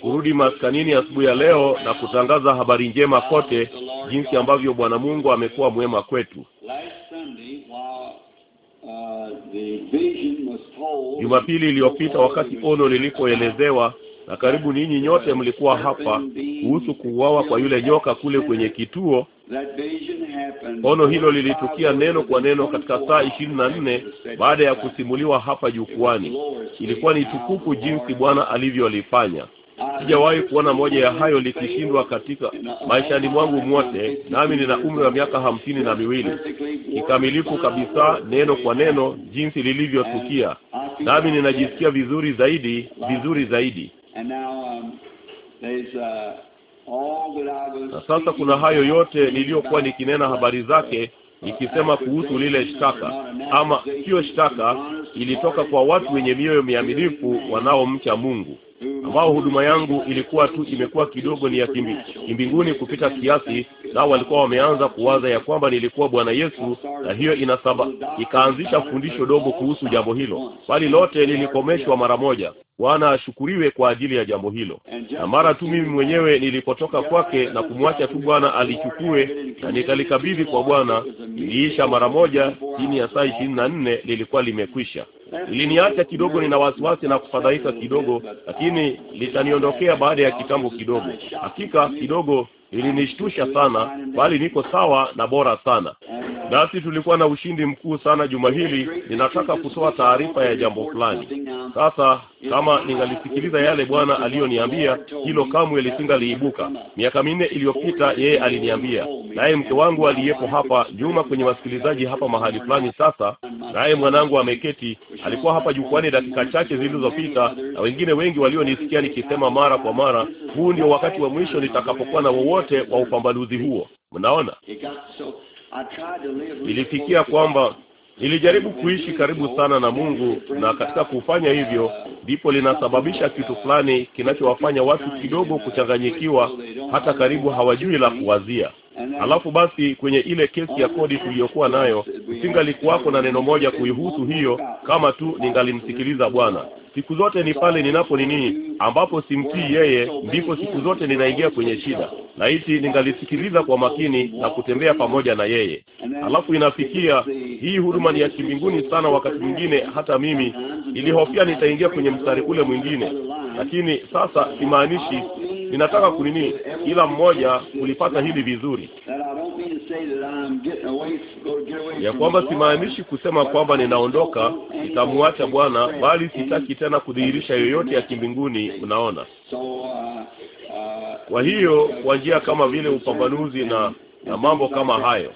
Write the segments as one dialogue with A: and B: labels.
A: kurudi maskanini asubuhi ya leo na kutangaza habari njema kote, jinsi ambavyo Bwana Mungu amekuwa mwema kwetu. Uh, Jumapili iliyopita wakati ono lilipoelezewa na karibu ninyi nyote mlikuwa hapa kuhusu kuuawa kwa yule nyoka kule kwenye kituo. Ono hilo lilitukia neno kwa neno katika saa ishirini na nne baada ya kusimuliwa hapa jukwani. Ilikuwa ni tukufu jinsi Bwana alivyolifanya. Sijawahi kuona moja ya hayo likishindwa katika maishani mwangu mwote, nami nina umri wa miaka hamsini na miwili. Kikamilifu kabisa, neno kwa neno, jinsi lilivyotukia,
B: nami ninajisikia
A: vizuri zaidi, vizuri zaidi.
B: Na sasa kuna hayo yote niliyokuwa
A: nikinena habari zake ikisema kuhusu lile shtaka, ama siyo shtaka, ilitoka kwa watu wenye mioyo miaminifu wanaomcha Mungu ambao huduma yangu ilikuwa tu imekuwa kidogo ni ya kimbi, kimbinguni kupita kiasi, nao walikuwa wameanza kuwaza ya kwamba nilikuwa Bwana Yesu, na hiyo inasaba ikaanzisha fundisho dogo kuhusu jambo hilo, bali lote lilikomeshwa mara moja. Bwana ashukuriwe kwa ajili ya jambo hilo. Na mara tu mimi mwenyewe nilipotoka kwake na kumwacha tu Bwana alichukue na nikalikabidhi kwa Bwana, iliisha mara moja, chini ya saa ishirini na nne lilikuwa limekwisha. iliniacha kidogo nina wasiwasi na kufadhaika kidogo, lakini mimi litaniondokea baada ya kitambo kidogo. Hakika kidogo ilinishtusha sana, bali niko sawa na bora sana. Nasi tulikuwa na ushindi mkuu sana juma hili. Ninataka kutoa taarifa ya jambo fulani sasa. Kama ningalisikiliza yale Bwana aliyoniambia, hilo kamwe lisingaliibuka. Miaka minne iliyopita, yeye aliniambia, naye mke wangu aliyepo hapa Juma kwenye wasikilizaji hapa mahali fulani sasa, naye mwanangu ameketi, alikuwa hapa jukwani dakika chache zilizopita, na wengine wengi walionisikia nikisema mara kwa mara, huu ndio wakati wa mwisho nitakapokuwa na wowote wote wa upambanuzi huo. Mnaona,
B: nilifikia kwamba
A: nilijaribu kuishi karibu sana na Mungu, na katika kufanya hivyo ndipo linasababisha kitu fulani kinachowafanya watu kidogo kuchanganyikiwa, hata karibu hawajui la kuwazia. Alafu basi kwenye ile kesi ya kodi tuliyokuwa nayo, singalikuwako na neno moja kuihusu hiyo, kama tu ningalimsikiliza Bwana. Siku zote ni pale ninapo nini, ambapo simtii yeye, ndipo siku zote ninaingia kwenye shida. Laiti ningalisikiliza kwa makini na kutembea pamoja na yeye. Alafu inafikia hii huduma ni ya kimbinguni sana. Wakati mwingine hata mimi nilihofia nitaingia kwenye mstari ule mwingine, lakini sasa simaanishi ninataka kunini, kila mmoja ulipata hili vizuri, ya kwamba simaanishi kusema kwamba ninaondoka, nitamwacha Bwana, bali sitaki tena kudhihirisha yoyote ya kimbinguni. Unaona, uh, uh, kwa hiyo kwa njia kama vile upambanuzi na na mambo kama hayo.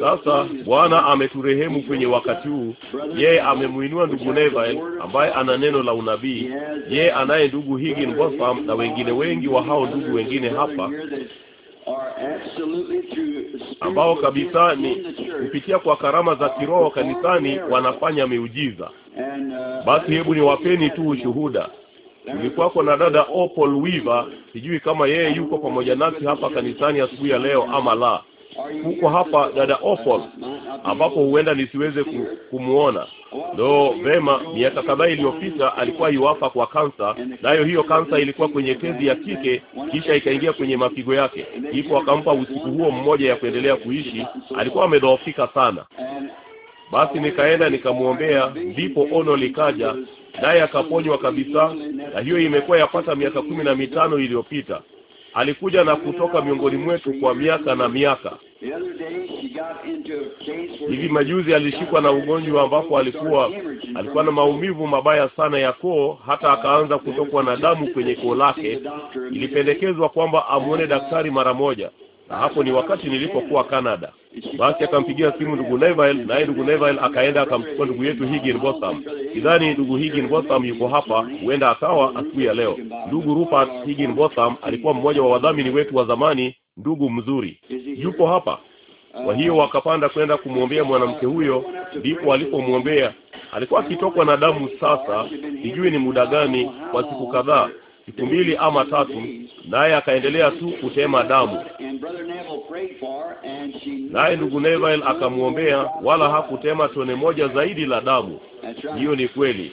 A: Sasa Bwana ameturehemu kwenye wakati huu. Yeye amemwinua ndugu Neville ambaye ana neno la unabii. Yeye anaye ndugu Higgin Botham na wengine wengi wa hao ndugu wengine hapa ambao kabisa ni kupitia kwa karama za kiroho kanisani wanafanya miujiza.
B: Uh, Basi hebu niwapeni tu
A: ushuhuda. Nilikuwako na dada Opal Weaver, sijui kama yeye yuko pamoja nasi hapa kanisani asubuhi ya, leo ama la. Huko hapa dada Opal, ambapo huenda nisiweze kumuona. Ndo vema, miaka kadhaa iliyopita alikuwa yuafa kwa kansa, nayo hiyo kansa ilikuwa kwenye tezi ya kike, kisha ikaingia kwenye mapigo yake, ipo akampa usiku huo mmoja ya kuendelea kuishi. Alikuwa amedhoofika sana. Basi nikaenda nikamwombea, ndipo ono likaja, naye akaponywa kabisa, na hiyo imekuwa yapata miaka kumi na mitano iliyopita. Alikuja na kutoka miongoni mwetu kwa miaka na miaka. Hivi majuzi alishikwa na ugonjwa ambapo alikuwa alikuwa na maumivu mabaya sana ya koo, hata akaanza kutokwa na damu kwenye koo lake. Ilipendekezwa kwamba amwone daktari mara moja na hapo ni wakati nilipokuwa Canada. Basi akampigia simu ndugu Neville, naye ndugu Neville akaenda akamchukua ndugu yetu Higgin Botham. Sidhani ndugu Higgin Botham yuko hapa, huenda akawa asubuhi ya leo. Ndugu Rupert Higgin Botham alikuwa mmoja wa wadhamini wetu wa zamani, ndugu mzuri. Yupo hapa. Kwa hiyo wakapanda kwenda kumwombea mwanamke huyo, ndipo alipomwombea. Alikuwa akitokwa na damu, sasa sijui ni muda gani, kwa siku kadhaa siku mbili ama tatu, naye akaendelea tu kutema damu. Naye ndugu Neville akamwombea, wala hakutema tone moja zaidi la damu. Hiyo ni kweli.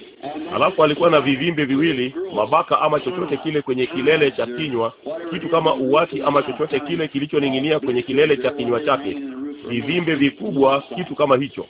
A: Alafu alikuwa na vivimbe viwili, mabaka ama chochote kile kwenye kilele cha kinywa, kitu kama uwati ama chochote kile kilichoning'inia kwenye kilele cha kinywa chake vivimbe vikubwa, kitu kama hicho,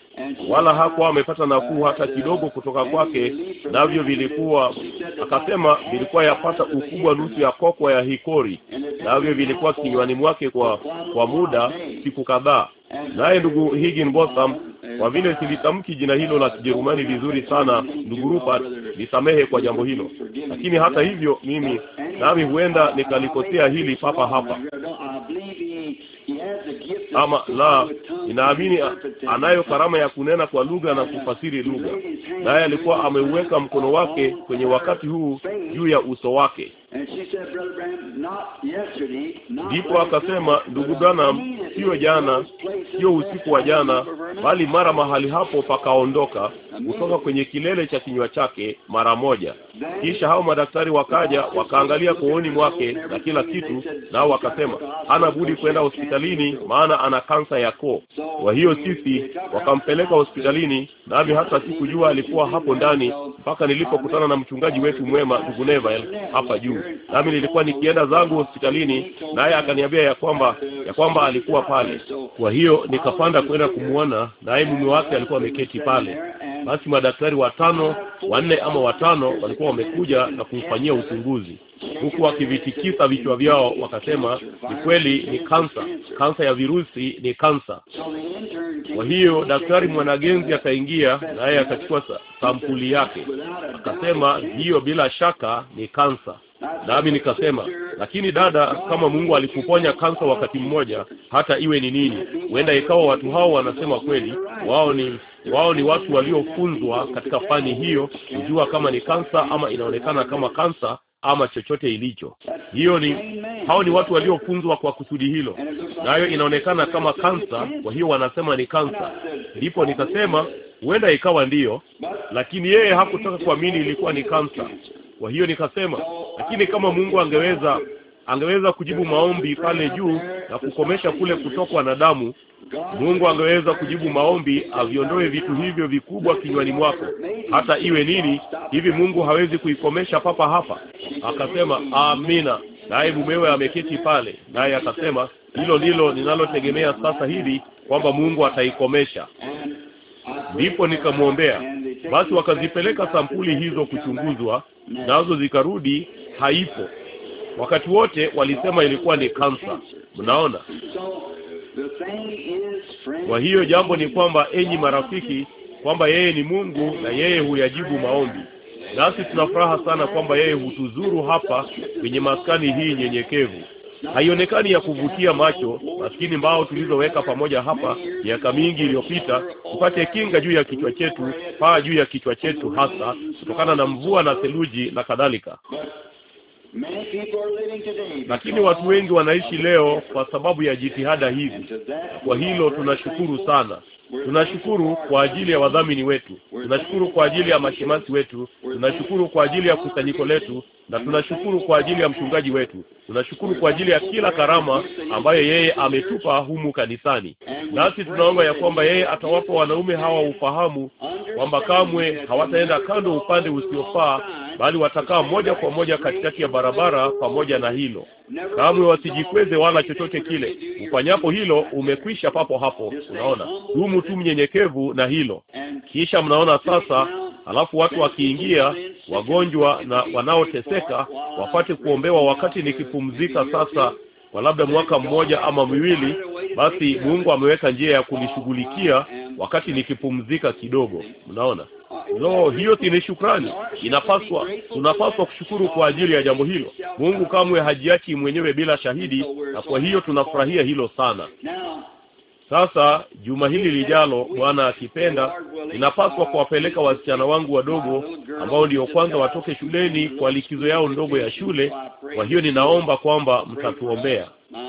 A: wala hakuwa amepata nafuu hata kidogo kutoka kwake, navyo vilikuwa, akasema, vilikuwa yapata ukubwa nusu ya kokwa ya hikori, navyo vilikuwa kinywani mwake kwa kwa muda siku kadhaa. Naye ndugu Higginbotham kwa vile silitamki jina hilo la Kijerumani vizuri sana, ndugu Rupert, nisamehe kwa jambo hilo. Lakini hata hivyo, mimi
B: nami huenda nikalikosea hili papa hapa ama
A: la, ninaamini anayo karama ya kunena kwa lugha na kufasiri lugha, naye alikuwa ameuweka mkono wake kwenye wakati huu juu ya uso wake, ndipo akasema, ndugu Branham, siyo jana,
B: sio usiku wa jana, bali
A: mara mahali hapo pakaondoka kutoka kwenye kilele cha kinywa chake mara moja. Kisha hao madaktari wakaja wakaangalia kooni mwake na kila kitu, nao wakasema hana budi kwenda hospitalini, maana ana kansa ya koo. Kwa hiyo sisi wakampeleka hospitalini, nami hata sikujua alikuwa hapo ndani mpaka nilipokutana na mchungaji wetu mwema ndugu Neville hapa juu, nami nilikuwa nikienda zangu hospitalini, naye akaniambia ya kwamba ya kwamba alikuwa pale. Kwa hiyo nikapanda kwenda kumwona naye naibu wake alikuwa ameketi pale. Basi madaktari watano wanne ama watano walikuwa wamekuja na kumfanyia uchunguzi, huku wakivitikisa vichwa vyao, wakasema ni kweli, ni kansa, kansa ya virusi, ni kansa.
B: Kwa hiyo daktari mwanagenzi
A: akaingia, naye akachukua sampuli yake, akasema hiyo bila shaka ni kansa. Nami nikasema, lakini dada, kama Mungu alikuponya kansa wakati mmoja, hata iwe ni nini, huenda ikawa watu hao wanasema kweli, wao ni wao ni watu waliofunzwa katika fani hiyo kujua kama ni kansa ama inaonekana kama kansa ama chochote ilicho. Hiyo ni hao ni watu waliofunzwa kwa kusudi hilo, nayo inaonekana kama kansa, kwa hiyo wanasema ni kansa. Ndipo nikasema huenda ikawa ndiyo, lakini yeye hakutaka kuamini ilikuwa ni kansa. Kwa hiyo nikasema, lakini kama Mungu angeweza angeweza kujibu maombi pale juu na kukomesha kule kutokwa na damu, Mungu angeweza kujibu maombi, aviondoe vitu hivyo vikubwa kinywani mwako, hata iwe nini. Hivi Mungu hawezi kuikomesha papa hapa? Akasema, amina. Naye mumewe ameketi pale, naye akasema, hilo ndilo ninalotegemea sasa hivi kwamba Mungu ataikomesha. Ndipo nikamwombea
B: basi wakazipeleka
A: sampuli hizo kuchunguzwa, nazo zikarudi haipo. Wakati wote walisema ilikuwa ni kansa. Mnaona? Kwa hiyo jambo ni kwamba, enyi marafiki, kwamba yeye ni Mungu na yeye huyajibu maombi, nasi tunafuraha sana kwamba yeye hutuzuru hapa kwenye maskani hii nyenyekevu haionekani ya kuvutia macho, maskini mbao tulizoweka pamoja hapa miaka mingi iliyopita, tupate kinga juu ya kichwa chetu, paa juu ya kichwa chetu, hasa kutokana na mvua na theluji na kadhalika.
B: Lakini watu
A: wengi wanaishi leo kwa sababu ya jitihada hizi, na kwa hilo tunashukuru sana. Tunashukuru kwa ajili ya wadhamini wetu, tunashukuru kwa ajili ya mashemasi wetu, tunashukuru kwa ajili ya kusanyiko letu, na tunashukuru kwa ajili ya mchungaji wetu. Tunashukuru kwa ajili ya kila karama ambayo yeye ametupa humu kanisani, nasi tunaomba ya kwamba yeye atawapa wanaume hawa ufahamu kwamba kamwe hawataenda kando upande usiofaa, bali watakaa moja kwa moja katikati ya barabara pamoja na hilo. Kamwe wasijikweze wala chochote kile. Ufanyapo hilo, umekwisha papo hapo. Unaona, dumu tu mnyenyekevu na hilo, kisha mnaona sasa. Halafu watu wakiingia, wagonjwa na wanaoteseka wapate kuombewa wakati nikipumzika sasa kwa labda mwaka mmoja ama miwili, basi Mungu ameweka njia ya kulishughulikia wakati nikipumzika kidogo. Mnaona, lo, hiyo si ni shukrani? Inapaswa, tunapaswa kushukuru kwa ajili ya jambo hilo. Mungu kamwe hajiachi mwenyewe bila shahidi, na kwa hiyo tunafurahia hilo sana. Sasa juma hili lijalo, Bwana akipenda, inapaswa kuwapeleka wasichana wangu wadogo ambao ndio kwanza watoke shuleni kwa likizo yao ndogo ya shule. Kwa hiyo ninaomba kwamba mtatuombea.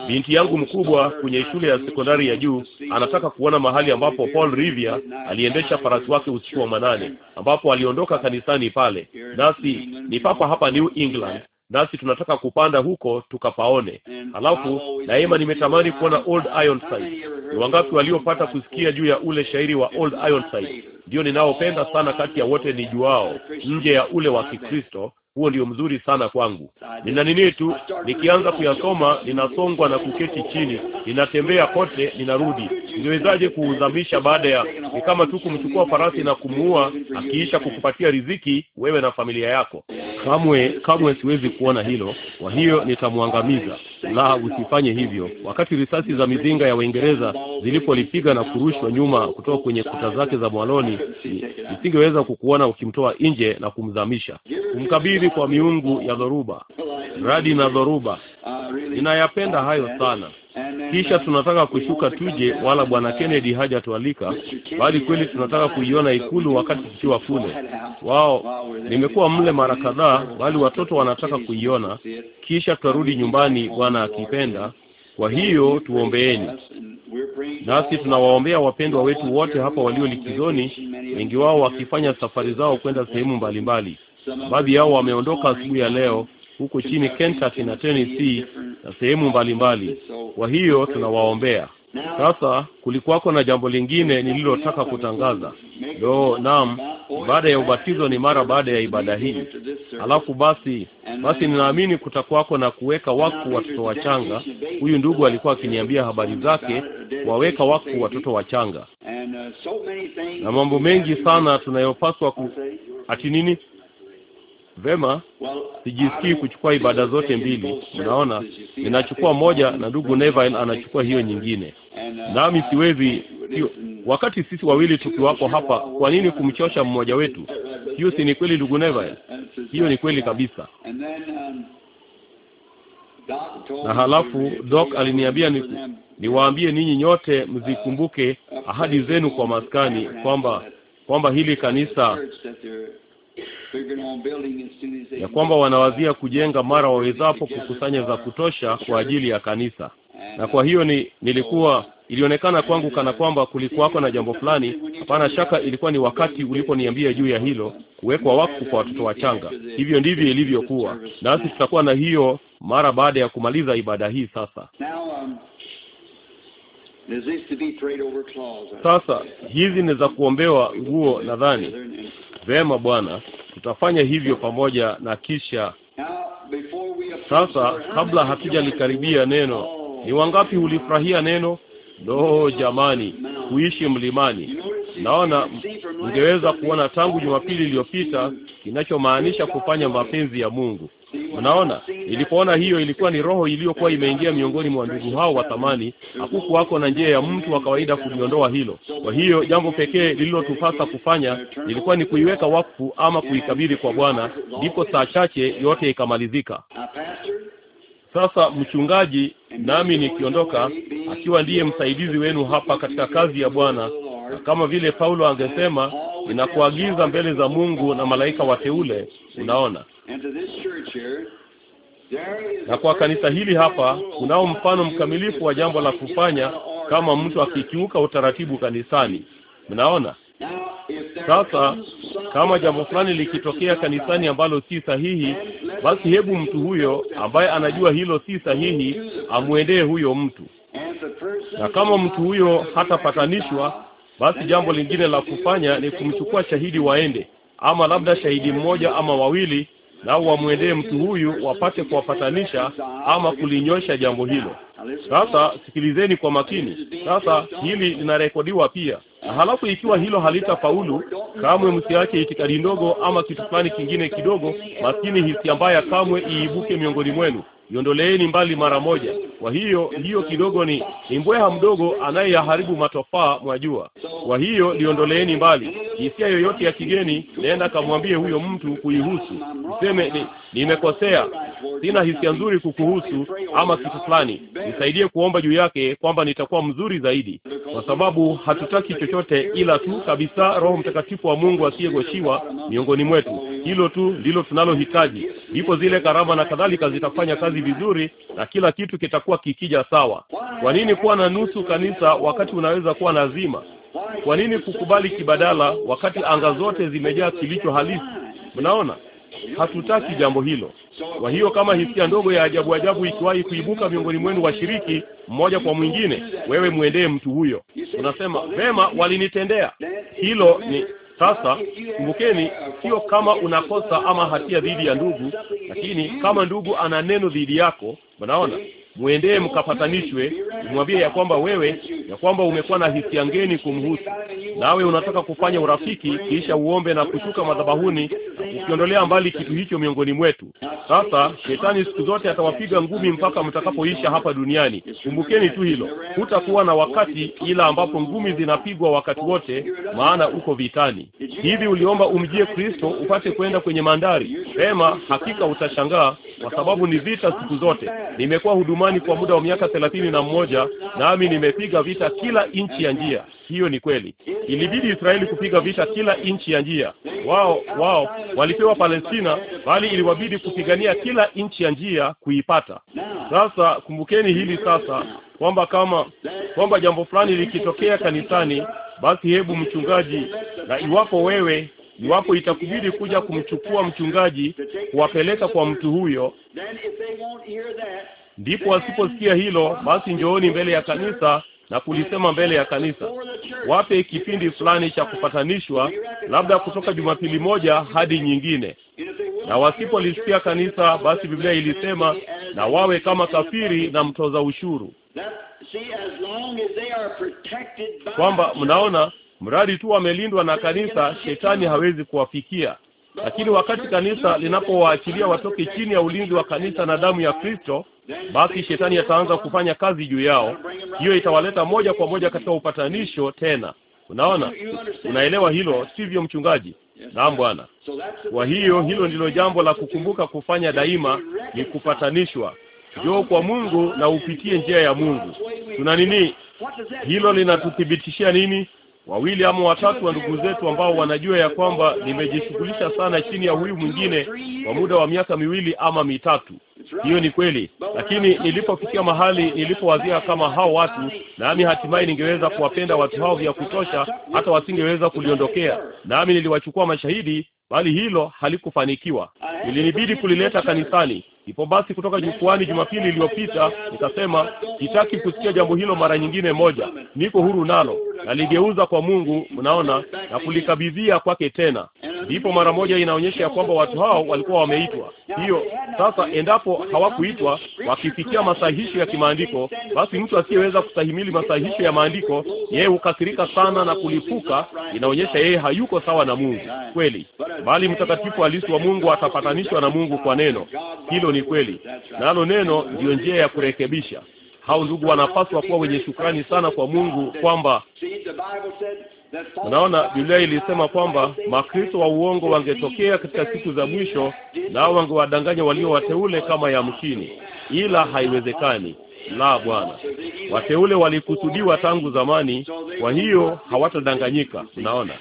A: Binti yangu mkubwa kwenye shule ya sekondari ya juu anataka kuona mahali ambapo Paul Rivia aliendesha farasi wake usiku wa manane, ambapo aliondoka kanisani pale, nasi ni papa hapa New England, nasi tunataka kupanda huko tukapaone. Halafu daima nimetamani kuona Old Ironside. Ni wangapi waliopata kusikia juu ya ule shairi wa Old Ironside? Ndio ninaopenda sana kati ya wote ni juao nje ya ule wa Kikristo huo ndio mzuri sana kwangu. Nina nini tu, nikianza kuyasoma ninasongwa na kuketi chini, ninatembea kote, ninarudi. Ingewezaje kuuzamisha baada ya? Ni kama tu kumchukua farasi na kumuua, akiisha kukupatia riziki wewe na familia yako. Kamwe kamwe siwezi kuona hilo, kwa hiyo nitamwangamiza la usifanye hivyo. Wakati risasi za mizinga ya Waingereza zilipolipiga na kurushwa nyuma kutoka kwenye kuta zake za mwaloni, isingeweza kukuona ukimtoa nje na kumzamisha, kumkabidhi kwa miungu ya dhoruba, radi na dhoruba. Ninayapenda hayo sana. Kisha tunataka kushuka tuje, wala bwana Kennedy hajatualika, bali kweli tunataka kuiona ikulu wakati tukiwa kule. Wao nimekuwa mle mara kadhaa, bali watoto wanataka kuiona. Kisha tutarudi nyumbani, Bwana akipenda. Kwa hiyo tuombeeni. Nasi tunawaombea wapendwa wetu wote hapa walio likizoni, wengi wao wakifanya safari zao kwenda sehemu mbalimbali.
B: Baadhi yao wameondoka
A: asubuhi ya leo, huko chini Kentucky na Tennessee na sehemu mbalimbali. Kwa hiyo tunawaombea. Sasa kulikuwako na jambo lingine nililotaka kutangaza. Lo, naam, ibada ya ubatizo ni mara baada ya ibada hii. Alafu basi, basi ninaamini kutakuwako na kuweka wakfu watoto wachanga. Huyu ndugu alikuwa akiniambia habari zake,
B: waweka wakfu watoto wachanga na
A: mambo mengi sana tunayopaswa ku ati nini Vema, sijisikii kuchukua ibada zote mbili. Unaona, ninachukua moja na ndugu Neville anachukua hiyo uh, nyingine, uh, nami uh, siwezi siyo. Wakati sisi wawili tukiwapo hapa, kwa nini kumchosha mmoja wetu? Hiyo si ni kweli, ndugu Neville? Hiyo ni kweli kabisa.
B: Um, na
A: halafu Doc aliniambia ni niwaambie ninyi nyote mzikumbuke ahadi zenu kwa maskani, kwamba kwamba hili kanisa ya kwamba wanawazia kujenga mara wawezapo kukusanya za kutosha kwa ajili ya kanisa, na kwa hiyo ni uh, nilikuwa ilionekana kwangu kana kwamba kulikuwako na jambo fulani. Hapana shaka ilikuwa ni wakati uliponiambia juu ya hilo kuwekwa wakfu kwa watoto wachanga. Hivyo ndivyo ilivyokuwa, nasi tutakuwa na hiyo mara baada ya kumaliza ibada hii. Sasa um, sasa hizi ni za kuombewa nguo, nadhani Vema Bwana, tutafanya hivyo pamoja na kisha sasa, kabla hatujalikaribia neno, ni wangapi hulifurahia neno? Lo, jamani, kuishi mlimani! Naona mngeweza kuona tangu Jumapili iliyopita kinachomaanisha kufanya mapenzi ya Mungu. Unaona, ilipoona hiyo ilikuwa ni roho iliyokuwa imeingia miongoni mwa ndugu hao wa thamani. Hakukuwako na njia ya mtu wa kawaida kuliondoa hilo. Kwa hiyo jambo pekee lililotupasa kufanya ilikuwa ni kuiweka wakfu ama kuikabidhi kwa Bwana, ndipo saa chache yote ikamalizika. Sasa mchungaji, nami nikiondoka, akiwa ndiye msaidizi wenu hapa katika kazi ya Bwana, na kama vile Paulo angesema, ninakuagiza mbele za Mungu na malaika wateule. Unaona, na kwa kanisa hili hapa kunao mfano mkamilifu wa jambo la kufanya kama mtu akikiuka utaratibu kanisani. Mnaona? Sasa kama jambo fulani likitokea kanisani ambalo si sahihi, basi hebu mtu huyo ambaye anajua hilo si sahihi amwendee huyo mtu, na kama mtu huyo hatapatanishwa, basi jambo lingine la kufanya ni kumchukua shahidi waende, ama labda shahidi mmoja ama wawili, nao wamwendee mtu huyu wapate kuwapatanisha ama kulinyosha jambo hilo. Sasa sikilizeni kwa makini. Sasa hili linarekodiwa pia, na halafu ikiwa hilo halitafaulu kamwe, msiache itikadi ndogo ama kitu fulani kingine kidogo, maskini hisia mbaya kamwe iibuke miongoni mwenu iondoleeni mbali mara moja. Kwa hiyo hiyo kidogo ni ni mbweha mdogo anayeyaharibu matofaa, mwajua. Kwa hiyo liondoleeni mbali. Hisia yoyote ya kigeni, nenda kamwambie huyo mtu kuihusu, useme ni, nimekosea,
C: sina hisia nzuri
A: kukuhusu ama kitu fulani, nisaidie kuomba juu yake kwamba nitakuwa mzuri zaidi, kwa sababu hatutaki chochote ila tu kabisa Roho Mtakatifu wa Mungu asiyegoshiwa miongoni mwetu hilo tu ndilo tunalohitaji. Ndipo zile karama na kadhalika zitafanya kazi vizuri na kila kitu kitakuwa kikija sawa. Kwa nini kuwa na nusu kanisa wakati unaweza kuwa na zima? Kwa nini kukubali kibadala wakati anga zote zimejaa kilicho halisi? Mnaona, hatutaki jambo hilo. Kwa hiyo kama hisia ndogo ya ajabu ajabu ikiwahi kuibuka miongoni mwenu washiriki mmoja kwa mwingine, wewe muendee mtu huyo, unasema vema, walinitendea hilo. Ni sasa kumbukeni, sio kama unakosa ama hatia dhidi ya ndugu, lakini kama ndugu ana neno dhidi yako, mnaona mwendee mkapatanishwe, umwambie ya kwamba wewe, ya kwamba umekuwa na hisia ngeni kumhusu, nawe unataka kufanya urafiki, kisha uombe na kushuka madhabahuni na kukiondolea mbali kitu hicho miongoni mwetu. Sasa shetani siku zote atawapiga ngumi mpaka mtakapoisha hapa duniani. Kumbukeni tu hilo, hutakuwa na wakati ila ambapo ngumi zinapigwa wakati wote, maana uko vitani. Hivi uliomba umjie Kristo upate kwenda kwenye mandari pema? Hakika utashangaa, kwa sababu ni vita siku zote. Nimekuwa huduma imani kwa muda wa miaka thelathini na mmoja nami nimepiga vita kila inchi ya njia. Hiyo ni kweli, ilibidi Israeli kupiga vita kila inchi ya njia. Wao wao walipewa Palestina, bali iliwabidi kupigania kila inchi ya njia kuipata. Sasa kumbukeni hili sasa, kwamba kama kwamba jambo fulani likitokea kanisani, basi hebu mchungaji, na iwapo wewe iwapo itakubidi kuja kumchukua mchungaji, kuwapeleka kwa mtu huyo Ndipo wasiposikia hilo, basi njooni mbele ya kanisa na kulisema mbele ya kanisa. Wape kipindi fulani cha kupatanishwa, labda kutoka Jumapili moja hadi nyingine. Na wasipolisikia kanisa, basi Biblia ilisema, na wawe kama kafiri na mtoza ushuru. Kwamba mnaona, mradi tu wamelindwa na kanisa, shetani hawezi kuwafikia. Lakini wakati kanisa linapowaachilia watoke chini ya ulinzi wa kanisa na damu ya Kristo basi shetani ataanza kufanya kazi juu yao. Hiyo itawaleta moja kwa moja katika upatanisho tena. Unaona, unaelewa hilo, sivyo mchungaji? Naam bwana.
B: Kwa hiyo hilo
A: ndilo jambo la kukumbuka kufanya daima, ni kupatanishwa. Njoo kwa Mungu na upitie njia ya Mungu. Tuna nini? Hilo linatuthibitishia nini? wawili ama watatu wa ndugu zetu ambao wanajua ya kwamba nimejishughulisha sana chini ya huyu mwingine kwa muda wa miaka miwili ama mitatu. Hiyo ni kweli, lakini nilipofikia mahali nilipowazia kama hao watu, nami hatimaye ningeweza kuwapenda watu hao vya kutosha hata wasingeweza kuliondokea, nami niliwachukua mashahidi, bali hilo halikufanikiwa. Ilinibidi kulileta kanisani, Ipo basi kutoka jukwani Jumapili iliyopita nikasema, sitaki kusikia jambo hilo mara nyingine moja, niko huru nalo, naligeuza kwa Mungu, mnaona, na kulikabidhia kwake tena. Ndipo mara moja inaonyesha ya kwamba watu hao walikuwa wameitwa. Hiyo sasa, endapo hawakuitwa wakifikia masahihisho ya kimaandiko, basi mtu asiyeweza kustahimili masahihisho ya maandiko, yeye hukasirika sana na kulipuka. Inaonyesha yeye hayuko sawa na Mungu kweli, bali mtakatifu halisi wa Mungu atapatanishwa na Mungu kwa neno hilo ni kweli, nalo neno ndiyo njia ya kurekebisha. Hao ndugu wanapaswa kuwa wenye shukrani sana kwa Mungu kwamba Unaona, Biblia ilisema kwamba makristo wa uongo wangetokea katika siku za mwisho, nao wangewadanganya walio wateule kama yamkini, ila haiwezekani. La, Bwana, wateule walikusudiwa tangu zamani, kwa hiyo hawatadanganyika. Unaona,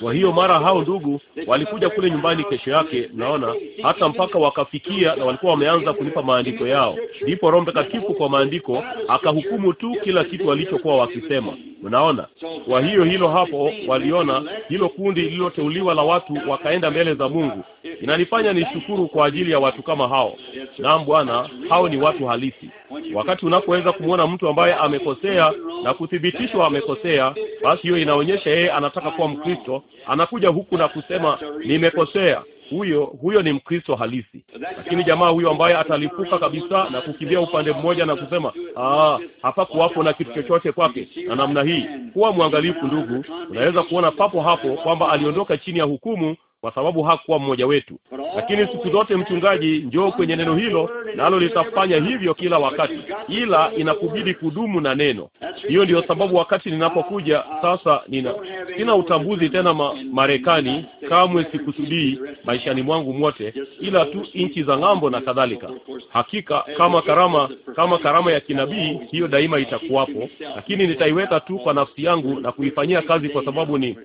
A: kwa hiyo mara hao ndugu walikuja kule nyumbani kesho yake, mnaona, hata mpaka wakafikia na walikuwa wameanza kunipa maandiko yao. Ndipo Roho Mtakatifu kwa maandiko akahukumu tu kila kitu walichokuwa wakisema, mnaona. Kwa hiyo hilo hapo, waliona hilo kundi lililoteuliwa la watu wakaenda mbele za Mungu. Inanifanya nishukuru kwa ajili ya watu kama hao. Naam Bwana, hao ni watu halisi. Wakati unapoweza kumwona mtu ambaye amekosea na kuthibitishwa amekosea, basi hiyo inaonyesha yeye anataka kuwa Mkristo Kristo anakuja huku na kusema nimekosea, huyo huyo ni Mkristo halisi. Lakini jamaa huyo ambaye atalipuka kabisa na kukimbia upande mmoja na kusema ah, hapa kuwapo na kitu chochote kwake na namna hii, kuwa mwangalifu ndugu. Unaweza kuona papo hapo kwamba aliondoka chini ya hukumu kwa sababu hakuwa mmoja wetu. Lakini siku zote, mchungaji, njoo kwenye neno hilo, nalo litafanya hivyo kila wakati, ila inakubidi kudumu na neno. Hiyo ndiyo sababu wakati ninapokuja sasa, nina sina utambuzi tena ma, Marekani. Kamwe sikusudii maishani mwangu mwote, ila tu nchi za ng'ambo na kadhalika. Hakika kama karama kama karama ya kinabii, hiyo daima itakuwapo, lakini nitaiweka tu kwa nafsi yangu na kuifanyia kazi, kwa sababu ni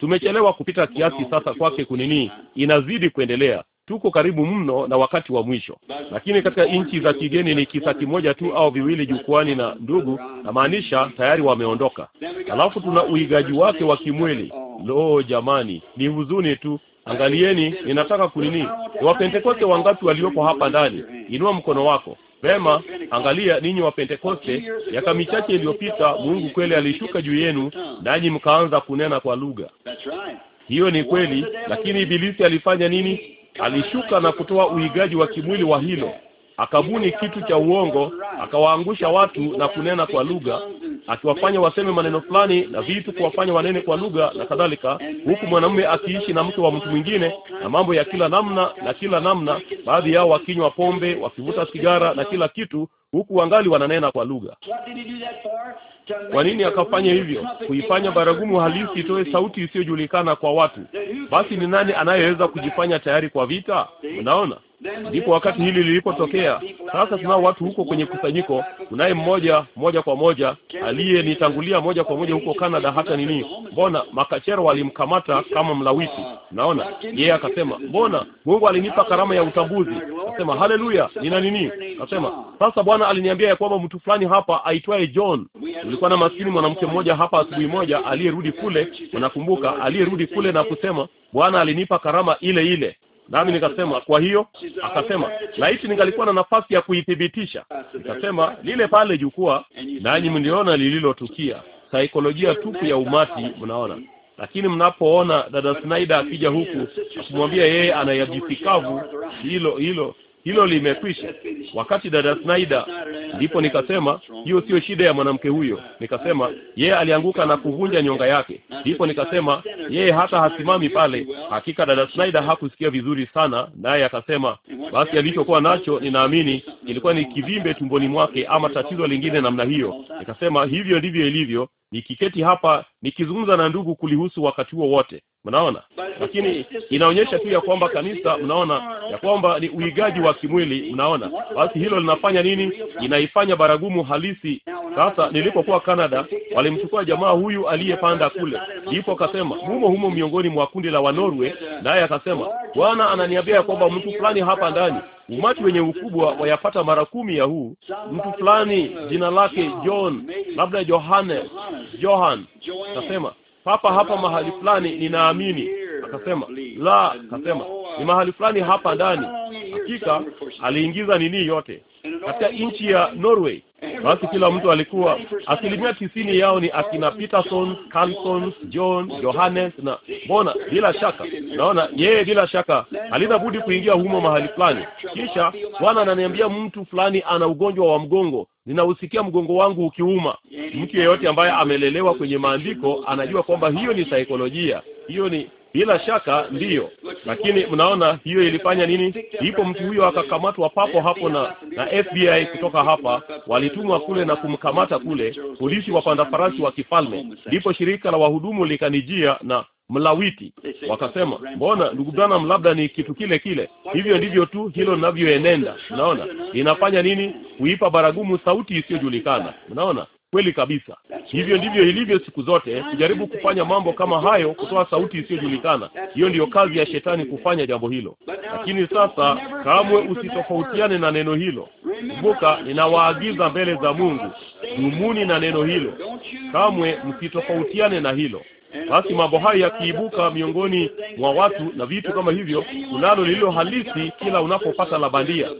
A: tumechelewa kupita kiasi sasa kwake nini, inazidi kuendelea. Tuko karibu mno na wakati wa mwisho, lakini katika nchi za kigeni ni kisa kimoja tu au viwili jukwani, na ndugu, namaanisha tayari wameondoka. Halafu tuna uigaji wake wa kimwili. Lo, jamani, ni huzuni tu. Angalieni, ninataka kunini, ni Wapentekoste wangapi walioko hapa ndani? Inua mkono wako. Vema, angalia ninyi Wapentekoste, miaka michache iliyopita Mungu kweli alishuka juu yenu, nanyi mkaanza kunena kwa lugha. Hiyo ni kweli, lakini Ibilisi alifanya nini? Alishuka na kutoa uigaji wa kimwili wa hilo, akabuni kitu cha uongo, akawaangusha watu na kunena kwa lugha, akiwafanya waseme maneno fulani na vitu, kuwafanya wanene kwa lugha na kadhalika, huku mwanamume akiishi na mke wa mtu mwingine na mambo ya kila namna na kila namna, baadhi yao wakinywa pombe, wakivuta sigara na kila kitu, huku wangali wananena kwa lugha.
B: Kwa nini akafanya hivyo?
A: Kuifanya baragumu halisi itoe sauti isiyojulikana kwa watu. Basi ni nani anayeweza kujifanya tayari kwa vita? Unaona, ndipo wakati hili lilipotokea. Sasa tunao watu huko kwenye kusanyiko, unaye mmoja moja kwa moja aliyenitangulia moja kwa moja huko Canada hata nini, mbona makachero walimkamata kama mlawiti, naona yeye yeah, akasema mbona Mungu alinipa karama ya utambuzi. Akasema haleluya, nina nini? Akasema sasa Bwana aliniambia ya kwamba mtu fulani hapa aitwaye John. ulikuwa na maskini mwanamke mmoja hapa asubuhi moja aliyerudi kule, unakumbuka, aliyerudi kule na kusema Bwana alinipa karama ile ile Nami nikasema kwa hiyo, akasema laiti ningalikuwa na nafasi ya kuithibitisha. Nikasema lile pale jukwaa, nanyi mliona lililotukia, saikolojia tupu ya umati, mnaona lakini mnapoona dada Snyder akija huku kumwambia yeye anayajifikavu hilo hilo hilo limekwisha. Wakati dada Snyder, ndipo nikasema hiyo sio shida ya mwanamke huyo. Nikasema yeye alianguka na kuvunja nyonga yake, ndipo nikasema yeye hata hasimami pale. Hakika dada Snyder hakusikia vizuri sana, naye akasema basi alichokuwa nacho, ninaamini ilikuwa ni kivimbe tumboni mwake ama tatizo lingine namna hiyo. Nikasema hivyo ndivyo ilivyo, nikiketi hapa nikizungumza na ndugu kulihusu wakati huo wote, mnaona. Lakini inaonyesha tu ya kwamba kanisa, mnaona ya kwamba ni uigaji wa kimwili, mnaona. Basi hilo linafanya nini? Inaifanya baragumu halisi. Sasa nilipokuwa Canada, walimchukua jamaa huyu aliyepanda kule, ndipo akasema humo humo miongoni mwa kundi la Wanorwe, naye akasema Bwana ananiambia ya kwamba mtu fulani hapa ndani umati wenye ukubwa wayapata mara kumi ya huu. Mtu fulani jina lake John, labda Johane, Johan, akasema papa hapa mahali fulani, ninaamini. Akasema la, akasema ni mahali fulani hapa ndani. Hakika aliingiza nini yote katika nchi ya Norway basi kila mtu alikuwa, asilimia tisini yao ni akina Peterson, Carlson, John, Johannes na mbona, bila shaka naona yeye, bila shaka halina budi kuingia humo mahali fulani. Kisha Bwana ananiambia mtu fulani ana ugonjwa wa mgongo, ninausikia mgongo wangu ukiuma. Mtu yeyote ambaye amelelewa kwenye maandiko anajua kwamba hiyo ni saikolojia, hiyo ni bila shaka ndiyo, lakini mnaona hiyo ilifanya nini? Ndipo mtu huyo akakamatwa papo hapo na na FBI kutoka hapa walitumwa kule na kumkamata kule, polisi wapanda farasi wa kifalme. Ndipo shirika la wahudumu likanijia na mlawiti wakasema, mbona ndugu Branham, labda ni kitu kile kile. Hivyo ndivyo tu hilo linavyoenenda. mnaona inafanya nini? Kuipa baragumu sauti isiyojulikana. mnaona Kweli kabisa, hivyo ndivyo ilivyo siku zote, kujaribu kufanya mambo kama hayo, kutoa sauti isiyojulikana. Hiyo ndiyo kazi ya shetani, kufanya jambo hilo. Lakini sasa, kamwe usitofautiane na neno hilo. Kumbuka, ninawaagiza mbele za Mungu, dumuni na neno hilo, kamwe msitofautiane na hilo. Basi mambo haya yakiibuka miongoni mwa watu na vitu kama hivyo, unalo lililo halisi kila unapopata la bandia.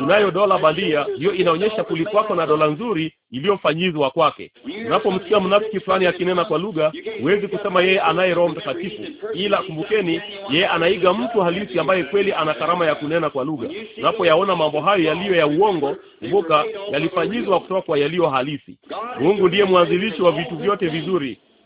A: unayo dola bandia, hiyo inaonyesha kulikwako na dola nzuri iliyofanyizwa kwake. Unapomsikia mnafiki fulani akinena kwa lugha, huwezi kusema yeye anaye Roho Mtakatifu, ila kumbukeni, yeye anaiga mtu halisi ambaye kweli ana karama ya kunena kwa lugha. Unapoyaona mambo hayo yaliyo ya uongo, kumbuka yalifanyizwa kutoka kwa yaliyo halisi. Mungu ndiye mwanzilishi wa vitu vyote vizuri.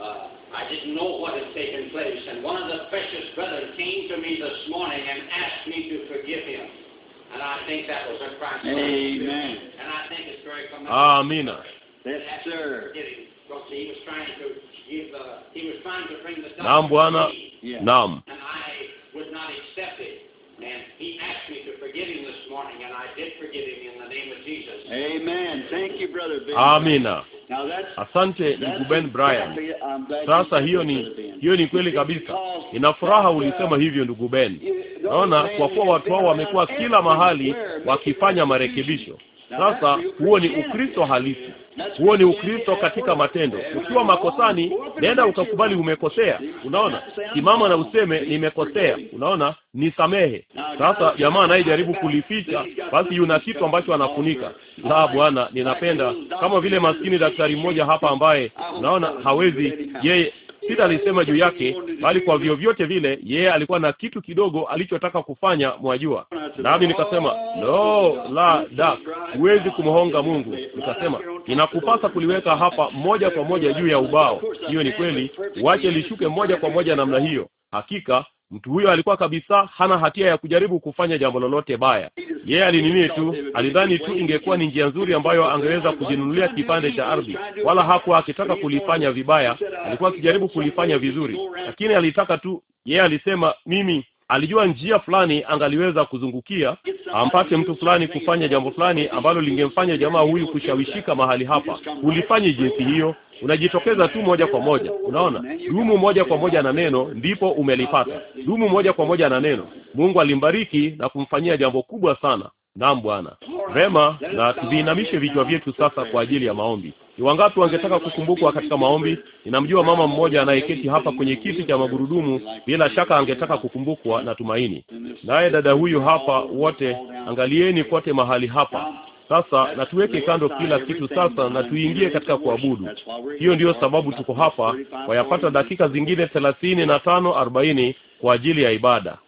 B: uh, I didn't know what had taken place. And one of the precious brothers came to me this morning and asked me to forgive him. And I think that was a Christ. Amen. And I think it's very commendable. Amen. Yes, sir. Because He was trying to give, uh, he was trying to bring the Nam, Bwana. Yeah. Nam. And I would not accept it. And he asked me to forgive him this morning, and I did forgive him in the name of Jesus. Amen. Thank you, brother ben. Amina.
A: asante ndugu Ben Brian. Sasa hiyo ni hiyo ni kweli kabisa. Ina furaha uh, ulisema hivyo ndugu Ben. Naona kwa kuwa watu hao wamekuwa kila mahali wakifanya marekebisho sasa huo ni Ukristo halisi, huo ni Ukristo katika matendo. Ukiwa makosani, nenda ukakubali umekosea. Unaona, simama na useme nimekosea, unaona, nisamehe. Sasa jamaa anayejaribu kulificha, basi yuna kitu ambacho anafunika. La, bwana, ninapenda kama vile maskini daktari mmoja hapa ambaye unaona hawezi yeye sida alisema juu yake, bali kwa vyovyote vile yeye alikuwa na kitu kidogo alichotaka kufanya, mwajua. Nami nikasema no, la da, huwezi kumhonga Mungu. Nikasema inakupasa kuliweka hapa moja kwa moja juu ya ubao. Hiyo ni kweli, uache lishuke moja kwa moja namna hiyo. Hakika Mtu huyo alikuwa kabisa hana hatia ya kujaribu kufanya jambo lolote baya. Yeye alinini tu, alidhani tu ingekuwa ni njia nzuri ambayo angeweza kujinunulia kipande cha ardhi, wala hakuwa akitaka kulifanya vibaya. Alikuwa akijaribu kulifanya vizuri, lakini alitaka tu, yeye alisema mimi alijua njia fulani angaliweza kuzungukia ampate mtu fulani kufanya jambo fulani ambalo lingemfanya jamaa huyu kushawishika mahali hapa. Ulifanyi jinsi hiyo, unajitokeza tu moja kwa moja. Unaona, dumu moja kwa moja na neno, ndipo umelipata. Dumu moja kwa moja na neno. Mungu alimbariki na kumfanyia jambo kubwa sana. Naam Bwana. Vema, na tuviinamishe vichwa vyetu sasa kwa ajili ya maombi. Ni wangapi wangetaka kukumbukwa katika maombi? Ninamjua mama mmoja anayeketi hapa kwenye kiti cha magurudumu, bila shaka angetaka kukumbukwa na Tumaini. Naye dada huyu hapa, wote angalieni kote mahali hapa, sasa na tuweke kando kila kitu sasa na tuingie katika kuabudu.
B: Hiyo ndiyo sababu
A: tuko hapa, wayapata dakika zingine thelathini na tano arobaini kwa ajili ya ibada.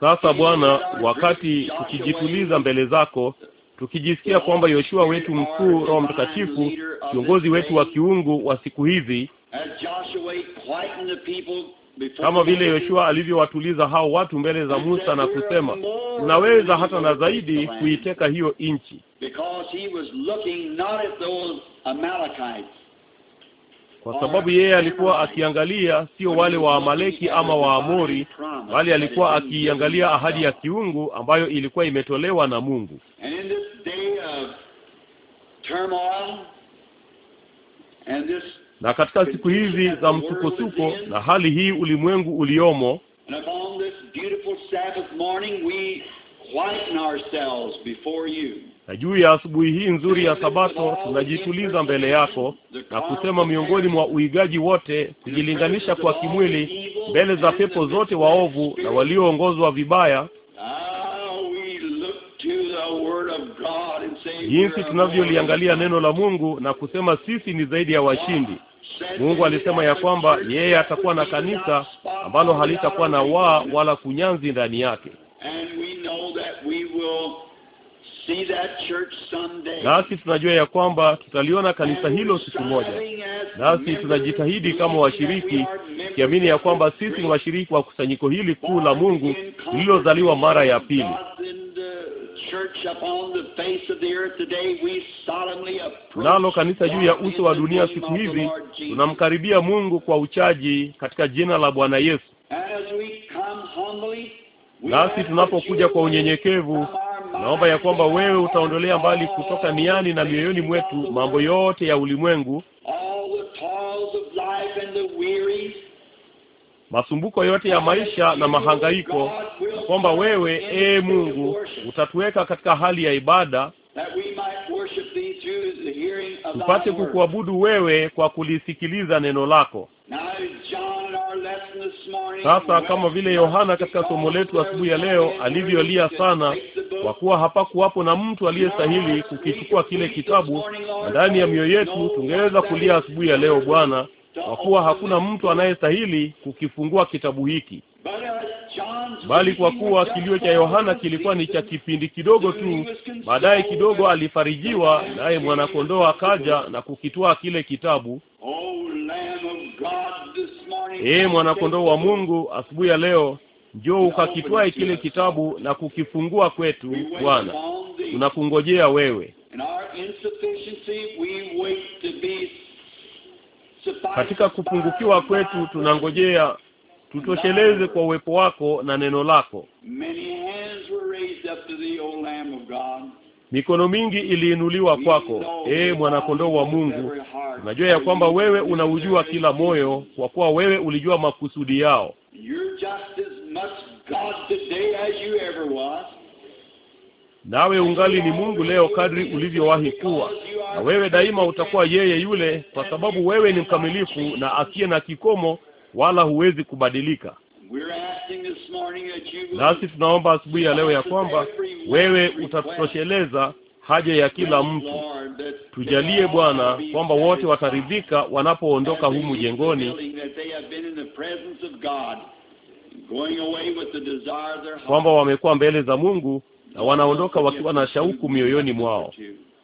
A: Sasa Bwana, wakati tukijituliza mbele zako, tukijisikia kwamba Yoshua wetu mkuu, Roho Mtakatifu, kiongozi wetu wa kiungu wa siku hizi
B: kama vile Yoshua
A: alivyowatuliza hao watu mbele za Musa na kusema, unaweza hata na zaidi kuiteka hiyo nchi, kwa sababu yeye alikuwa akiangalia sio wale wa Amaleki ama wa Amori,
B: bali alikuwa akiangalia ahadi ya
A: kiungu ambayo ilikuwa imetolewa na Mungu And na katika siku hizi za msukosuko na hali hii ulimwengu uliomo na juu ya asubuhi hii nzuri ya Sabato tunajituliza mbele yako na kusema, miongoni mwa uigaji wote, kujilinganisha kwa kimwili mbele za pepo zote waovu na walioongozwa vibaya,
B: jinsi tunavyoliangalia
A: neno la Mungu na kusema sisi ni zaidi ya washindi. Mungu alisema ya kwamba yeye atakuwa na kanisa ambalo halitakuwa na waa wala kunyanzi ndani yake. Nasi tunajua ya kwamba tutaliona kanisa hilo siku moja, nasi tunajitahidi kama washiriki, kiamini ya kwamba sisi ni washiriki wa kusanyiko hili kuu la Mungu lililozaliwa mara ya pili. Nalo kanisa juu ya uso wa dunia siku hizi tunamkaribia Mungu kwa uchaji katika jina la Bwana Yesu. Nasi tunapokuja kwa unyenyekevu, naomba ya kwamba wewe utaondolea mbali kutoka niani na mioyoni mwetu mambo yote ya ulimwengu masumbuko yote ya maisha na mahangaiko, kwamba wewe ee Mungu utatuweka katika hali ya ibada
B: tupate kukuabudu
A: wewe kwa kulisikiliza neno lako. Sasa kama vile Yohana katika somo letu asubuhi ya leo alivyolia sana, kwa kuwa hapakuwapo na mtu aliyestahili kukichukua kile kitabu, na ndani ya mioyo yetu tungeweza kulia asubuhi ya leo, Bwana, kwa kuwa hakuna mtu anayestahili kukifungua kitabu hiki,
B: bali kwa kuwa
A: kilio cha Yohana kilikuwa ni cha kipindi kidogo tu. Baadaye kidogo alifarijiwa, naye mwanakondoo akaja na kukitwaa kile kitabu.
B: Ee mwanakondoo wa
A: Mungu, asubuhi ya leo njoo ukakitwae kile kitabu na kukifungua kwetu. Bwana, tunakungojea wewe. Katika kupungukiwa kwetu tunangojea tutosheleze kwa uwepo wako na neno lako. Mikono mingi iliinuliwa kwako, ee mwanakondoo wa Mungu. Unajua ya kwamba wewe unaujua kila moyo, kwa kuwa wewe ulijua makusudi yao nawe ungali ni Mungu leo kadri ulivyowahi kuwa, na wewe daima utakuwa yeye yule, kwa sababu wewe ni mkamilifu na asiye na kikomo, wala huwezi kubadilika. Nasi tunaomba asubuhi ya leo ya kwamba wewe utatutosheleza haja ya kila mtu. Tujalie Bwana kwamba wote wataridhika wanapoondoka humu jengoni, kwamba wamekuwa mbele za Mungu na wanaondoka wakiwa na shauku mioyoni mwao.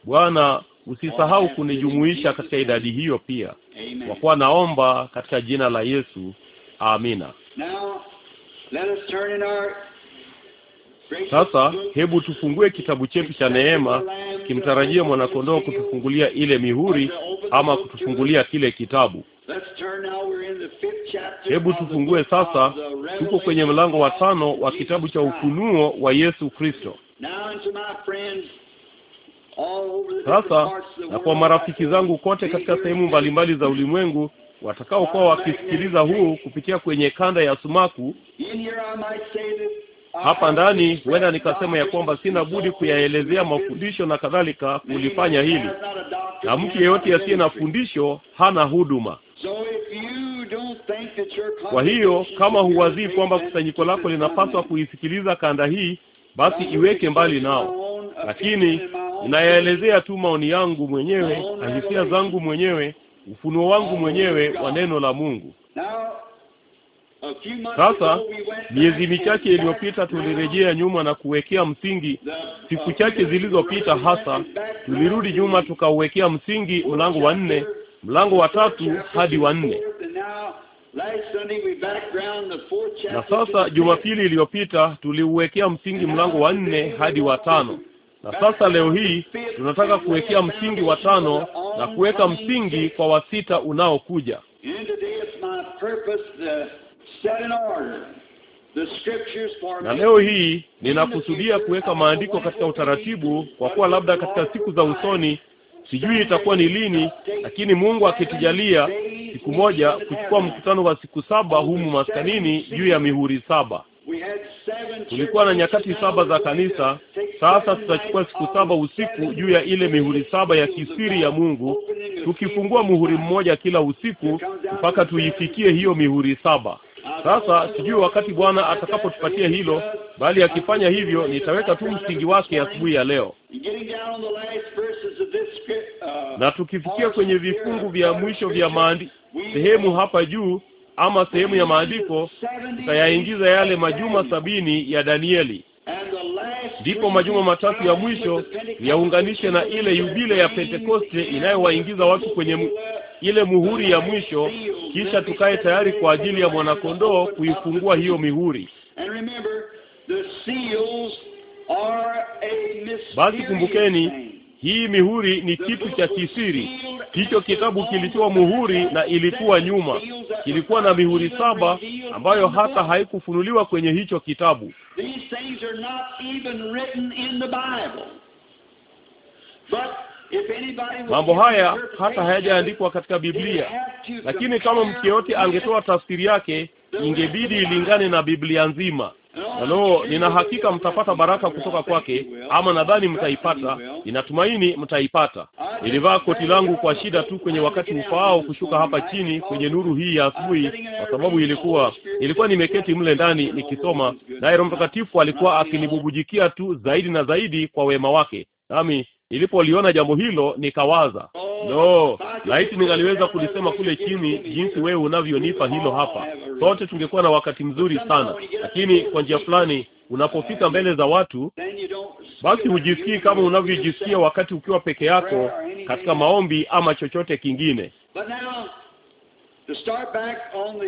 A: Bwana, usisahau kunijumuisha katika idadi hiyo pia, kwa kuwa naomba katika jina la Yesu, amina. Sasa hebu tufungue kitabu chetu cha neema, kimtarajia mwanakondoo kutufungulia ile mihuri ama kutufungulia kile kitabu. Hebu tufungue sasa, tuko kwenye mlango wa tano wa kitabu cha Ufunuo wa Yesu Kristo.
B: Sasa na kwa
A: marafiki zangu kote katika sehemu mbalimbali za ulimwengu watakaokuwa wakisikiliza huu kupitia kwenye kanda ya sumaku hapa ndani, huenda nikasema ya kwamba sina budi kuyaelezea mafundisho na kadhalika kulifanya hili, na mtu yeyote asiye na fundisho hana huduma. Kwa hiyo kama huwazii kwamba kusanyiko lako linapaswa kuisikiliza kanda hii, basi iweke mbali nao. Lakini ninayaelezea tu maoni yangu mwenyewe na hisia zangu mwenyewe, ufunuo wangu oh, mwenyewe wa neno la Mungu. Sasa miezi michache iliyopita tulirejea nyuma na kuwekea msingi. Uh, Siku chache zilizopita hasa tulirudi nyuma tukauwekea msingi mlango wa nne mlango wa tatu hadi wa nne. Na sasa Jumapili iliyopita tuliuwekea msingi mlango wa nne hadi wa tano, na sasa leo hii tunataka kuwekea msingi wa tano na kuweka msingi kwa wa sita unaokuja. Na leo hii ninakusudia kuweka maandiko katika utaratibu, kwa kuwa labda katika siku za usoni Sijui itakuwa ni lini, lakini Mungu akitujalia siku moja kuchukua mkutano wa siku saba humu maskanini juu ya mihuri saba. Tulikuwa na nyakati saba za kanisa. Sasa tutachukua siku saba usiku juu ya ile mihuri saba ya kisiri ya Mungu, tukifungua muhuri mmoja kila usiku mpaka tuifikie hiyo mihuri saba. Sasa sijui wakati Bwana atakapotupatia hilo, bali akifanya hivyo nitaweka tu msingi wake asubuhi ya, ya leo. Uh, na tukifikia kwenye vifungu uh, vya mwisho vya maandi sehemu hapa juu ama sehemu ya maandiko tutayaingiza yale majuma sabini ya Danieli, ndipo majuma matatu ya mwisho yaunganishe na ile yubile ya Pentekoste inayowaingiza watu kwenye mu, ile muhuri ya mwisho, kisha tukae tayari kwa ajili ya mwanakondoo kuifungua hiyo mihuri.
B: Basi kumbukeni,
A: hii mihuri ni kitu cha kisiri. Hicho kitabu kilitoa muhuri na ilikuwa nyuma, kilikuwa na mihuri saba ambayo hata haikufunuliwa kwenye hicho kitabu.
B: Mambo haya hata hayajaandikwa
A: katika Biblia,
B: lakini kama mtu yeyote angetoa
A: tafsiri yake, ingebidi ilingane na Biblia nzima. Nalo nina hakika mtapata baraka kutoka kwake, ama nadhani mtaipata, ninatumaini mtaipata. Nilivaa koti langu kwa shida tu kwenye wakati ufaao kushuka hapa chini kwenye nuru hii ya asubuhi, kwa sababu ilikuwa ilikuwa nimeketi mle ndani nikisoma, naye Roho Mtakatifu alikuwa akinibubujikia tu zaidi na zaidi kwa wema wake, nami Nilipoliona jambo hilo nikawaza, oh, no, laiti ningaliweza kulisema kule chini jinsi wewe unavyonipa hilo hapa, sote tungekuwa na wakati mzuri sana. Lakini kwa njia fulani, unapofika mbele za watu, basi hujisikii kama unavyojisikia wakati ukiwa peke yako katika maombi ama chochote kingine.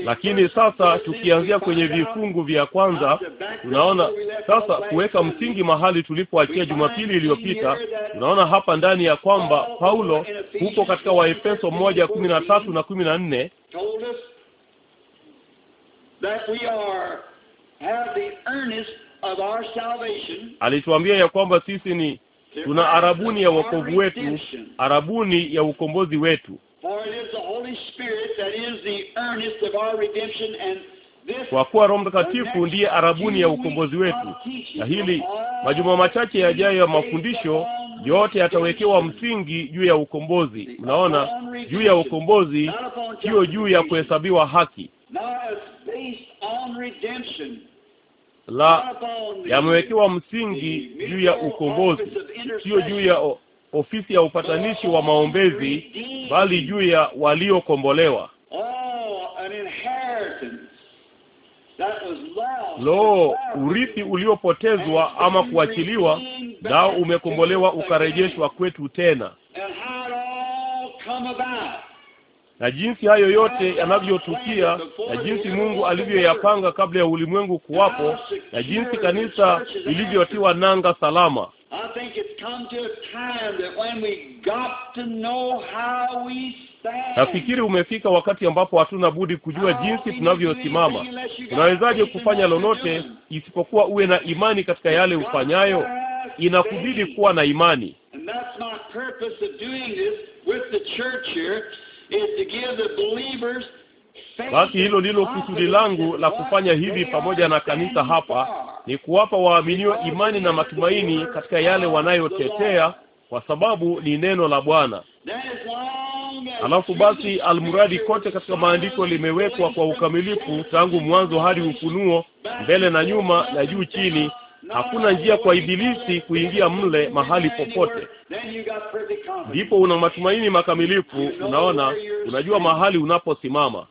B: Lakini sasa tukianzia kwenye vifungu
A: vya kwanza, tunaona sasa kuweka msingi mahali tulipoachia Jumapili iliyopita. Tunaona hapa ndani ya kwamba Paulo huko katika Waefeso moja kumi na tatu na kumi na nne alituambia ya kwamba sisi ni tuna arabuni ya wokovu wetu, arabuni ya ukombozi wetu kwa kuwa Roho Mtakatifu ndiye arabuni ya ukombozi wetu, na hili majuma machache yajayo ya mafundisho yote yatawekewa msingi juu ya ukombozi. Mnaona, juu ya ukombozi, sio juu ya kuhesabiwa haki la yamewekewa msingi juu ya ukombozi, sio juu ya ofisi ya upatanishi wa maombezi, bali juu ya waliokombolewa. Lo, urithi uliopotezwa ama kuachiliwa, nao umekombolewa ukarejeshwa kwetu tena. Na jinsi hayo yote yanavyotukia, na jinsi Mungu alivyoyapanga kabla ya ulimwengu kuwapo, na jinsi kanisa lilivyotiwa nanga salama
B: I think it's come to a time that when we got to know how we
A: Nafikiri umefika wakati ambapo hatuna budi kujua jinsi tunavyosimama. Unawezaje kufanya lolote isipokuwa uwe na imani katika yale ufanyayo? Inakubidi kuwa na imani.
B: And basi hilo ndilo kusudi
A: langu la kufanya hivi pamoja na kanisa hapa, ni kuwapa waaminio imani na matumaini katika yale wanayotetea, kwa sababu ni neno la Bwana. Alafu basi, almuradi kote katika maandiko limewekwa kwa ukamilifu tangu mwanzo hadi Ufunuo, mbele na nyuma na juu chini. Hakuna njia kwa ibilisi kuingia mle mahali popote. Ndipo una matumaini makamilifu. Unaona, unajua mahali unaposimama.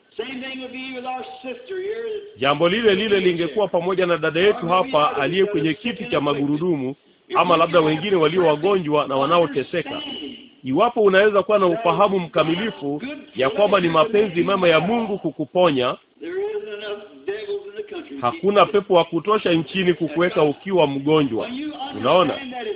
A: Jambo lile lile lingekuwa pamoja na dada yetu hapa aliye kwenye kiti cha magurudumu, ama labda wengine walio wagonjwa na wanaoteseka. Iwapo unaweza kuwa na ufahamu mkamilifu ya kwamba ni mapenzi mema ya Mungu kukuponya, hakuna pepo wa kutosha nchini kukuweka ukiwa mgonjwa. Unaona,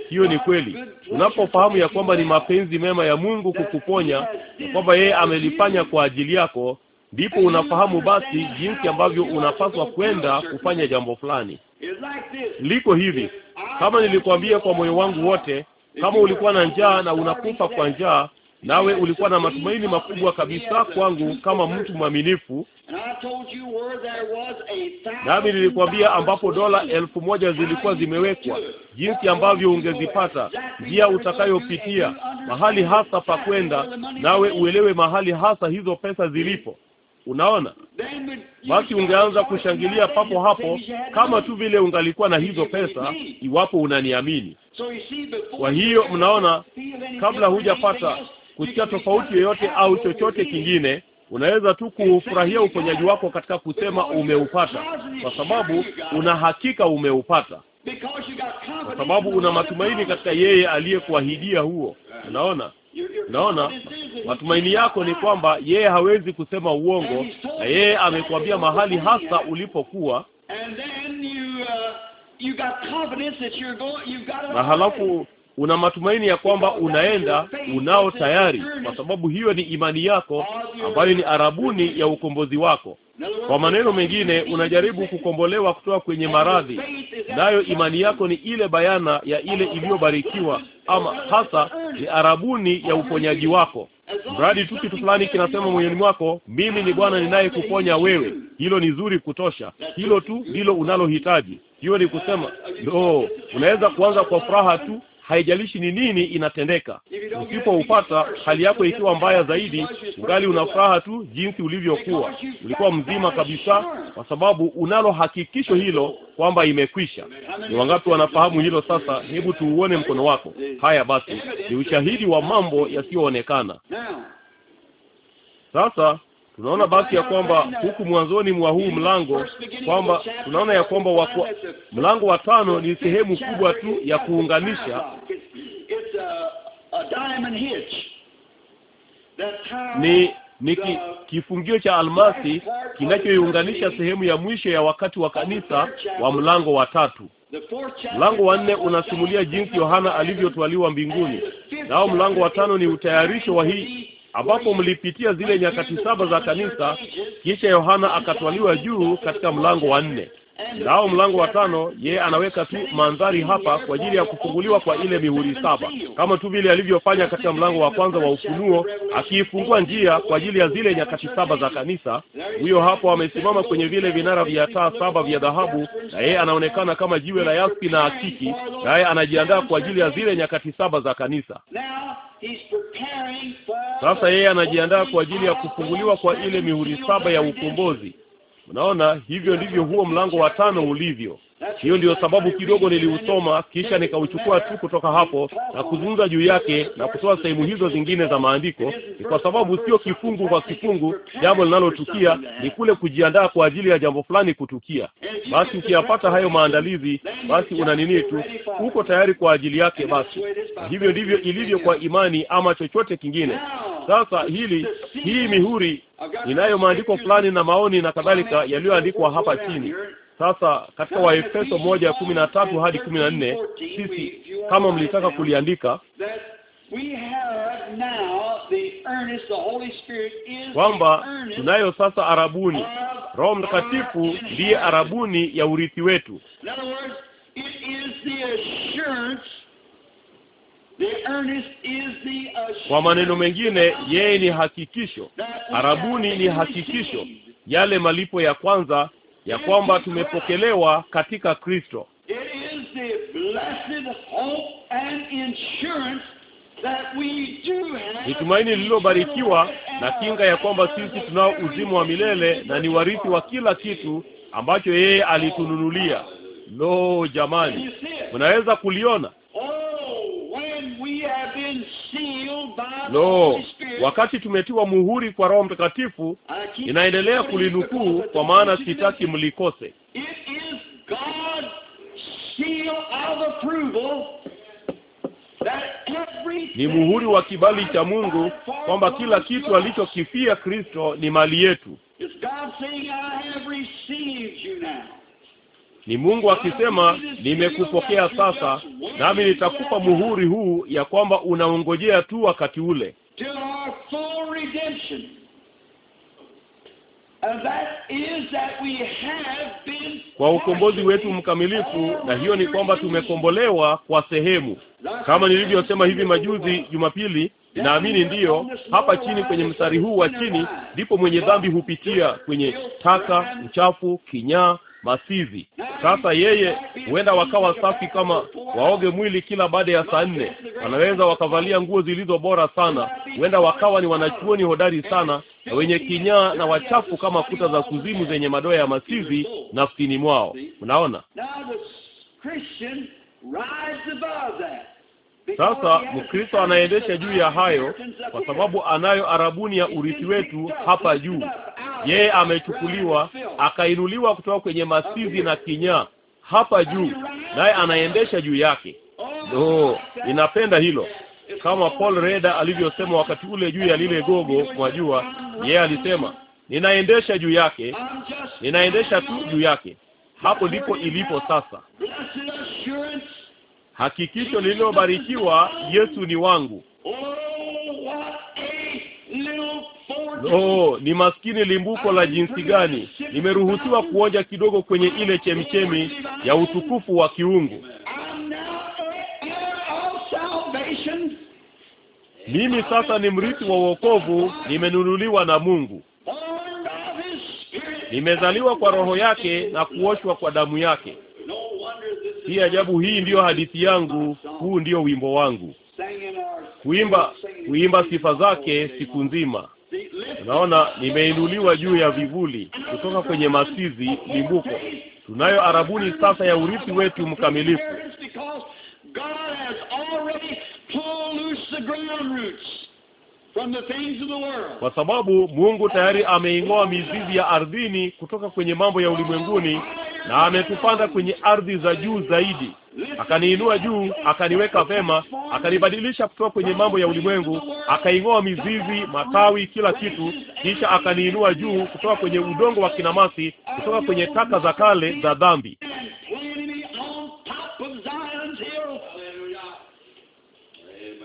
A: hiyo ni kweli. Unapofahamu ya kwamba ni mapenzi mema ya Mungu kukuponya, na kwamba yeye amelifanya kwa ajili yako, ndipo unafahamu basi jinsi ambavyo unapaswa kwenda kufanya jambo fulani. Liko hivi, kama nilikwambia kwa moyo wangu wote, kama ulikuwa na njaa na unakufa kwa njaa, nawe ulikuwa na matumaini makubwa kabisa kwangu kama mtu mwaminifu, nami nilikwambia ambapo dola elfu moja zilikuwa zimewekwa, jinsi ambavyo ungezipata, njia utakayopitia, mahali hasa pa kwenda, nawe uelewe mahali hasa hizo pesa zilipo. Unaona, basi ungeanza kushangilia papo hapo, kama tu vile ungalikuwa na hizo pesa, iwapo unaniamini. Kwa hiyo mnaona, kabla hujapata kusikia tofauti yoyote au chochote kingine, unaweza tu kufurahia uponyaji wako katika kusema umeupata, kwa sababu una hakika umeupata,
B: kwa sababu una matumaini
A: katika yeye aliyekuahidia huo. Unaona.
B: Naona matumaini
A: yako ni kwamba yeye hawezi kusema uongo, na yeye amekwambia mahali hasa ulipokuwa
B: uh, na halafu
A: una matumaini ya kwamba unaenda, unao tayari, kwa sababu hiyo ni imani yako ambayo ni arabuni ya ukombozi wako. Kwa maneno mengine, unajaribu kukombolewa kutoka kwenye maradhi,
C: nayo imani yako
A: ni ile bayana ya ile iliyobarikiwa, ama hasa ni arabuni ya uponyaji wako. Mradi tu kitu fulani kinasema moyoni mwako, mimi ni Bwana ninayekuponya wewe. Hilo ni zuri kutosha, hilo tu ndilo unalohitaji. Hiyo ni kusema, no, unaweza kuanza kwa furaha tu haijalishi ni nini inatendeka. Usipoupata hali yako ikiwa mbaya zaidi, ungali una furaha tu jinsi ulivyokuwa, ulikuwa mzima kabisa, kwa sababu unalo hakikisho hilo kwamba imekwisha. Ni wangapi wanafahamu hilo? Sasa hebu tuuone mkono wako. Haya basi, ni ushahidi wa mambo yasiyoonekana. Sasa Tunaona basi ya kwamba huku mwanzoni mwa huu mlango kwamba tunaona ya kwamba mlango wa tano ni sehemu kubwa tu ya kuunganisha ni ni ki, kifungio cha almasi kinachoiunganisha sehemu ya mwisho ya wakati wa kanisa wa mlango wa tatu. Mlango wa nne unasimulia jinsi Yohana alivyotwaliwa mbinguni, nao mlango wa tano ni utayarisho wa hii ambapo mlipitia zile nyakati saba za kanisa, kisha Yohana akatwaliwa juu katika mlango wa nne nao mlango wa tano, yeye anaweka tu mandhari hapa kwa ajili ya kufunguliwa kwa ile mihuri saba, kama tu vile alivyofanya katika mlango wa kwanza wa Ufunuo, akiifungua njia kwa ajili ya zile nyakati saba za kanisa. Huyo hapo amesimama kwenye vile vinara vya taa saba vya dhahabu, na yeye anaonekana kama jiwe la yaspi na akiki, naye anajiandaa kwa ajili ya zile nyakati saba za kanisa. Sasa yeye anajiandaa kwa ajili ya kufunguliwa kwa ile mihuri saba ya ukombozi unaona hivyo ndivyo huo mlango wa tano ulivyo. Hiyo ndiyo sababu kidogo niliusoma, kisha nikauchukua tu kutoka hapo na kuzungumza juu yake na kutoa sehemu hizo zingine za maandiko. Ni kwa sababu sio kifungu kwa kifungu jambo linalotukia, ni kule kujiandaa kwa ajili ya jambo fulani kutukia. Basi ukiyapata hayo maandalizi, basi una nini tu, uko tayari kwa ajili yake. Basi hivyo ndivyo ilivyo kwa imani ama chochote kingine. Sasa hili hii mihuri inayo maandiko fulani na maoni na kadhalika yaliyoandikwa hapa chini sasa katika Waefeso moja kumi na tatu hadi kumi na nne
B: sisi kama mlitaka kuliandika kwamba tunayo
A: sasa arabuni. Roho Mtakatifu ndiye arabuni ya urithi wetu.
B: Kwa maneno mengine, yeye ni
A: hakikisho. Arabuni ni hakikisho, yale malipo ya kwanza ya kwamba tumepokelewa katika Kristo.
B: Ni tumaini lililobarikiwa
A: na kinga ya kwamba sisi tunao uzima wa milele na ni warithi wa kila kitu ambacho yeye alitununulia. Lo, jamani, unaweza kuliona Lo, wakati tumetiwa muhuri kwa Roho Mtakatifu, uh, inaendelea kulinukuu kwa maana sitaki mlikose.
B: Ni muhuri wa kibali cha
A: Mungu kwamba kila kitu alichokifia Kristo ni mali yetu. Ni Mungu akisema, nimekupokea sasa, nami nitakupa muhuri huu ya kwamba unaongojea tu wakati ule. Kwa ukombozi wetu mkamilifu, na hiyo ni kwamba tumekombolewa kwa sehemu, kama nilivyosema hivi majuzi Jumapili. Naamini ndiyo hapa chini kwenye mstari huu wa chini ndipo mwenye dhambi hupitia kwenye taka, uchafu, kinyaa Masizi. Sasa yeye huenda wakawa safi kama waoge mwili kila baada ya saa nne, wanaweza wakavalia nguo zilizo bora sana, huenda wakawa ni wanachuoni hodari sana na wenye kinyaa na wachafu kama kuta za kuzimu zenye madoa ya masizi nafsini mwao. Unaona sasa Mkristo anaendesha juu ya hayo, kwa sababu anayo arabuni ya urithi wetu hapa juu. Yeye amechukuliwa akainuliwa kutoka kwenye masizi na kinyaa hapa juu, naye anaendesha juu yake. Ndoo, ninapenda hilo. Kama Paul Reda alivyosema wakati ule juu ya lile gogo, mwajua, yeye alisema ninaendesha juu yake,
B: ninaendesha tu juu
A: yake. Hapo ndipo ilipo sasa. Hakikisho lililobarikiwa Yesu ni wangu. Lo, ni maskini limbuko la jinsi gani! Nimeruhusiwa kuonja kidogo kwenye ile chemchemi ya utukufu wa kiungu. Mimi sasa ni mrithi wa wokovu, nimenunuliwa na Mungu, nimezaliwa kwa roho yake na kuoshwa kwa damu yake si ajabu. Hii ndiyo hadithi yangu, huu ndiyo wimbo wangu, kuimba kuimba sifa zake siku nzima. Unaona, nimeinuliwa juu ya vivuli kutoka kwenye masizi limbuko. Tunayo arabuni sasa ya urithi wetu mkamilifu. Kwa sababu Mungu tayari ameing'oa mizizi ya ardhini kutoka kwenye mambo ya ulimwenguni na ametupanda kwenye ardhi za juu zaidi, akaniinua juu, akaniweka vema, akanibadilisha kutoka kwenye mambo ya ulimwengu, akaing'oa mizizi, matawi, kila kitu, kisha akaniinua juu kutoka kwenye udongo wa kinamasi, kutoka kwenye taka za kale za dhambi.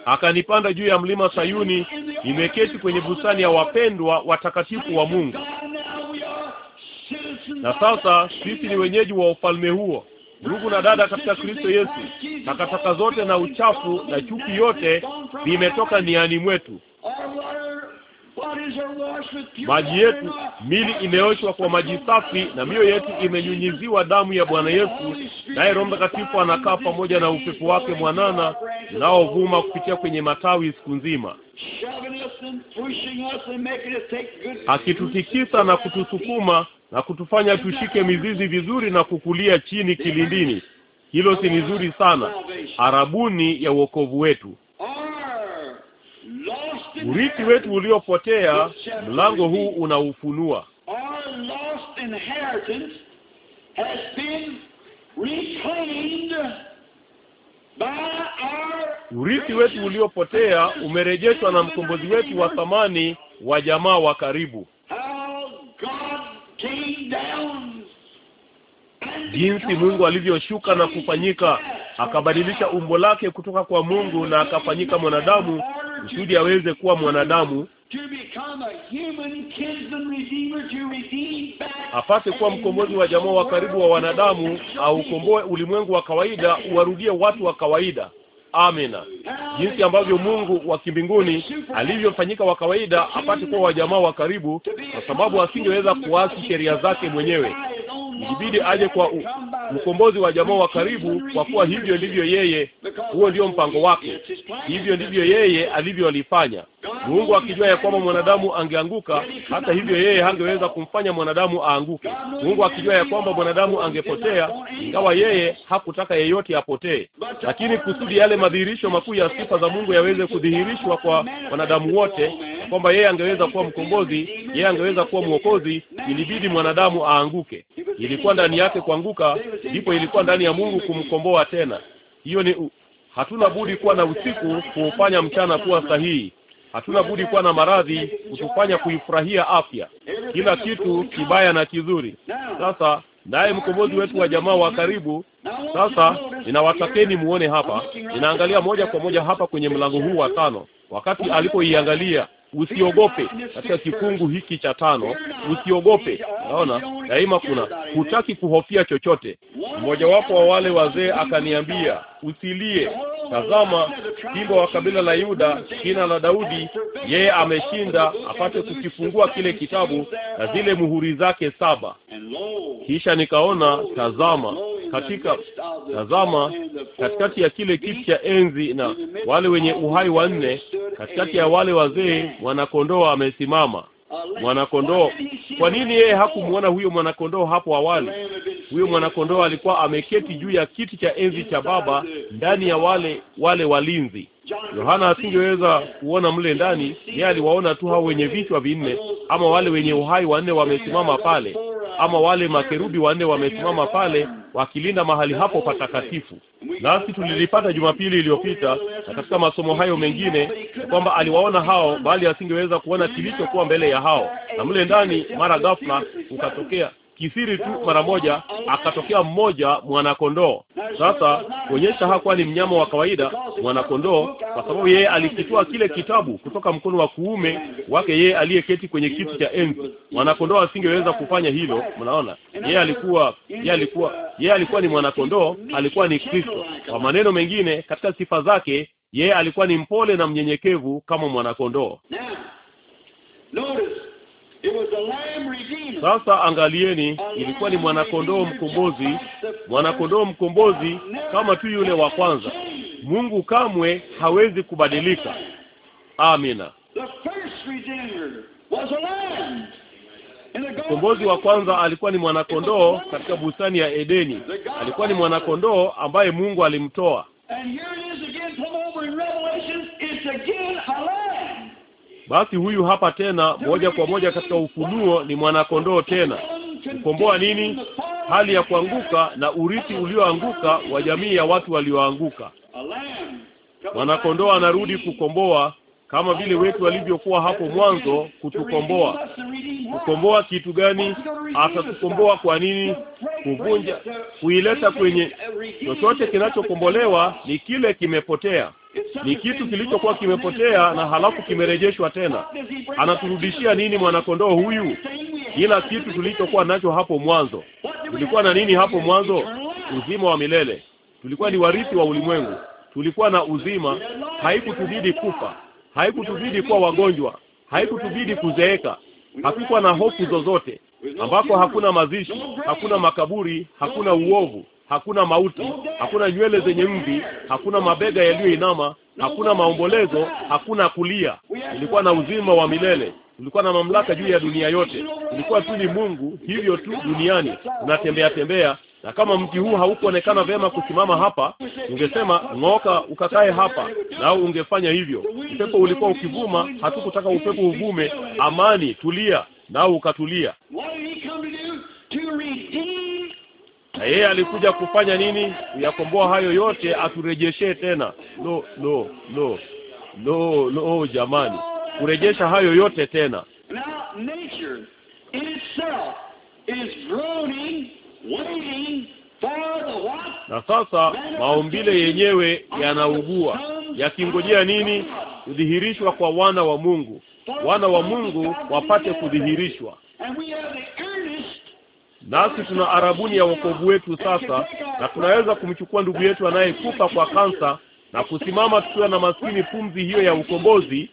A: Akanipanda juu ya mlima Sayuni, nimeketi kwenye bustani ya wapendwa watakatifu wa Mungu. Na sasa sisi ni wenyeji wa ufalme huo, ndugu na dada katika Kristo Yesu. Takataka zote na uchafu na chuki yote vimetoka niani mwetu. Maji yetu, mili imeoshwa kwa maji safi, na mioyo yetu imenyunyiziwa damu ya Bwana Yesu, naye Roho Mtakatifu anakaa pamoja na upepo wake mwanana unaovuma kupitia kwenye matawi siku nzima, akitutikisa na kutusukuma na kutufanya tushike mizizi vizuri na kukulia chini kilindini. Hilo si nzuri sana, harabuni ya wokovu wetu. Urithi wetu uliopotea, mlango huu unaufunua. Urithi wetu uliopotea umerejeshwa na mkombozi wetu wa thamani wa jamaa wa karibu. jinsi Mungu alivyoshuka na kufanyika, akabadilisha umbo lake kutoka kwa Mungu na akafanyika mwanadamu kusudi aweze kuwa mwanadamu apate kuwa mkombozi wa jamaa wa karibu wa wanadamu, aukomboe ulimwengu wa kawaida, uwarudie watu wa kawaida. Amina. Jinsi ambavyo Mungu wa kimbinguni alivyofanyika wa kawaida apate kuwa wajamaa wa karibu, kwa sababu asingeweza kuasi sheria zake mwenyewe, ilibidi aje kwa u, mkombozi wa jamaa wa karibu, kwa kuwa hivyo ndivyo yeye, huo ndio mpango wake, hivyo ndivyo yeye alivyolifanya. Mungu akijua ya kwamba mwanadamu angeanguka, hata hivyo yeye hangeweza kumfanya mwanadamu aanguke. Mungu akijua ya kwamba mwanadamu angepotea, ingawa yeye hakutaka yeyote apotee, lakini kusudi yale madhihirisho makuu ya sifa za Mungu yaweze kudhihirishwa kwa wanadamu wote, kwamba yeye angeweza kuwa mkombozi, yeye angeweza kuwa mwokozi, ilibidi mwanadamu aanguke. Ilikuwa ndani yake kuanguka, ndipo ilikuwa ndani ya Mungu kumkomboa tena. Hiyo ni hatuna budi kuwa na usiku kuufanya mchana kuwa sahihi. Hatuna budi kuwa na maradhi kutufanya kuifurahia afya, kila kitu kibaya na kizuri. Sasa naye mkombozi wetu wa jamaa wa karibu. Sasa ninawatakeni muone hapa, ninaangalia moja kwa moja hapa kwenye mlango huu wa tano. Wakati alipoiangalia, usiogope, katika kifungu hiki cha tano, usiogope. Naona daima kuna hutaki kuhofia chochote. Mmojawapo wa wale wazee akaniambia usilie. Tazama, simba wa kabila la Yuda, jina la Daudi, yeye ameshinda apate kukifungua kile kitabu na zile muhuri zake saba. Kisha nikaona, tazama katika tazama, katikati ya kile kiti cha enzi na wale wenye uhai wanne, katikati ya wale wazee, mwana amesimama
B: mwanakondoo. Kwa nini
A: yeye hakumwona huyo mwanakondoo hapo awali? Huyo mwanakondoo alikuwa ameketi juu ya kiti cha enzi cha Baba ndani ya wale wale walinzi. Yohana asingeweza kuona mle ndani, yeye aliwaona tu hao wenye vichwa vinne, ama wale wenye uhai wanne wamesimama pale, ama wale makerubi wanne wamesimama pale wakilinda mahali hapo patakatifu. Nasi tulilipata Jumapili iliyopita na katika masomo hayo mengine kwamba aliwaona hao, bali asingeweza kuona kilichokuwa mbele ya hao, na mle ndani mara ghafla ukatokea kisiri tu, mara moja akatokea mmoja mwanakondoo sasa kuonyesha hakuwa ni mnyama wa kawaida mwanakondoo, kwa sababu yeye alikitoa kile kitabu kutoka mkono wa kuume wake yeye aliyeketi kwenye kiti cha enzi. Mwanakondoo asingeweza kufanya hilo. Mnaona, yeye alikuwa yeye alikuwa yeye alikuwa ni mwanakondoo, alikuwa ni Kristo. Kwa maneno mengine, katika sifa zake yeye alikuwa ni mpole na mnyenyekevu kama mwanakondoo. Sasa angalieni, ilikuwa ni mwanakondoo mkombozi, mwanakondoo mkombozi kama tu yule wa kwanza. Mungu kamwe hawezi kubadilika. Amina. Mkombozi wa kwanza alikuwa ni mwanakondoo katika bustani ya Edeni. Alikuwa ni mwanakondoo ambaye Mungu alimtoa. Basi huyu hapa tena, moja kwa moja katika ufunuo, ni mwanakondoo tena kukomboa nini? Hali ya kuanguka na urithi ulioanguka wa jamii ya watu walioanguka. Mwanakondoo anarudi kukomboa, kama vile wetu walivyokuwa hapo mwanzo kutukomboa. Kukomboa kitu gani? Atatukomboa kwa nini? Kuvunja,
B: kuileta kwenye chochote
A: kinachokombolewa ni kile kimepotea ni kitu kilichokuwa kimepotea na halafu kimerejeshwa tena. Anaturudishia nini mwanakondoo huyu? Kila kitu tulichokuwa nacho hapo mwanzo. Tulikuwa na nini hapo mwanzo? Uzima wa milele. Tulikuwa ni warithi wa ulimwengu. Tulikuwa na uzima. Haikutubidi kufa, haikutubidi kuwa wagonjwa, haikutubidi kuzeeka. Hakukuwa na hofu zozote, ambako hakuna mazishi, hakuna makaburi, hakuna uovu, hakuna mauti, hakuna nywele zenye mvi, hakuna mabega yaliyoinama, hakuna maombolezo, hakuna kulia. Nilikuwa na uzima wa milele, nilikuwa na mamlaka juu ya dunia yote. Nilikuwa tu ni Mungu, hivyo tu duniani unatembea tembea na kama mji huu haukuonekana vema kusimama hapa, ungesema ng'oka ukakae hapa, nao ungefanya hivyo. Upepo ulikuwa ukivuma, hatukutaka upepo uvume. Amani, tulia, nao ukatulia na yeye alikuja kufanya nini? Kuyakomboa hayo yote, aturejeshe tena. Lo, lo, lo, lo, lo, jamani, kurejesha hayo yote tena. Na sasa maumbile yenyewe yanaugua
B: yakingojea nini?
A: Kudhihirishwa kwa wana wa Mungu, wana wa Mungu wapate kudhihirishwa Nasi tuna arabuni ya wokovu wetu sasa, na tunaweza kumchukua ndugu yetu anayekufa kwa kansa na kusimama tukiwa na maskini pumzi hiyo ya ukombozi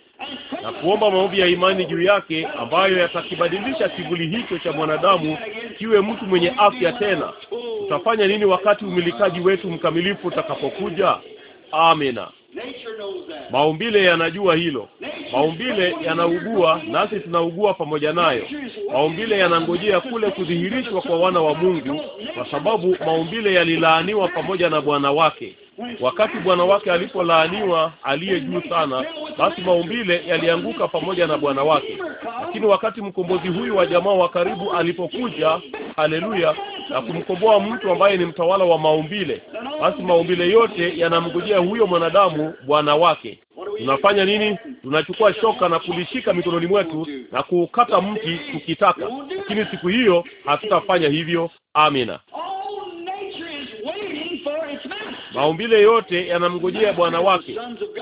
A: na kuomba maombi ya imani juu yake ambayo yatakibadilisha kivuli hicho cha mwanadamu kiwe mtu mwenye afya tena. Tutafanya nini wakati umilikaji wetu mkamilifu utakapokuja? Amina. Maumbile yanajua hilo. Maumbile yanaugua, nasi tunaugua pamoja nayo. Maumbile yanangojea kule kudhihirishwa kwa wana wa Mungu, kwa sababu maumbile yalilaaniwa pamoja na Bwana wake. Wakati bwana wake alipolaaniwa aliye juu sana, basi maumbile yalianguka pamoja na bwana wake. Lakini wakati mkombozi huyu wa jamaa wa karibu alipokuja, haleluya, na kumkomboa mtu ambaye ni mtawala wa maumbile, basi maumbile yote yanamgojea huyo mwanadamu bwana wake. Tunafanya nini? Tunachukua shoka na kulishika mikononi mwetu na kuukata mti tukitaka, lakini siku hiyo hatutafanya hivyo. Amina. Maumbile yote yanamngojea Bwana wake,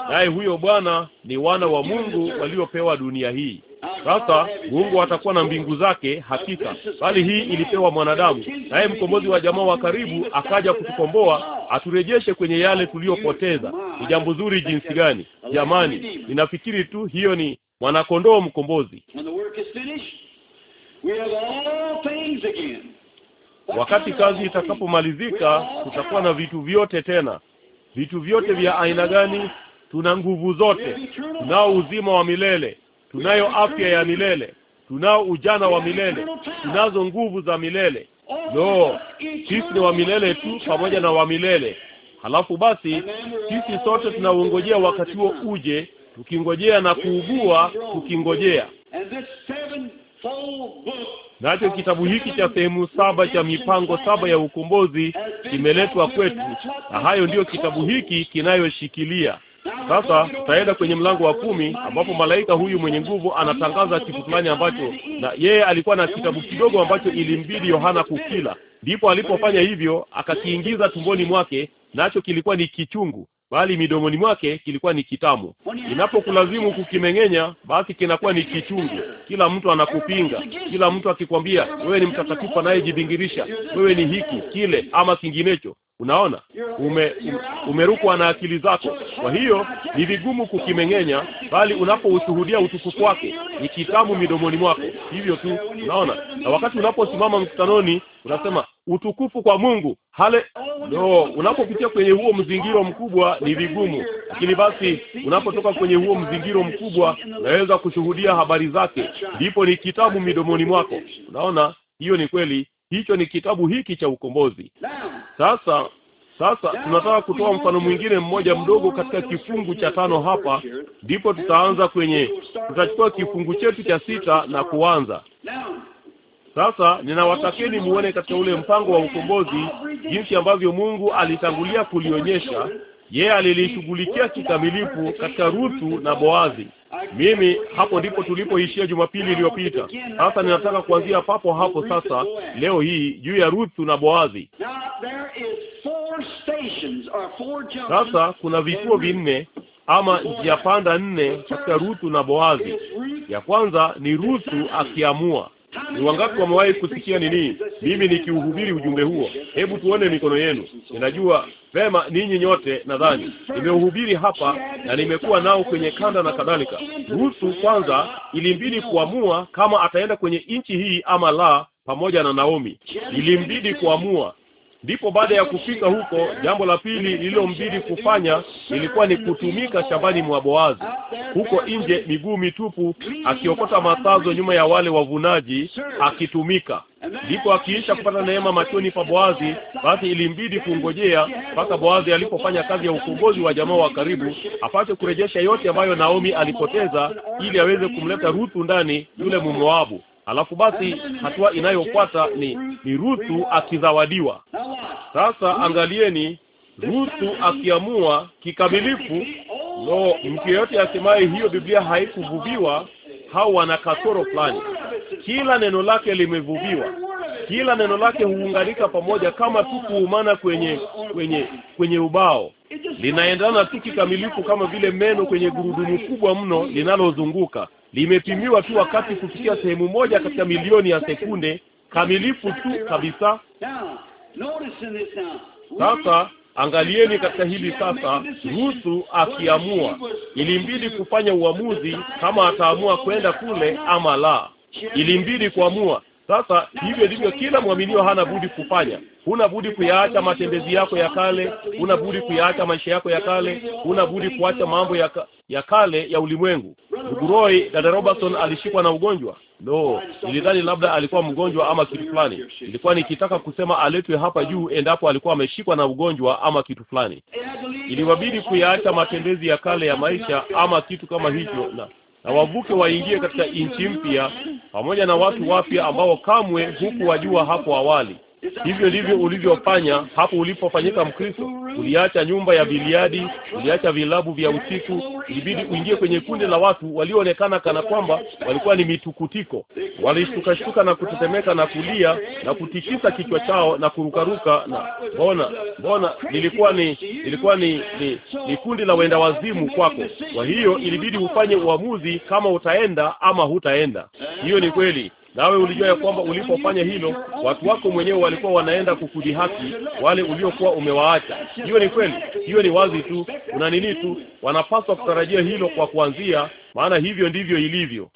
A: naye huyo Bwana ni wana wa Mungu waliopewa dunia hii. Sasa Mungu atakuwa na mbingu zake hakika, bali hii ilipewa mwanadamu, naye mkombozi wa jamaa wa karibu akaja kutukomboa, aturejeshe kwenye yale tuliyopoteza. Ni jambo zuri jinsi gani jamani! Ninafikiri tu hiyo ni mwanakondoo mkombozi. Wakati kazi itakapomalizika, tutakuwa na vitu vyote tena. Vitu vyote vya aina gani? Tuna nguvu zote, tunao uzima wa milele, tunayo afya ya milele, tunao ujana wa milele, tunazo nguvu za milele. Lo, sisi ni wa milele tu pamoja na wa milele. Halafu basi sisi sote tunaungojea wakati huo uje, tukingojea na kuugua, tukingojea Nacho kitabu hiki cha sehemu saba cha mipango saba ya ukombozi kimeletwa kwetu, na hayo ndiyo kitabu hiki kinayoshikilia. Sasa tutaenda kwenye mlango wa kumi ambapo malaika huyu mwenye nguvu anatangaza kitu fulani ambacho, na yeye alikuwa na kitabu kidogo ambacho ilimbidi Yohana kukila. Ndipo alipofanya hivyo, akakiingiza tumboni mwake, nacho kilikuwa ni kichungu bali midomoni mwake kilikuwa ni kitamu. Inapokulazimu kukimeng'enya, basi kinakuwa ni kichungu. Kila mtu anakupinga, kila mtu akikwambia wewe ni mtakatifu anayejibingirisha, wewe ni hiki kile ama kinginecho, Unaona, ume, umerukwa na akili zako, kwa hiyo ni vigumu kukimeng'enya, bali unapoushuhudia utukufu wake ni kitamu midomoni mwako. Hivyo tu, unaona. Na wakati unaposimama mkutanoni, unasema utukufu kwa Mungu, hale no. Unapopitia kwenye huo mzingiro mkubwa ni vigumu, lakini basi unapotoka kwenye huo mzingiro mkubwa unaweza kushuhudia habari zake, ndipo ni kitamu midomoni mwako. Unaona, hiyo ni kweli hicho ni kitabu hiki cha ukombozi sasa sasa tunataka kutoa mfano mwingine mmoja mdogo katika kifungu cha tano hapa ndipo tutaanza kwenye tutachukua kifungu chetu cha sita na kuanza sasa ninawatakeni muone katika ule mpango wa ukombozi jinsi ambavyo Mungu alitangulia kulionyesha yeye alilishughulikia kikamilifu katika Ruthu na Boazi. Mimi hapo ndipo tulipoishia Jumapili iliyopita. Sasa ninataka kuanzia papo hapo sasa leo hii juu ya Ruthu na Boazi.
B: Sasa kuna vituo
A: vinne ama njia panda nne katika Ruthu na Boazi. Ya kwanza ni Ruthu akiamua ni wangapi wamewahi kusikia nini mimi nikiuhubiri ujumbe huo? Hebu tuone mikono yenu. Ninajua vema ninyi nyote, nadhani nimeuhubiri hapa na nimekuwa nao kwenye kanda na kadhalika. Ruhusu kwanza ilimbidi kuamua kama ataenda kwenye nchi hii ama la, pamoja na Naomi ilimbidi kuamua Ndipo baada ya kufika huko, jambo la pili lililombidi kufanya ilikuwa ni kutumika shambani mwa Boazi, huko nje, miguu mitupu, akiokota matazo nyuma ya wale wavunaji, akitumika. Ndipo akiisha kupata neema machoni pa Boazi, basi ilimbidi kungojea mpaka Boazi alipofanya kazi ya ukombozi wa jamaa wa karibu, apate kurejesha yote ambayo Naomi alipoteza, ili aweze kumleta Ruthu ndani, yule Mumoabu. Alafu basi hatua inayofuata ni ni Ruthu akizawadiwa. Sasa angalieni Ruthu akiamua kikamilifu. Lo no, mtu yeyote asemaye hiyo Biblia haikuvuviwa hao wana kasoro fulani. Kila neno lake limevuviwa, kila neno lake huunganika pamoja kama tu kuumana kwenye kwenye kwenye ubao, linaendana tu kikamilifu kama vile meno kwenye gurudumu kubwa mno linalozunguka limepimiwa tu wakati kufikia sehemu moja katika milioni ya sekunde kamilifu tu kabisa. Sasa angalieni katika hili sasa. Nusu akiamua, ilimbidi kufanya uamuzi kama ataamua kwenda kule ama la, ilimbidi kuamua. Sasa hivyo ndivyo kila mwaminio hana budi kufanya. Huna budi kuyaacha matembezi yako ya kale, huna budi kuyaacha maisha yako ya kale, huna budi kuacha mambo ya ka ya kale ya ulimwengu. Ndugu Roy, dada Robertson alishikwa na ugonjwa. No, nilidhani labda alikuwa mgonjwa ama kitu fulani. ilikuwa nikitaka kusema aletwe hapa juu endapo alikuwa ameshikwa na ugonjwa ama kitu fulani. Iliwabidi kuyaacha matembezi ya kale ya maisha ama kitu kama hicho, na na wavuke waingie katika nchi mpya pamoja na watu wapya ambao kamwe huku wajua hapo awali. Hivyo ndivyo ulivyofanya hapo ulipofanyika Mkristo. Uliacha nyumba ya biliadi, uliacha vilabu vya usiku, ilibidi uingie kwenye kundi la watu walioonekana kana kwamba walikuwa ni mitukutiko. Walishtukashtuka na kutetemeka na kulia na kutikisa kichwa chao na kurukaruka, na mbona mbona, nilikuwa ni ilikuwa ni, ni, ni kundi la wenda wazimu kwako. Kwa hiyo ilibidi ufanye uamuzi kama utaenda ama hutaenda. Hiyo ni kweli nawe ulijua ya kwamba ulipofanya hilo watu wako mwenyewe walikuwa wanaenda haki wale uliokuwa umewaacha. Hiyo ni kweli, hiyo ni wazi tu, una nini tu, wanapaswa kutarajia hilo kwa kuanzia, maana hivyo ndivyo ilivyo.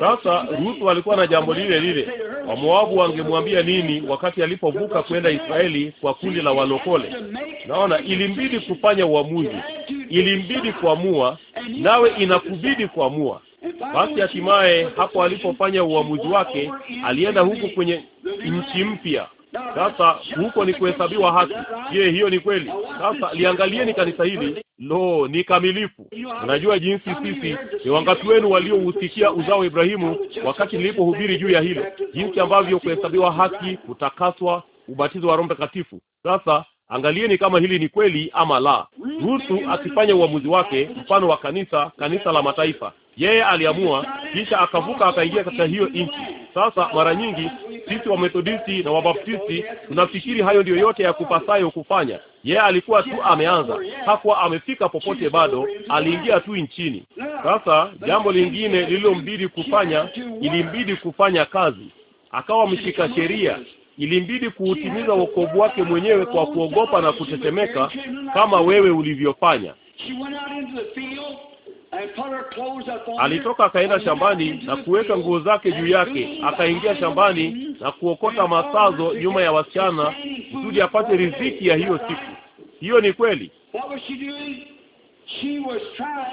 A: Sasa Ruth alikuwa na jambo lile lile. Wamoabu wangemwambia nini wakati alipovuka kwenda Israeli kwa kundi la walokole? Naona ilimbidi kufanya uamuzi, ilimbidi kuamua, nawe inakubidi kuamua. Basi hatimaye hapo alipofanya uamuzi wake, alienda huko kwenye nchi mpya. Sasa huko ni kuhesabiwa haki. Je, hiyo ni kweli? Sasa liangalieni kanisa hili, lo, ni kamilifu. Unajua jinsi sisi, ni wangapi wenu waliohusikia uzao wa Ibrahimu wakati nilipohubiri juu ya hilo, jinsi ambavyo kuhesabiwa haki, kutakaswa, ubatizo wa Roho Mtakatifu. Sasa Angalieni kama hili ni kweli ama la. Ruthu akifanya uamuzi wake, mfano wa kanisa, kanisa la mataifa, yeye aliamua, kisha akavuka akaingia katika hiyo nchi. Sasa mara nyingi sisi wa methodisti na Wabaptisti tunafikiri hayo ndiyo yote ya kupasayo kufanya. Yeye alikuwa tu ameanza, hakuwa amefika popote bado, aliingia tu nchini. Sasa jambo lingine lililombidi kufanya, ilimbidi kufanya kazi, akawa mshika sheria, ilimbidi kuutimiza wokovu wake mwenyewe kwa kuogopa na kutetemeka, kama wewe ulivyofanya. Alitoka akaenda shambani na kuweka nguo zake juu yake, akaingia shambani na kuokota masazo nyuma ya wasichana
B: kusudi apate riziki ya hiyo
A: siku. Hiyo ni kweli.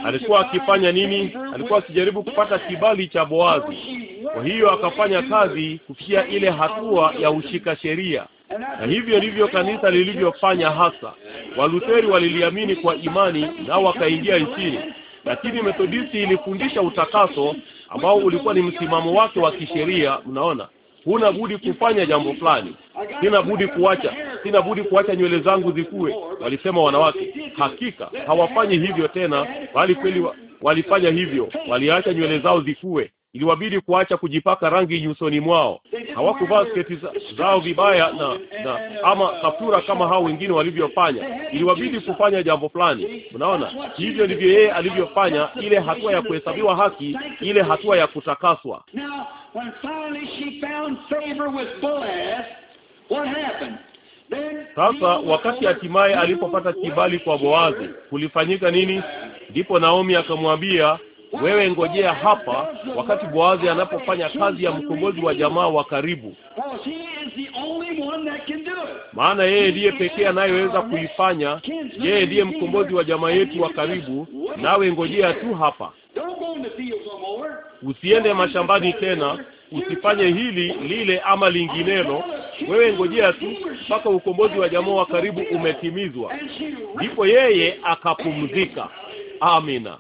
A: Alikuwa akifanya nini? Alikuwa akijaribu kupata kibali cha Boazi, kwa hiyo akafanya kazi kufikia ile hatua ya ushika sheria, na hivyo ndivyo kanisa lilivyofanya hasa. Walutheri waliliamini kwa imani nao wakaingia nchini, lakini Methodisti ilifundisha utakaso ambao ulikuwa ni msimamo wake wa kisheria. Mnaona, huna budi kufanya jambo fulani. Sina budi kuacha, sina budi kuacha nywele zangu zikue, walisema wanawake. Hakika hawafanyi hivyo tena, bali kweli wa, walifanya hivyo, waliacha nywele zao zikue iliwabidi kuacha kujipaka rangi nyusoni mwao. Hawakuvaa sketi zao vibaya na, na uh, ama kaptura kama hao wengine walivyofanya. Iliwabidi kufanya jambo fulani. Unaona, hivyo ndivyo yeye alivyofanya, ile hatua ya kuhesabiwa haki, ile hatua ya kutakaswa. Sasa wakati hatimaye alipopata kibali kwa Boazi, kulifanyika nini? Ndipo Naomi akamwambia wewe ngojea hapa, wakati Boazi anapofanya kazi ya mkombozi wa jamaa wa karibu, maana yeye ndiye pekee anayeweza kuifanya. Yeye ndiye mkombozi wa jamaa yetu wa karibu, nawe ngojea tu hapa. Usiende mashambani tena, usifanye hili lile ama linginelo. Wewe ngojea tu mpaka ukombozi wa jamaa wa karibu umetimizwa, ndipo yeye akapumzika. Amina.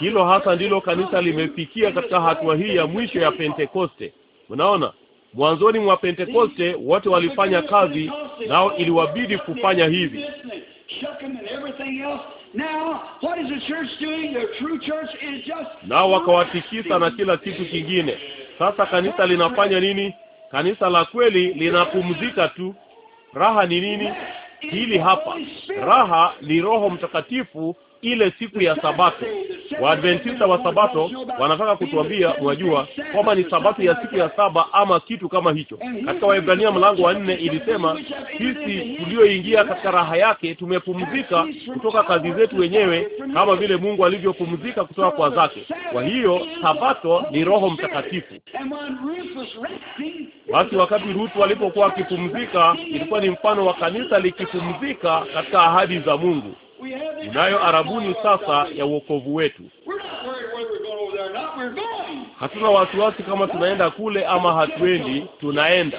A: Hilo hasa ndilo kanisa limefikia katika hatua hii ya mwisho ya Pentekoste. Mnaona, mwanzoni mwa Pentekoste wote walifanya kazi, nao iliwabidi kufanya hivi. Nao wakawatikisa na kila kitu kingine. Sasa kanisa linafanya nini? Kanisa la kweli linapumzika tu. Raha ni nini? Hili hapa, raha ni Roho Mtakatifu ile siku ya Sabato. Waadventista wa Sabato wanataka kutuambia, wajua kwamba ni Sabato ya siku ya saba ama kitu kama hicho. Katika Waebrania mlango wa nne ilisema, sisi tulioingia katika raha yake tumepumzika kutoka kazi zetu wenyewe kama vile Mungu alivyopumzika kutoka kwa zake. Kwa hiyo Sabato ni Roho Mtakatifu. Basi wakati Ruthu alipokuwa akipumzika, ilikuwa ni mfano wa kanisa likipumzika katika ahadi za Mungu
B: unayo arabuni sasa
A: ya uokovu wetu. Hatuna wasiwasi kama tunaenda kule ama hatuendi, tunaenda.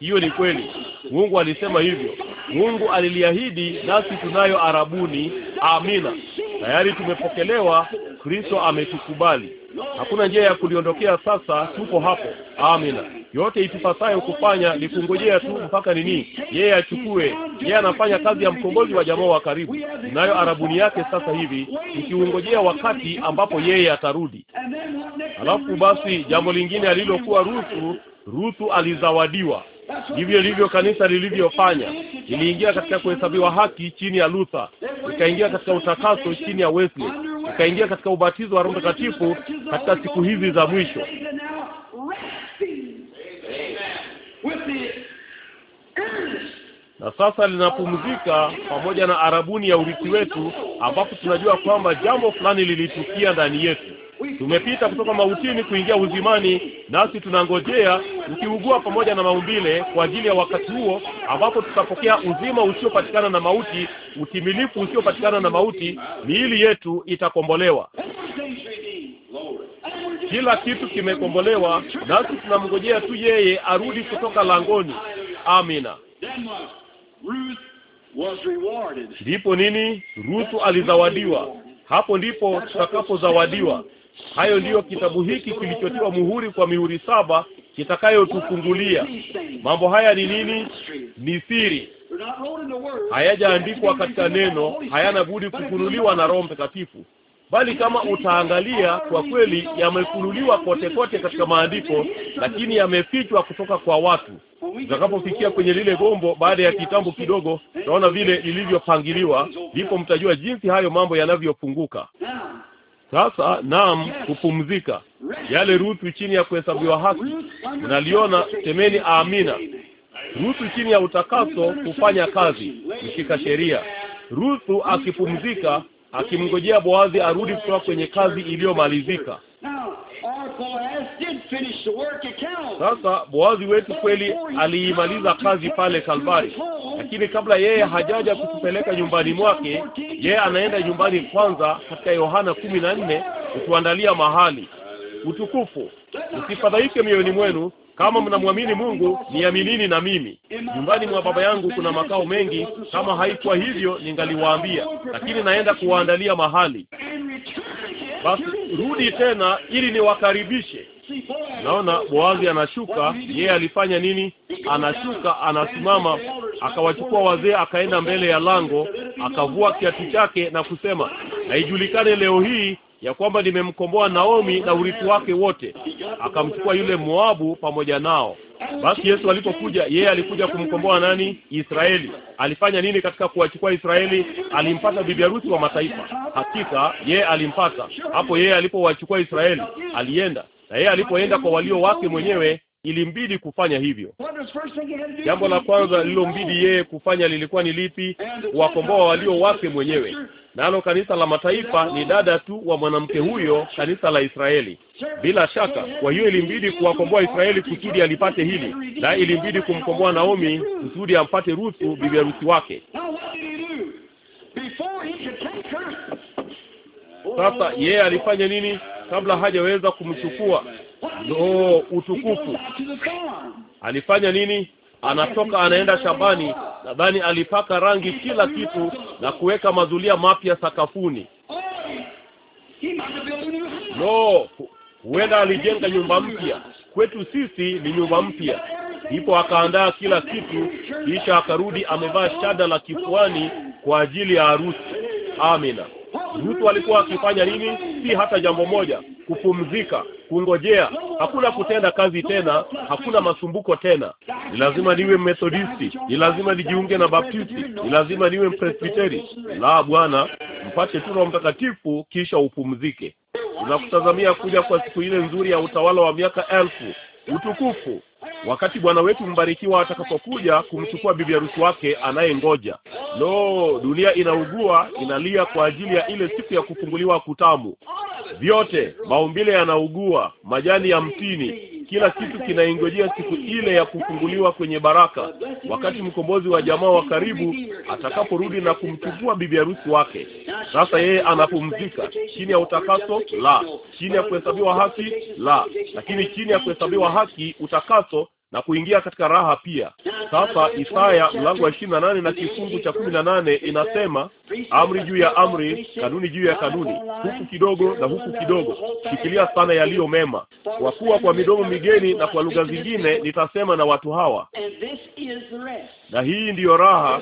A: Hiyo ni kweli. Mungu alisema hivyo, Mungu aliliahidi, nasi tunayo arabuni. Amina, tayari tumepokelewa. Kristo ametukubali. Hakuna njia ya kuliondokea. Sasa tuko hapo. Amina. Yote itupasayo kufanya ni kungojea tu mpaka nini? Yeye achukue. Yeye anafanya kazi ya mkombozi wa jamaa wa karibu, nayo arabuni yake sasa hivi ikiungojea wakati ambapo yeye atarudi. Alafu basi jambo lingine alilokuwa Ruthu, Ruthu alizawadiwa Ndivyo lilivyo kanisa lilivyofanya. liliingia katika kuhesabiwa haki chini ya Luther, likaingia katika utakaso chini ya Wesley, likaingia katika ubatizo wa Roho Mtakatifu katika siku hizi za mwisho na sasa linapumzika pamoja na arabuni ya urithi wetu, ambapo tunajua kwamba jambo fulani lilitukia ndani yetu. Tumepita kutoka mautini kuingia uzimani, nasi tunangojea ukiugua pamoja na maumbile kwa ajili ya wakati huo ambapo tutapokea uzima usiopatikana na mauti, utimilifu usiopatikana na mauti. Miili yetu itakombolewa, kila kitu kimekombolewa, nasi tunamngojea tu yeye arudi kutoka langoni. Amina. Ndipo nini? Ruthu alizawadiwa. Hapo ndipo tutakapozawadiwa. Hayo ndiyo kitabu hiki kilichotiwa muhuri kwa mihuri saba kitakayotufungulia.
B: Mambo haya ni nini?
A: Ni siri,
B: hayajaandikwa katika neno, hayana budi kufunuliwa na Roho
A: Mtakatifu, bali kama utaangalia kwa kweli, yamefunuliwa kote kote katika maandiko, lakini yamefichwa kutoka kwa watu. Tutakapofikia kwenye lile gombo baada ya kitambo kidogo, tutaona vile lilivyopangiliwa, ndipo mtajua jinsi hayo mambo yanavyofunguka. Sasa naam, kupumzika yale rutu chini ya kuhesabiwa haki,
B: naliona temeni, amina.
A: Rutu chini ya utakaso, kufanya kazi, mshika sheria. Ruthu akipumzika, akimngojea Boazi arudi kutoka kwenye kazi iliyomalizika. Sasa Boazi wetu kweli aliimaliza kazi pale Kalvari, lakini kabla yeye hajaja kutupeleka nyumbani mwake, yeye anaenda nyumbani kwanza, katika Yohana kumi na nne kutuandalia mahali utukufu. Usifadhaike mioyoni mwenu kama mnamwamini Mungu, niaminini na mimi. Nyumbani mwa Baba yangu kuna makao mengi, kama haikuwa hivyo ningaliwaambia, lakini naenda kuwaandalia mahali. Basi rudi tena ili niwakaribishe. Naona Boazi anashuka. Yeye alifanya nini? Anashuka, anasimama, akawachukua wazee, akaenda mbele ya lango, akavua kiatu chake na kusema, haijulikane leo hii ya kwamba nimemkomboa Naomi na urithi wake wote akamchukua yule Moabu pamoja nao. Basi Yesu alipokuja, yeye alikuja kumkomboa nani? Israeli. Alifanya nini katika kuwachukua Israeli? Alimpata bibi harusi wa mataifa. Hakika yeye alimpata hapo. Yeye alipowachukua Israeli, alienda na yeye alipoenda kwa walio wake mwenyewe ilimbidi kufanya hivyo.
B: Jambo la kwanza lilombidi
A: yeye kufanya lilikuwa ni lipi? Kuwakomboa walio wake mwenyewe nalo kanisa la mataifa ni dada tu wa mwanamke huyo, kanisa la Israeli. Bila shaka, kwa hiyo ilimbidi kuwakomboa Israeli kusudi alipate hili, na ilimbidi kumkomboa Naomi kusudi ampate Ruthu, bibi harusi wake.
B: Sasa yeye yeah, alifanya
A: nini kabla hajaweza kumchukua? Lo, utukufu! Alifanya nini? anatoka anaenda shambani. Nadhani alipaka rangi kila kitu na kuweka mazulia mapya sakafuni. No, huenda alijenga nyumba mpya. Kwetu sisi ni nyumba mpya. Ndipo akaandaa kila kitu, kisha akarudi amevaa shada la kifuani kwa ajili ya harusi. Amina. Mtu alikuwa akifanya nini? Si hata jambo moja, kupumzika, kungojea. Hakuna kutenda kazi tena, hakuna masumbuko tena. Ni lazima niwe Methodisti, ni lazima nijiunge na Baptisti, ni lazima niwe Mpresbiteri. La, Bwana, mpate tu Roho Mtakatifu kisha upumzike. Tunakutazamia kuja kwa siku ile nzuri ya utawala wa miaka elfu utukufu wakati Bwana wetu mbarikiwa atakapokuja kumchukua bibi harusi wake anayengoja. Lo, dunia inaugua, inalia kwa ajili ya ile siku ya kufunguliwa kutamu. Vyote maumbile yanaugua, majani ya mtini kila kitu kinaingojea siku ile ya kufunguliwa kwenye baraka, wakati mkombozi wa jamaa wa karibu atakaporudi na kumchukua bibi harusi wake.
B: Sasa yeye anapumzika
A: chini ya utakaso la chini ya kuhesabiwa haki la, lakini chini ya kuhesabiwa haki utakaso na kuingia katika raha pia. Sasa Isaya mlango wa ishirini na nane na kifungu cha kumi na nane inasema amri juu ya amri, kanuni juu ya kanuni, huku kidogo na huku kidogo, shikilia sana yaliyo mema, kwa kuwa kwa midomo migeni na kwa lugha zingine nitasema na watu hawa. Na hii ndiyo raha,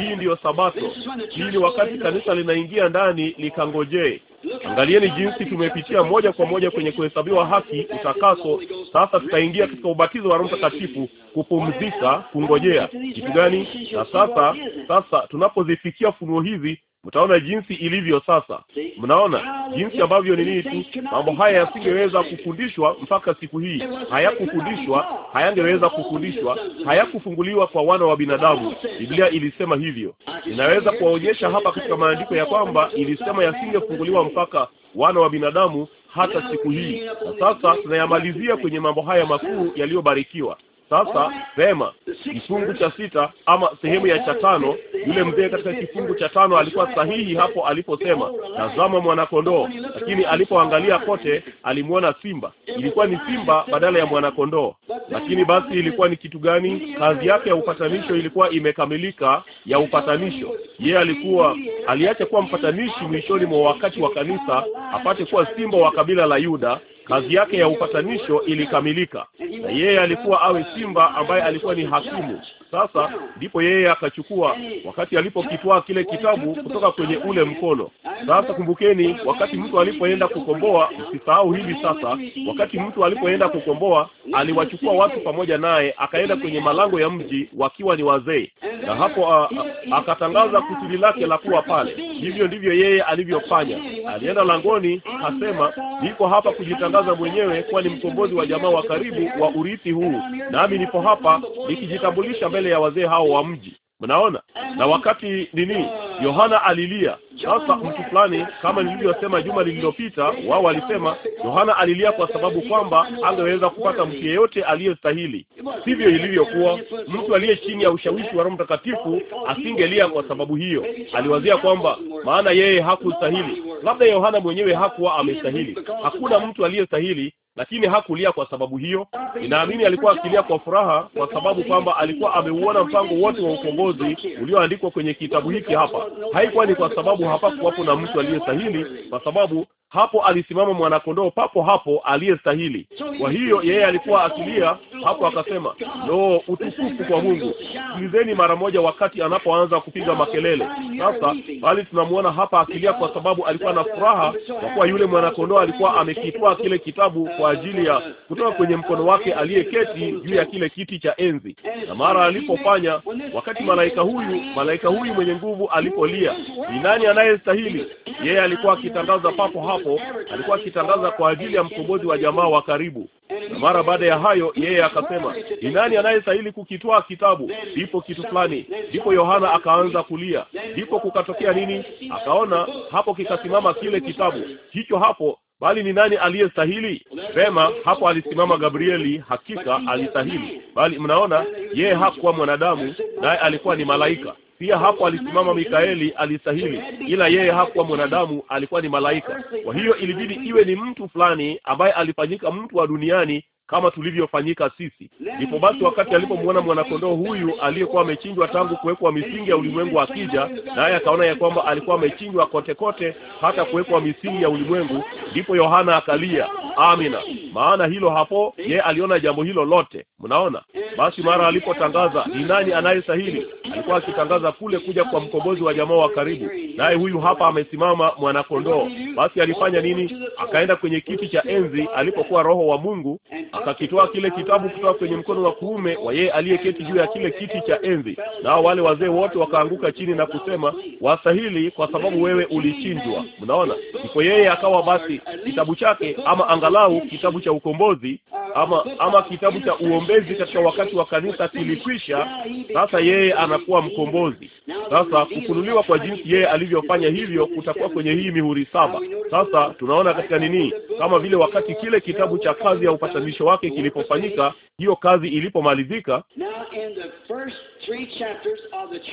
A: hii ndiyo Sabato, hii ni wakati kanisa linaingia ndani likangojee Angalieni jinsi tumepitia moja kwa moja kwenye kuhesabiwa haki, utakaso. Sasa tutaingia katika ubatizo wa Roho Mtakatifu, kupumzika, kungojea kitu gani? Na sasa, sasa tunapozifikia funuo hizi Mtaona jinsi ilivyo sasa. Mnaona jinsi ambavyo ni nini tu, mambo haya yasingeweza kufundishwa mpaka siku hii, hayakufundishwa, hayangeweza kufundishwa, hayakufunguliwa kwa wana wa binadamu. Biblia ilisema hivyo. inaweza kuwaonyesha hapa katika maandiko ya kwamba ilisema yasingefunguliwa mpaka wana wa binadamu hata siku hii. Na sasa tunayamalizia kwenye mambo haya makuu yaliyobarikiwa. Sasa vema, kifungu cha sita ama sehemu ya cha tano, yule mzee katika kifungu cha tano alikuwa sahihi hapo aliposema tazama mwanakondoo, lakini alipoangalia kote alimwona simba. Ilikuwa ni simba badala ya mwanakondoo. Lakini basi ilikuwa ni kitu gani? Kazi yake ya upatanisho ilikuwa imekamilika, ya upatanisho. Yeye alikuwa aliacha kuwa mpatanishi mwishoni mwa wakati wa kanisa apate kuwa simba wa kabila la Yuda, Kazi yake ya upatanisho ilikamilika,
B: na yeye alikuwa
A: awe simba ambaye alikuwa ni hakimu, sasa ndipo yeye akachukua, wakati alipokitwaa kile kitabu kutoka kwenye ule mkono. Sasa kumbukeni, wakati mtu alipoenda kukomboa, msisahau hivi sasa. Wakati mtu alipoenda kukomboa, aliwachukua watu pamoja naye, akaenda kwenye malango ya eh, mji wakiwa ni wazee, na hapo a, a, akatangaza kusudi lake la kuwa pale. Hivyo ndivyo yeye alivyofanya, alienda langoni, asema, uh, niko hapa kujitangaza uh, mwenyewe kuwa ni mkombozi wa jamaa wa karibu wa urithi huu, nami nipo hapa nikijitambulisha mbele mbele ya wazee hao wa mji. Mnaona, na wakati nini Yohana alilia sasa mtu fulani, kama nilivyosema juma lililopita, wao walisema Yohana alilia kwa sababu kwamba angeweza kupata mtu yeyote aliyestahili. Sivyo ilivyokuwa. Mtu aliye chini ya ushawishi wa Roho Mtakatifu asingelia kwa sababu hiyo. Aliwazia kwamba maana yeye hakustahili, labda Yohana mwenyewe hakuwa amestahili. Hakuna mtu aliyestahili lakini hakulia kwa sababu hiyo. Ninaamini alikuwa akilia kwa furaha, kwa sababu kwamba alikuwa ameuona mpango wote wa ukombozi ulioandikwa kwenye kitabu hiki hapa. Haikuwa ni kwa sababu hapakuwapo na mtu aliyestahili, kwa sababu hapo alisimama mwanakondoo papo hapo aliyestahili. Kwa hiyo yeye alikuwa akilia hapo, akasema no, utukufu kwa Mungu. Sikilizeni mara moja wakati anapoanza kupiga makelele sasa, bali tunamwona hapa akilia kwa sababu alikuwa na furaha, kwa kuwa yule mwanakondoo alikuwa amekitoa kile kitabu kwa ajili ya kutoka kwenye mkono wake aliyeketi juu ya kile kiti cha enzi. Na mara alipofanya, wakati malaika huyu malaika huyu mwenye nguvu alipolia, ni nani anayestahili. Yeye alikuwa akitangaza papo hapo, alikuwa akitangaza kwa ajili ya mkombozi wa jamaa wa karibu, na mara baada ya hayo yeye akasema, ni nani anayestahili kukitoa kitabu? Ndipo kitu fulani, ndipo Yohana akaanza kulia. Ndipo kukatokea nini? Akaona hapo kikasimama kile kitabu hicho hapo bali ni nani aliyestahili? Vema, hapo alisimama Gabrieli, hakika alistahili. Bali mnaona, yeye hakuwa mwanadamu, naye alikuwa ni malaika. Pia hapo alisimama Mikaeli, alistahili, ila yeye hakuwa mwanadamu, alikuwa ni malaika. Kwa hiyo ilibidi iwe ni mtu fulani ambaye alifanyika mtu wa duniani kama tulivyofanyika sisi. Ndipo basi wakati alipomwona mwanakondoo huyu aliyekuwa amechinjwa tangu kuwekwa misingi ya ulimwengu, akija naye akaona ya kwamba alikuwa amechinjwa kote kote hata kuwekwa misingi ya ulimwengu, ndipo Yohana akalia amina. Maana hilo hapo, ye aliona jambo hilo lote. Mnaona, basi mara alipotangaza ni nani anayestahili, alikuwa akitangaza kule kuja kwa mkombozi wa jamaa wa karibu, naye huyu hapa amesimama mwanakondoo. Basi alifanya nini? Akaenda kwenye kiti cha enzi alipokuwa Roho wa Mungu akakitoa kile kitabu kutoka kwenye mkono wa kuume wa yeye aliyeketi juu ya kile kiti cha enzi, nao wale wazee wote wakaanguka chini na kusema, wastahili, kwa sababu wewe ulichinjwa. Mnaona, ndipo yeye akawa basi kitabu chake, ama angalau kitabu cha ukombozi, ama ama kitabu cha uombezi katika wakati wa kanisa kilikwisha. Sasa yeye anakuwa mkombozi. Sasa kufunuliwa kwa jinsi yeye alivyofanya hivyo kutakuwa kwenye hii mihuri saba. Sasa tunaona katika nini, kama vile wakati kile kitabu cha kazi ya upatanisho mwisho wake kilipofanyika, hiyo kazi ilipomalizika.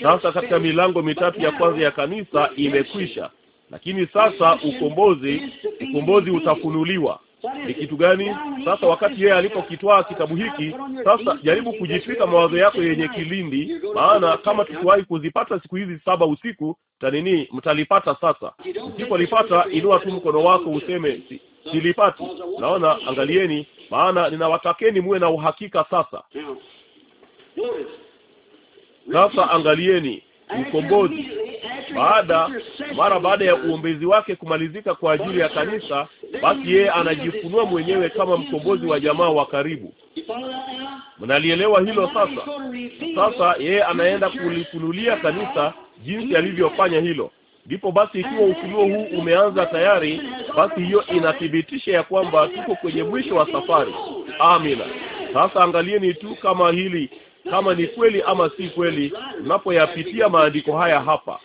B: Sasa katika milango mitatu ya kwanza ya
A: kanisa imekwisha, lakini sasa ukombozi, ukombozi utafunuliwa ni kitu gani sasa? Wakati yeye alipokitwaa kitabu hiki, sasa jaribu kujitwika mawazo yako yenye kilindi, maana kama tukiwahi kuzipata siku hizi saba usiku tanini, mtalipata sasa. Usipolipata inua tu mkono wako useme, silipati. Naona, angalieni, maana ninawatakeni muwe na uhakika sasa. Sasa angalieni mkombozi
B: baada mara baada
A: ya uombezi wake kumalizika kwa ajili ya kanisa, basi yeye anajifunua mwenyewe kama mkombozi wa jamaa wa karibu. Mnalielewa hilo sasa? Sasa yeye anaenda kulifunulia kanisa jinsi alivyofanya hilo. Ndipo basi ikiwa ufunuo huu umeanza tayari, basi hiyo inathibitisha ya kwamba tuko kwenye mwisho wa safari. Amina. Sasa angalieni tu kama hili kama ni kweli ama si kweli, unapoyapitia maandiko haya hapa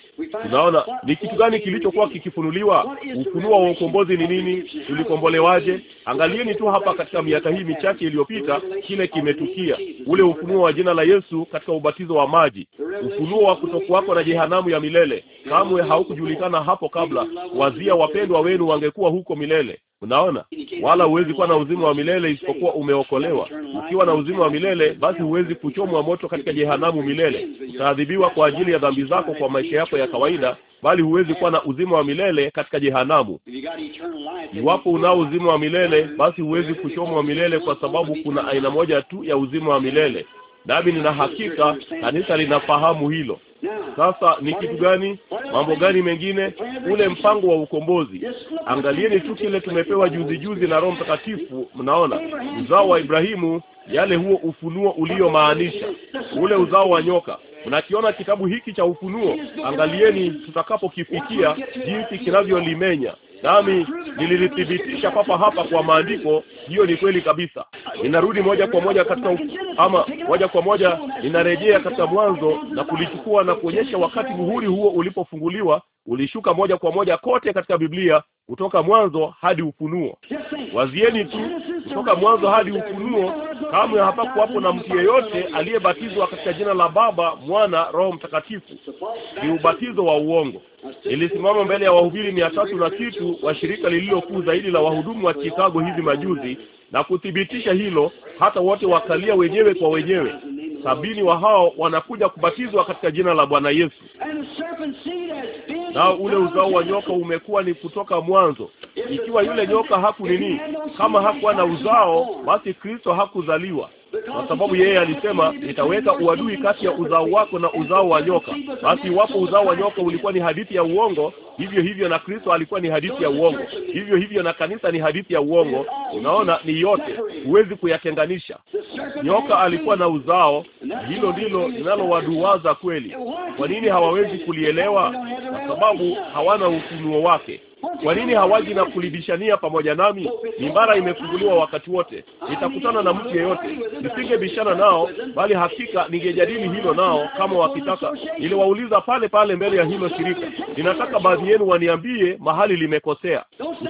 A: unaona ni kitu gani kilichokuwa kikifunuliwa. Ufunuo wa ukombozi ni nini? Tulikombolewaje? Angalieni tu hapa katika miaka hii michache iliyopita, kile kimetukia, ule ufunuo wa jina la Yesu katika ubatizo wa maji, ufunuo wa kutokuwako na jehanamu ya milele. Kamwe haukujulikana hapo kabla. Wazia wapendwa wenu wangekuwa huko milele. Unaona, wala huwezi kuwa na uzima wa milele isipokuwa umeokolewa. Ukiwa na uzima wa milele, basi huwezi kuchomwa moto katika jehanamu milele. Utaadhibiwa kwa ajili ya dhambi zako kwa maisha yako ya ya kawaida bali huwezi kuwa na uzima wa milele katika jehanamu. Iwapo unao uzima wa milele, basi huwezi kuchomwa milele, kwa sababu kuna aina moja tu ya uzima wa milele, nami nina hakika kanisa linafahamu hilo. Sasa ni kitu gani? Mambo gani mengine? Ule mpango wa ukombozi. Angalieni tu kile tumepewa juzi juzi na Roho Mtakatifu. Mnaona uzao wa Ibrahimu, yale huo ufunuo uliyomaanisha ule uzao wa nyoka Mnakiona kitabu hiki cha Ufunuo, angalieni tutakapokifikia jinsi kinavyolimenya nami nililithibitisha papa hapa kwa maandiko. Hiyo ni kweli kabisa. Ninarudi moja kwa moja katika ama moja kwa moja ninarejea katika Mwanzo na kulichukua na kuonyesha wakati muhuri huo ulipofunguliwa ulishuka moja kwa moja kote katika Biblia kutoka mwanzo hadi Ufunuo. Wazieni tu, kutoka mwanzo hadi Ufunuo, kamwe hapakuwapo na mtu yeyote aliyebatizwa katika jina la Baba, Mwana, Roho Mtakatifu. Ni ubatizo wa uongo. Nilisimama mbele ya wahubiri mia tatu na kitu wa shirika lililokuu zaidi la wahudumu wa Chicago hivi majuzi na kuthibitisha hilo, hata wote wakalia wenyewe kwa wenyewe. Sabini wa hao wanakuja kubatizwa katika jina la Bwana Yesu
B: nao ule uzao wa nyoka
A: umekuwa ni kutoka mwanzo. Ikiwa yule nyoka haku nini, kama hakuwa na uzao, basi Kristo hakuzaliwa, kwa sababu yeye alisema, nitaweka uadui kati ya uzao wako na uzao wa nyoka. Basi iwapo uzao wa nyoka ulikuwa ni hadithi ya uongo, hivyo hivyo na Kristo alikuwa ni hadithi ya uongo, hivyo hivyo na kanisa ni hadithi ya uongo. Unaona, ni yote, huwezi kuyatenganisha.
B: Nyoka alikuwa
A: na uzao, hilo ndilo linalowaduwaza kweli. Kwa nini hawawezi kulielewa? kwangu hawana ufunuo wake kwa nini hawaji na kulibishania pamoja nami? Mimbara imefunguliwa wakati wote, nitakutana na mtu yeyote. Nisingebishana nao, bali hakika ningejadili hilo nao kama wakitaka. Niliwauliza pale pale mbele ya hilo shirika, ninataka baadhi yenu waniambie mahali limekosea.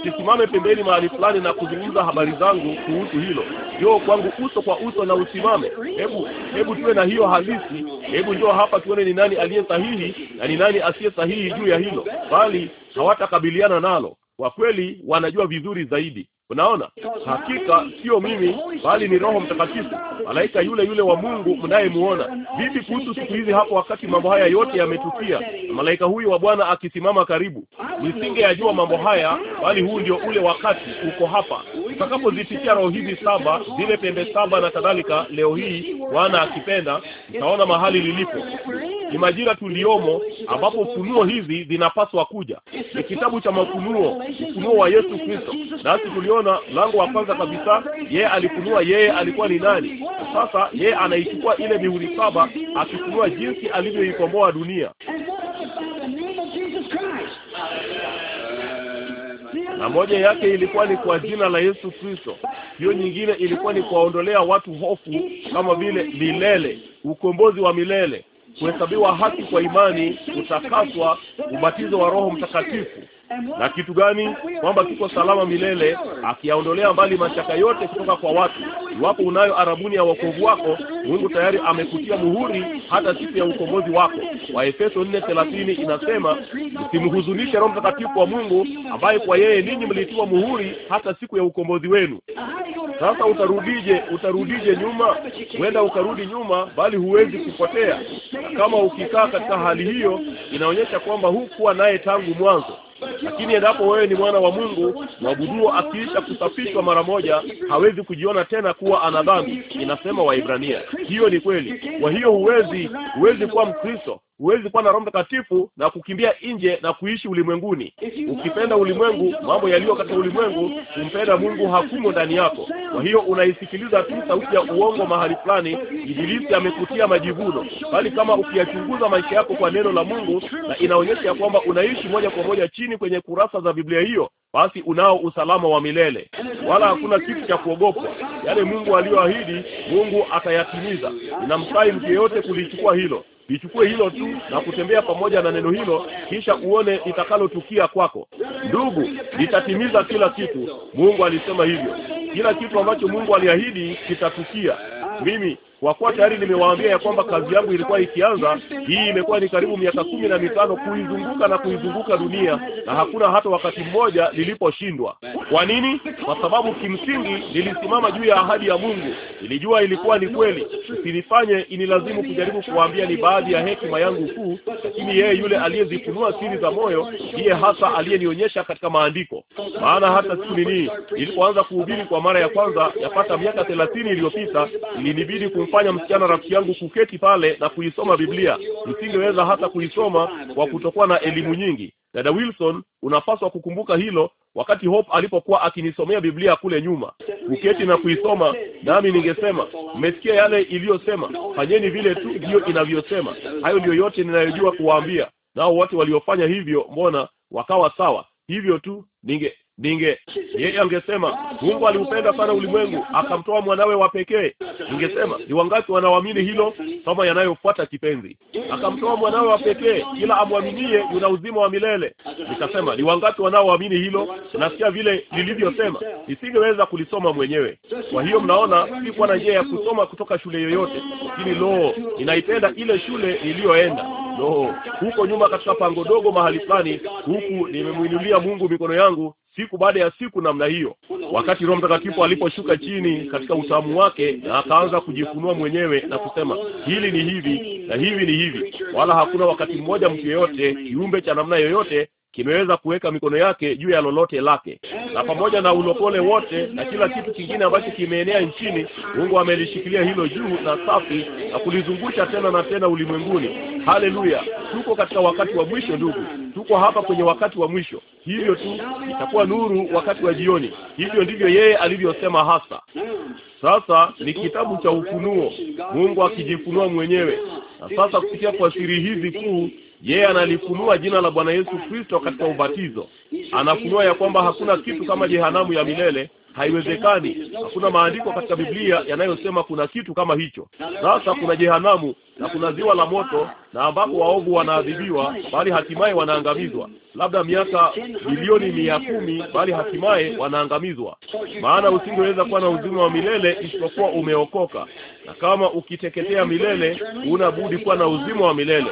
A: usisimame pembeni mahali fulani na kuzungumza habari zangu kuhusu hilo. Njoo kwangu uso kwa uso na usimame. Hebu hebu tuwe na hiyo halisi. Hebu njoo hapa tuone ni nani aliye sahihi na ni nani asiye sahihi juu ya hilo, bali hawatakabiliana nalo. Kwa kweli wanajua vizuri zaidi. Unaona, hakika sio mimi, bali ni Roho Mtakatifu, malaika yule yule wa Mungu mnayemuona. Vipi kuhusu siku hizi, hapo wakati mambo haya yote yametukia, na malaika huyu wa Bwana akisimama karibu? jua mambo haya, bali huu ndio ule wakati, uko hapa. Utakapozipitia roho hizi saba, zile pembe saba na kadhalika, leo hii Bwana akipenda, mtaona mahali lilipo. Ni majira tuliomo, ambapo funuo hizi zinapaswa kuja. Ni kitabu cha Mafunuo, ufunuo wa Yesu Kristo, nasi tuliona tunaona lango wa kwanza kabisa, yeye alifunua yeye alikuwa ni nani. Sasa yeye anaichukua ile mihuri saba, akifunua jinsi alivyoikomboa dunia na moja yake ilikuwa ni kwa jina la Yesu Kristo. Hiyo nyingine ilikuwa ni kuwaondolea watu hofu, kama vile milele, ukombozi wa milele, kuhesabiwa haki kwa imani, kutakaswa, ubatizo wa Roho Mtakatifu, na kitu gani? Kwamba kiko salama milele, akiyaondolea mbali mashaka yote kutoka kwa watu. Iwapo unayo arabuni ya wokovu wako, Mungu tayari amekutia muhuri hata siku ya ukombozi wako. Waefeso 4:30 inasema, msimhuzunishe Roho Mtakatifu wa Mungu ambaye kwa yeye ninyi mlitiwa muhuri hata siku ya ukombozi wenu. Sasa utarudije? Utarudije nyuma? Huenda ukarudi nyuma, bali huwezi kupotea. Na kama ukikaa katika hali hiyo, inaonyesha kwamba hukuwa naye tangu mwanzo. Lakini endapo wewe ni mwana wa Mungu mwabuduo, akiisha kusafishwa mara moja hawezi kujiona tena kuwa ana dhambi, inasema Waibrania. Hiyo ni kweli. Kwa hiyo huwezi huwezi kuwa Mkristo huwezi kuwa na Roho Mtakatifu na kukimbia nje na kuishi ulimwenguni. Ukipenda ulimwengu, mambo yaliyo katika ulimwengu, kumpenda Mungu hakumo ndani yako. Kwa hiyo unaisikiliza tu sauti ya uongo mahali fulani, Ibilisi amekutia majivuno, bali kama ukiyachunguza maisha yako kwa neno la Mungu, na inaonyesha ya kwamba unaishi moja kwa moja chini kwenye kurasa za Biblia hiyo, basi unao usalama wa milele, wala hakuna kitu cha kuogopwa. Yale Mungu aliyoahidi, Mungu atayatimiza. Ninamsai mtu yeyote kulichukua hilo. Lichukue hilo tu na kutembea pamoja na neno hilo, kisha uone itakalotukia kwako. Ndugu, litatimiza kila kitu. Mungu alisema hivyo. Kila kitu ambacho Mungu aliahidi kitatukia. Mimi kwa kuwa tayari nimewaambia ya kwamba kazi yangu ilikuwa ikianza, hii imekuwa ni karibu miaka kumi na mitano kuizunguka na kuizunguka dunia, na hakuna hata wakati mmoja niliposhindwa. Kwa nini? Kwa sababu kimsingi nilisimama juu ya ahadi ya Mungu. Nilijua ilikuwa ni kweli. Usinifanye inilazimu kujaribu kuwaambia ni baadhi ya hekima yangu kuu, lakini yeye yule aliyezifunua siri za moyo ndiye hasa aliyenionyesha katika maandiko. Maana hata siku nini nilipoanza kuhubiri kwa mara ya kwanza yapata miaka thelathini iliyopita ilinibidi kum kumfanya msichana rafiki yangu kuketi pale na kuisoma Biblia. nisingeweza hata kuisoma kwa kutokuwa na elimu nyingi. Dada Wilson, unapaswa kukumbuka hilo. Wakati Hope alipokuwa akinisomea Biblia kule nyuma, kuketi na kuisoma nami ningesema, mmesikia yale iliyosema, fanyeni vile tu hiyo inavyosema. Hayo ndiyo yote ninayojua kuwaambia, nao wote waliofanya hivyo, mbona wakawa sawa? Hivyo tu ninge Ninge yeye angesema Mungu aliupenda sana ulimwengu akamtoa mwanawe wa pekee, ningesema ni wangapi wanaoamini hilo? Soma yanayofuata kipenzi, akamtoa mwanawe wa pekee, kila amwaminie yuna uzima wa milele. Nikasema ni wangapi wanaoamini hilo? Nasikia vile lilivyosema, nisingeweza kulisoma mwenyewe. Kwa hiyo mnaona, sikuwa na njia ya kusoma kutoka shule yoyote, lakini loo, ninaipenda ile shule niliyoenda. Lo, huko nyuma katika pango dogo mahali fulani, huku nimemwinulia Mungu mikono yangu siku baada ya siku namna hiyo, wakati Roho Mtakatifu aliposhuka chini katika utamu wake na akaanza kujifunua mwenyewe na kusema hili ni hivi na hivi ni hivi, wala hakuna wakati mmoja mtu yeyote kiumbe cha namna yoyote kimeweza kuweka mikono yake juu ya lolote lake, na pamoja na ulokole wote na kila kitu kingine ambacho kimeenea nchini, Mungu amelishikilia hilo juu na safi na kulizungusha tena na tena ulimwenguni. Haleluya! Tuko katika wakati wa mwisho, ndugu, tuko hapa kwenye wakati wa mwisho. Hivyo tu itakuwa nuru wakati wa jioni. Hivyo ndivyo yeye alivyosema hasa. Sasa ni kitabu cha Ufunuo, Mungu akijifunua mwenyewe. Na sasa kupitia kwa siri hizi kuu yeye analifunua jina la Bwana Yesu Kristo katika ubatizo. Anafunua ya kwamba hakuna kitu kama jehanamu ya milele, haiwezekani. Hakuna maandiko katika Biblia yanayosema kuna kitu kama hicho. Sasa kuna jehanamu na kuna ziwa la moto, na ambapo waovu wanaadhibiwa, bali hatimaye wanaangamizwa, labda miaka milioni mia kumi, bali hatimaye wanaangamizwa. Maana usingeweza kuwa na uzima wa milele isipokuwa umeokoka, na kama ukiteketea milele, una budi kuwa na uzima wa milele.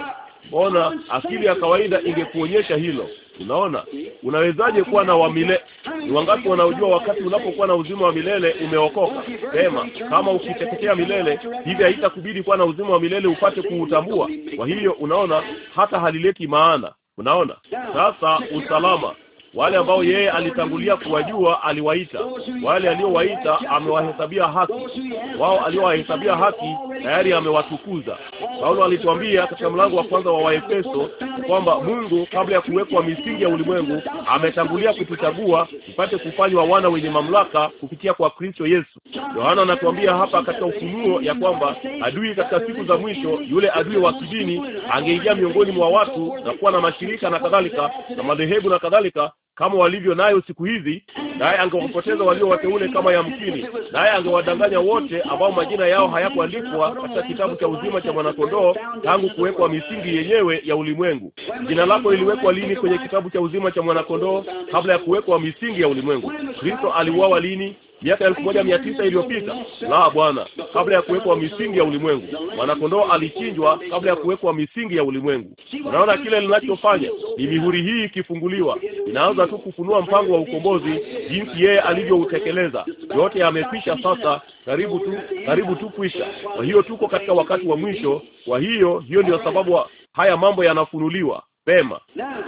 A: Ona, akili ya kawaida ingekuonyesha hilo. Unaona, unawezaje kuwa na wamile? Ni wangapi wanaojua wakati unapokuwa na uzima wa milele umeokoka? Sema kama ukiteketea milele hivi, haitakubidi kuwa na uzima wa milele upate kuutambua. Kwa hiyo, unaona, hata halileti maana. Unaona sasa, usalama wale ambao yeye alitangulia kuwajua aliwaita, wale aliowaita amewahesabia haki, wao aliowahesabia haki tayari amewatukuza. Paulo alituambia katika mlango wa kwanza wa Waefeso kwamba Mungu kabla ya kuwekwa misingi ya ulimwengu ametangulia kutuchagua tupate kufanywa wana wenye mamlaka kupitia kwa Kristo Yesu. Yohana anatuambia hapa katika Ufunuo ya kwamba adui katika siku za mwisho, yule adui wa kidini angeingia miongoni mwa watu na kuwa na mashirika na kadhalika na madhehebu na kadhalika kama walivyo nayo siku hizi, naye angewapoteza walio wateule kama yamkini, naye angewadanganya wote ambao majina yao hayakuandikwa katika kitabu cha uzima cha mwanakondoo tangu kuwekwa misingi yenyewe ya ulimwengu. Jina lako liliwekwa lini kwenye kitabu cha uzima cha mwanakondoo kabla ya kuwekwa misingi ya ulimwengu? Kristo aliuawa lini? miaka elfu moja mia tisa iliyopita. La, Bwana, kabla ya kuwekwa misingi ya ulimwengu, mwanakondoo alichinjwa kabla ya kuwekwa misingi ya ulimwengu. Unaona kile linachofanya ni mihuri hii ikifunguliwa, inaanza tu kufunua mpango wa ukombozi, jinsi yeye alivyoutekeleza. Yote yamekwisha sasa, karibu tu, karibu tu kwisha. Kwa hiyo tuko katika wakati wa mwisho. Kwa hiyo hiyo ndio sababu haya mambo yanafunuliwa. Vema,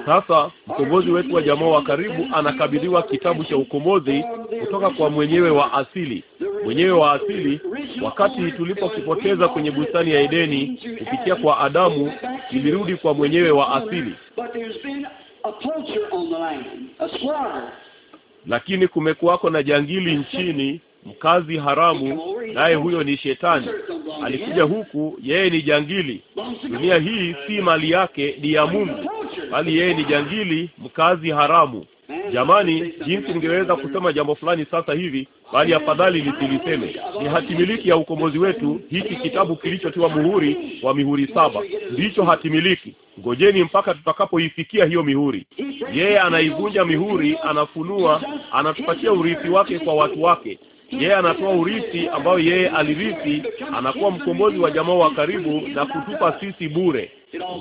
A: sasa mkombozi wetu wa jamaa wa karibu anakabidhiwa kitabu cha ukombozi kutoka kwa mwenyewe wa asili. Mwenyewe wa asili, wakati tulipokipoteza kwenye bustani ya Edeni kupitia kwa Adamu, ilirudi kwa mwenyewe wa asili, lakini kumekuwako na jangili nchini mkazi haramu, naye huyo ni Shetani. Alikuja huku, yeye ni jangili. Dunia hii si mali yake, ni ya Mungu, bali yeye ni jangili, mkazi haramu. Jamani, jinsi ningeweza kusema jambo fulani sasa hivi, bali afadhali nisiliseme. Ni hatimiliki ya ukombozi wetu, hiki kitabu kilichotiwa muhuri wa mihuri saba, ndicho hatimiliki. Ngojeni mpaka tutakapoifikia hiyo mihuri. Yeye anaivunja mihuri, anafunua, anatupatia urithi wake kwa watu wake, yeye anatoa urithi ambao yeye alirithi, anakuwa mkombozi wa jamaa wa karibu na kutupa sisi bure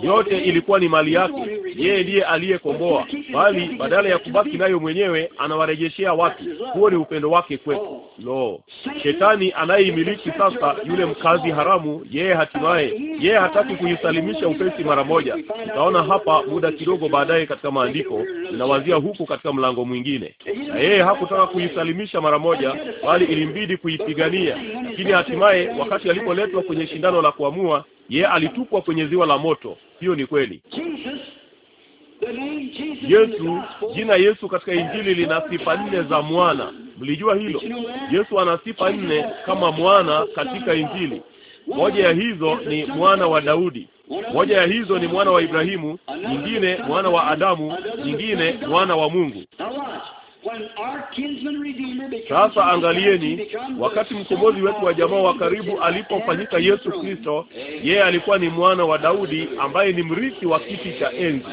A: yote ilikuwa ni mali yake. Yeye ndiye aliyekomboa, bali badala ya kubaki nayo mwenyewe anawarejeshea watu. Huo ni upendo wake kwetu. Lo, shetani anayeimiliki sasa, yule mkazi haramu, yeye hatimaye, yeye hataki kuisalimisha upesi mara moja. Tutaona hapa muda kidogo baadaye katika maandiko, ninawazia huku katika mlango mwingine, na yeye hakutaka kuisalimisha mara moja, bali ilimbidi kuipigania, lakini hatimaye wakati alipoletwa kwenye shindano la kuamua yeye alitupwa kwenye ziwa la moto. Hiyo ni kweli. Yesu, jina Yesu katika Injili lina sifa nne za mwana. Mlijua hilo? Yesu ana sifa nne kama mwana katika Injili. Moja ya hizo ni mwana wa Daudi, moja ya hizo ni mwana wa Ibrahimu, nyingine mwana wa Adamu, nyingine mwana wa Mungu.
B: Sasa angalieni, wakati mkombozi wetu wa
A: jamaa wa karibu alipofanyika Yesu Kristo, yeye alikuwa ni mwana wa Daudi ambaye ni mrithi wa kiti cha enzi.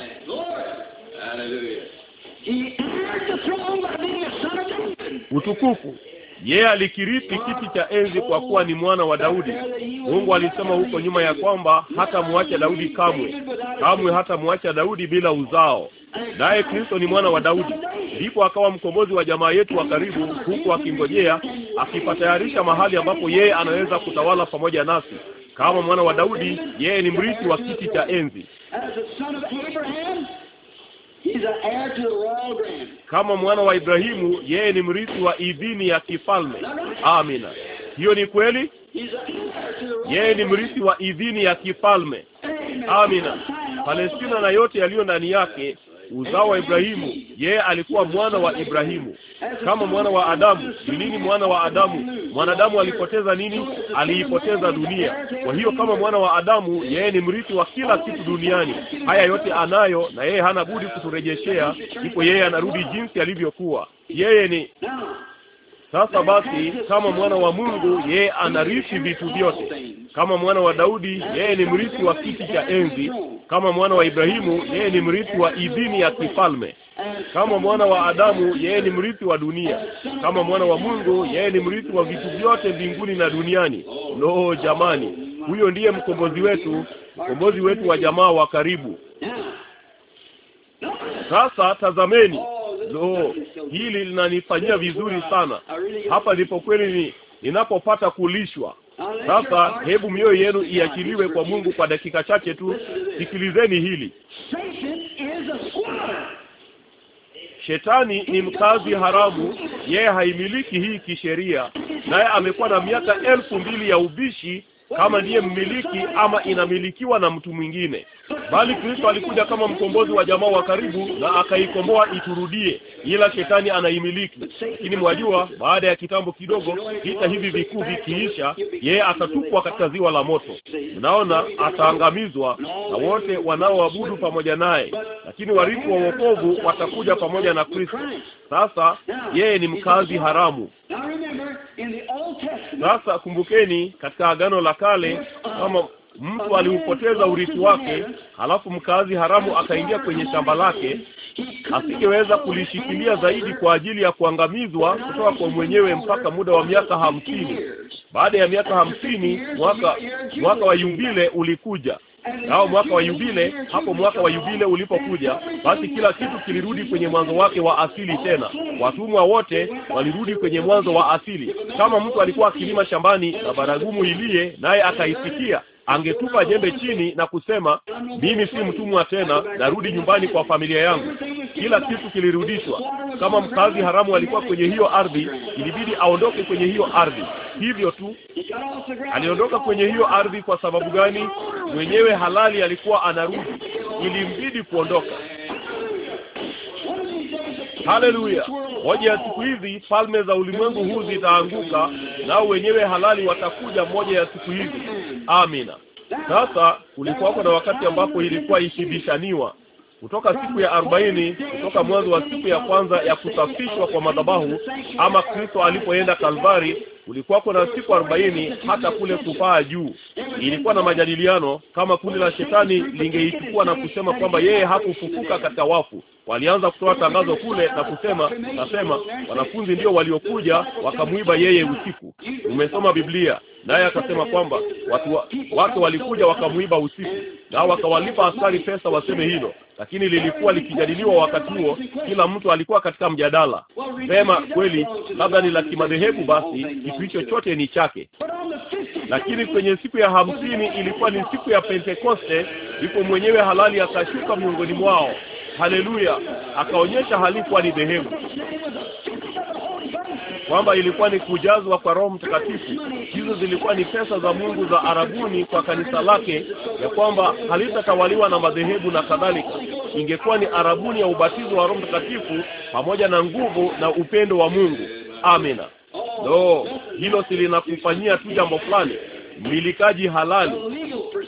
A: Utukufu! Yeye alikirithi kiti cha enzi kwa kuwa ni mwana wa Daudi. Mungu alisema huko nyuma ya kwamba hata hatamwacha Daudi kamwe, kamwe hata hatamwacha Daudi bila uzao naye Kristo ni mwana wa Daudi. Ndipo akawa mkombozi wa jamaa yetu wa karibu, huku akingojea akipatayarisha mahali ambapo yeye anaweza kutawala pamoja nasi. Kama mwana wa Daudi, yeye ni mrithi wa kiti cha enzi. Kama mwana wa Ibrahimu, yeye ni mrithi wa idhini ya kifalme. Amina, hiyo ni kweli.
B: Yeye ni mrithi
A: wa idhini ya kifalme. Amina. Palestina na yote yaliyo ndani yake uzao wa Ibrahimu, yeye alikuwa mwana wa Ibrahimu. Kama mwana wa Adamu, ni nini mwana wa Adamu? Mwanadamu alipoteza nini? Aliipoteza dunia. Kwa hiyo kama mwana wa Adamu, yeye ni mrithi wa kila kitu duniani. Haya yote anayo, na yeye hana budi kuturejeshea. Ipo yeye anarudi jinsi alivyokuwa. Yeye ni sasa basi, kama mwana wa Mungu, yeye anarithi vitu vyote. Kama mwana wa Daudi, yeye ni mrithi wa kiti cha enzi. Kama mwana wa Ibrahimu, yeye ni mrithi wa idhini ya kifalme. Kama mwana wa Adamu, yeye ni mrithi wa dunia. Kama mwana wa Mungu, yeye ni mrithi wa vitu vyote mbinguni na duniani. no, jamani, huyo ndiye mkombozi wetu, mkombozi wetu wa jamaa wa karibu. Sasa tazameni Lo, hili linanifanyia vizuri sana. Hapa ndipo kweli ni ninapopata kulishwa. Sasa hebu mioyo yenu iachiliwe kwa Mungu kwa dakika chache tu. Sikilizeni hili. Shetani ni mkazi haramu, yeye haimiliki hii kisheria, naye amekuwa na miaka elfu mbili ya ubishi kama ndiye mmiliki ama inamilikiwa na mtu mwingine, bali Kristo alikuja kama mkombozi wa jamaa wa karibu na akaikomboa iturudie, ila shetani anaimiliki. Lakini mwajua, baada ya kitambo kidogo, vita hivi vikuu vikiisha, yeye atatupwa katika ziwa la moto. Mnaona, ataangamizwa na wote wanaoabudu pamoja naye, lakini warithi wa wokovu watakuja pamoja na Kristo. Sasa yeye ni mkazi haramu. Sasa kumbukeni, katika Agano la Kale uh, kama mtu aliupoteza urithi wake, halafu mkazi haramu akaingia kwenye shamba lake, asingeweza kulishikilia zaidi kwa ajili ya kuangamizwa kutoka kwa mwenyewe mpaka muda wa miaka hamsini. Baada ya miaka hamsini, mwaka mwaka wa yubile ulikuja nao mwaka wa yubile. Hapo mwaka wa yubile ulipokuja, basi kila kitu kilirudi kwenye mwanzo wake wa asili tena. Watumwa wote walirudi kwenye mwanzo wa asili. Kama mtu alikuwa akilima shambani na baragumu ilie, naye akaisikia angetupa jembe chini na kusema, mimi si mtumwa tena, narudi nyumbani kwa familia yangu. Kila kitu kilirudishwa. Kama mkazi haramu alikuwa kwenye hiyo ardhi, ilibidi aondoke kwenye hiyo ardhi. Hivyo tu
B: aliondoka kwenye hiyo
A: ardhi. Kwa sababu gani? Mwenyewe halali alikuwa anarudi, ilimbidi kuondoka. Haleluya! Moja ya siku hizi falme za ulimwengu huu zitaanguka, nao wenyewe halali watakuja moja ya siku hizi. Amina. Sasa kulikuwako na wakati ambapo ilikuwa ikibishaniwa kutoka siku ya arobaini kutoka mwanzo wa siku ya kwanza ya kusafishwa kwa madhabahu, ama Kristo alipoenda Kalvari Kulikuwako na siku arobaini hata kule kupaa juu. Ilikuwa na majadiliano kama kundi la shetani lingeichukua na kusema kwamba yeye hakufufuka katika wafu. Walianza kutoa tangazo kule na kusema, nasema wanafunzi ndio waliokuja wakamuiba yeye usiku. Umesoma Biblia? Naye akasema kwamba watu wake walikuja wakamuiba usiku, na wakawalipa askari pesa waseme hilo, lakini lilikuwa likijadiliwa wakati huo, kila mtu alikuwa katika mjadala.
B: Sema kweli,
A: labda ni la kimadhehebu basi kitu hicho chote ni chake. Lakini kwenye siku ya hamsini ilikuwa ni siku ya Pentekoste, ndipo mwenyewe halali akashuka miongoni mwao. Haleluya! Akaonyesha halikuwa ni dhehebu, kwamba ilikuwa ni kujazwa kwa Roho Mtakatifu. Hizo zilikuwa ni pesa za Mungu za arabuni kwa kanisa lake, ya kwamba halitatawaliwa na madhehebu na kadhalika. Ingekuwa ni arabuni ya ubatizo wa Roho Mtakatifu pamoja na nguvu na upendo wa Mungu. Amina. Lo, hilo silinakufanyia tu jambo fulani. Milikaji halali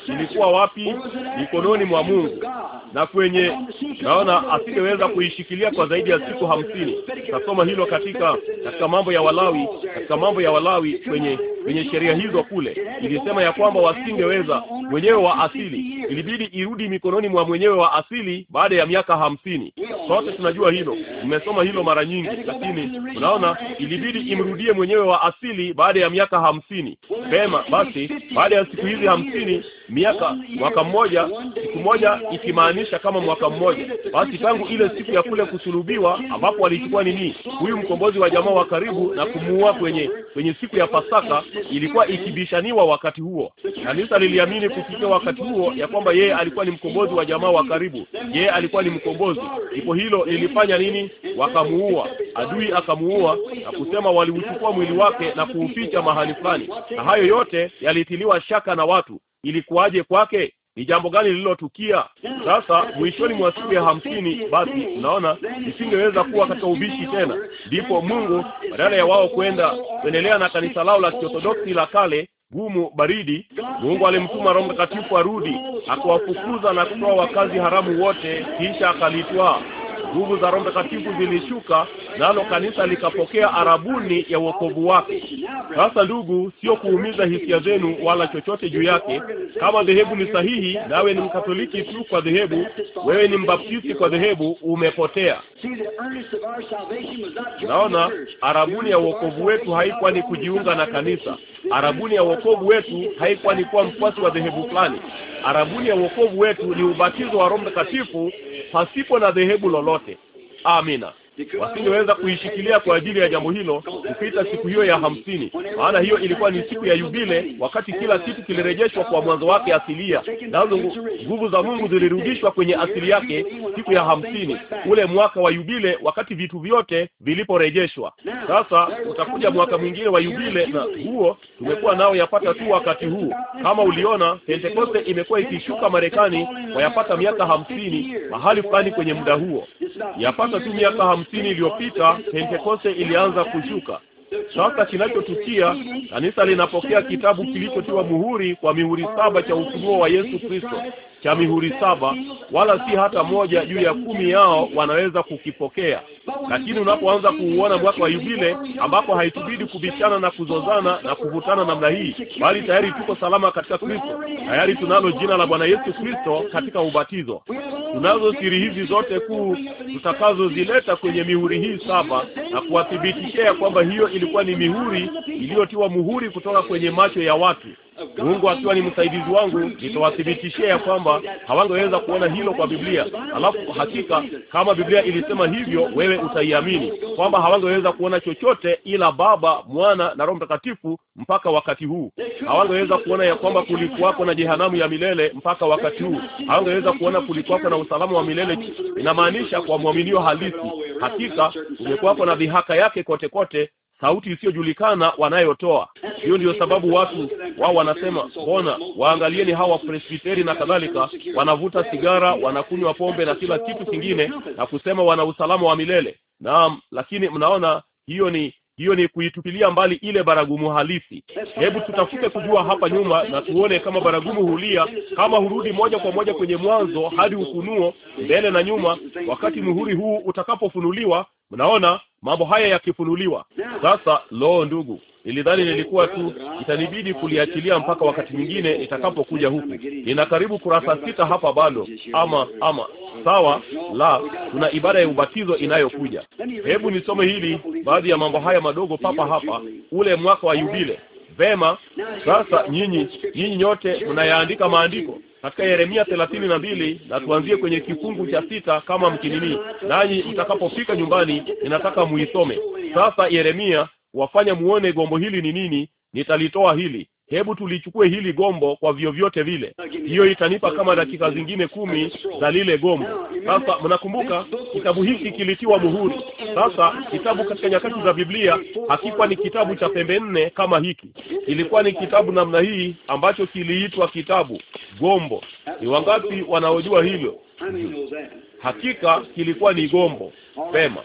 A: ilikuwa wapi? Mikononi mwa Mungu na kwenye, naona asingeweza kuishikilia kwa zaidi ya siku hamsini. Nasoma hilo katika katika mambo ya Walawi, katika mambo ya Walawi kwenye kwenye sheria hizo kule ilisema ya kwamba wasingeweza wenyewe wa asili ilibidi irudi mikononi mwa mwenyewe wa asili baada ya miaka hamsini. Sote tunajua hilo, mmesoma hilo mara nyingi, lakini unaona, ilibidi imrudie mwenyewe wa asili baada ya miaka hamsini. Pema basi, baada ya siku hizi hamsini, miaka mwaka mmoja, siku moja ikimaanisha kama mwaka mmoja. Basi tangu ile siku ya kule kusulubiwa, ambapo walichukua nini, huyu mkombozi wa jamaa wa karibu na kumuua kwenye kwenye siku ya Pasaka, ilikuwa ikibishaniwa wakati huo. Kanisa liliamini kufikia wakati huo ya kwa kwamba yeye alikuwa ni mkombozi wa jamaa wa karibu, yeye alikuwa ni mkombozi. Ipo hilo lilifanya nini? Wakamuua, adui akamuua, na kusema waliuchukua mwili wake na kuuficha mahali fulani, na hayo yote yalitiliwa shaka na watu. Ilikuwaje kwake? Ni jambo gani lililotukia? Sasa mwishoni mwa siku ya hamsini, basi unaona, isingeweza kuwa katika ubishi tena. Ndipo Mungu badala ya wao kwenda kuendelea na kanisa lao la Kiorthodoksi la kale gumu, baridi, Mungu alimtuma Roho Mtakatifu arudi akawafukuza na kutoa wakazi haramu wote, kisha akalitwaa nguvu za Roho Mtakatifu zilishuka nalo kanisa likapokea arabuni ya wokovu wake. Sasa ndugu, sio kuumiza hisia zenu wala chochote juu yake.
B: Kama dhehebu ni
A: sahihi, nawe ni Mkatoliki tu kwa dhehebu, wewe ni Mbaptisti kwa dhehebu, umepotea. Naona arabuni ya wokovu wetu haikuwa ni kujiunga na kanisa. Arabuni ya wokovu wetu haikuwa ni kuwa mfuasi wa dhehebu fulani. Arabuni ya wokovu wetu ni ubatizo wa Roho Mtakatifu pasipo na dhehebu lolote. Amina wasingeweza kuishikilia kwa ajili ya jambo hilo kupita siku hiyo ya hamsini, maana hiyo ilikuwa ni siku ya Yubile, wakati kila kitu kilirejeshwa kwa mwanzo wake asilia, nazo nguvu za Mungu zilirudishwa kwenye asili yake siku ya hamsini, ule mwaka wa Yubile, wakati vitu vyote viliporejeshwa. Sasa utakuja mwaka mwingine wa Yubile, na huo tumekuwa nao yapata tu wakati huu. Kama uliona, Pentekoste imekuwa ikishuka Marekani kwa yapata miaka hamsini mahali fulani kwenye muda huo, yapata tu miaka hamsini iliyopita Pentekoste ilianza kushuka. Sasa kinachotukia, kanisa linapokea kitabu kilichotiwa muhuri kwa mihuri saba cha ufunuo wa Yesu Kristo cha mihuri saba, wala si hata moja juu ya kumi yao wanaweza kukipokea. Lakini unapoanza kuuona mwaka wa Yubile, ambapo haitubidi kubishana na kuzozana na kuvutana namna hii, bali tayari tuko salama katika Kristo, tayari tunalo jina la Bwana Yesu Kristo katika ubatizo, tunazo siri hizi zote kuu tutakazozileta kwenye mihuri hii saba na kuwathibitishia kwamba hiyo ilikuwa ni mihuri iliyotiwa muhuri kutoka kwenye macho ya watu. Mungu akiwa ni msaidizi wangu, nitawathibitishia ya kwamba hawangeweza kuona hilo kwa Biblia. Alafu hakika kama Biblia ilisema hivyo, wewe utaiamini kwamba hawangeweza kuona chochote ila Baba, Mwana na Roho Mtakatifu mpaka wakati huu. Hawangeweza kuona ya kwamba kulikuwako na jehanamu ya milele mpaka wakati huu. Hawangeweza kuona kulikuwako na usalama wa milele. Inamaanisha kwa mwaminio halisi, hakika umekuwako na dhihaka yake kote kote sauti isiyojulikana wanayotoa. Hiyo ndiyo sababu watu wao wanasema, mbona waangalieni hawa presbiteri na kadhalika, wanavuta sigara, wanakunywa pombe na kila kitu kingine, na kusema wana usalama wa milele. Naam, lakini mnaona hiyo ni hiyo ni kuitupilia mbali ile baragumu halisi. Hebu tutafute kujua hapa nyuma na tuone kama baragumu hulia, kama hurudi moja kwa moja kwenye mwanzo hadi Ufunuo, mbele na nyuma. Wakati muhuri huu utakapofunuliwa, mnaona mambo haya yakifunuliwa sasa. Loo ndugu, nilidhani nilikuwa tu, itanibidi kuliachilia mpaka wakati mwingine nitakapokuja huku. Nina karibu kurasa sita hapa bado, ama ama sawa. La, kuna ibada ya ubatizo inayokuja. Hebu nisome hili, baadhi ya mambo haya madogo papa hapa, ule mwaka wa yubile. Vema, sasa nyinyi nyinyi nyote mnayaandika maandiko katika Yeremia thelathini na mbili na tuanzie kwenye kifungu cha sita kama mkinini, nanyi mtakapofika nyumbani, ninataka muisome sasa. Yeremia wafanya muone gombo hili ni nini, nitalitoa hili hebu tulichukue hili gombo kwa vyovyote vile. Hiyo itanipa kama dakika zingine kumi za lile gombo. Sasa mnakumbuka kitabu hiki kilitiwa muhuri. Sasa kitabu katika nyakati za Biblia hakikuwa ni kitabu cha pembe nne kama hiki, ilikuwa ni kitabu namna hii ambacho kiliitwa kitabu gombo.
B: Ni wangapi
A: wanaojua hilo? Mhm. Hakika kilikuwa ni gombo pema.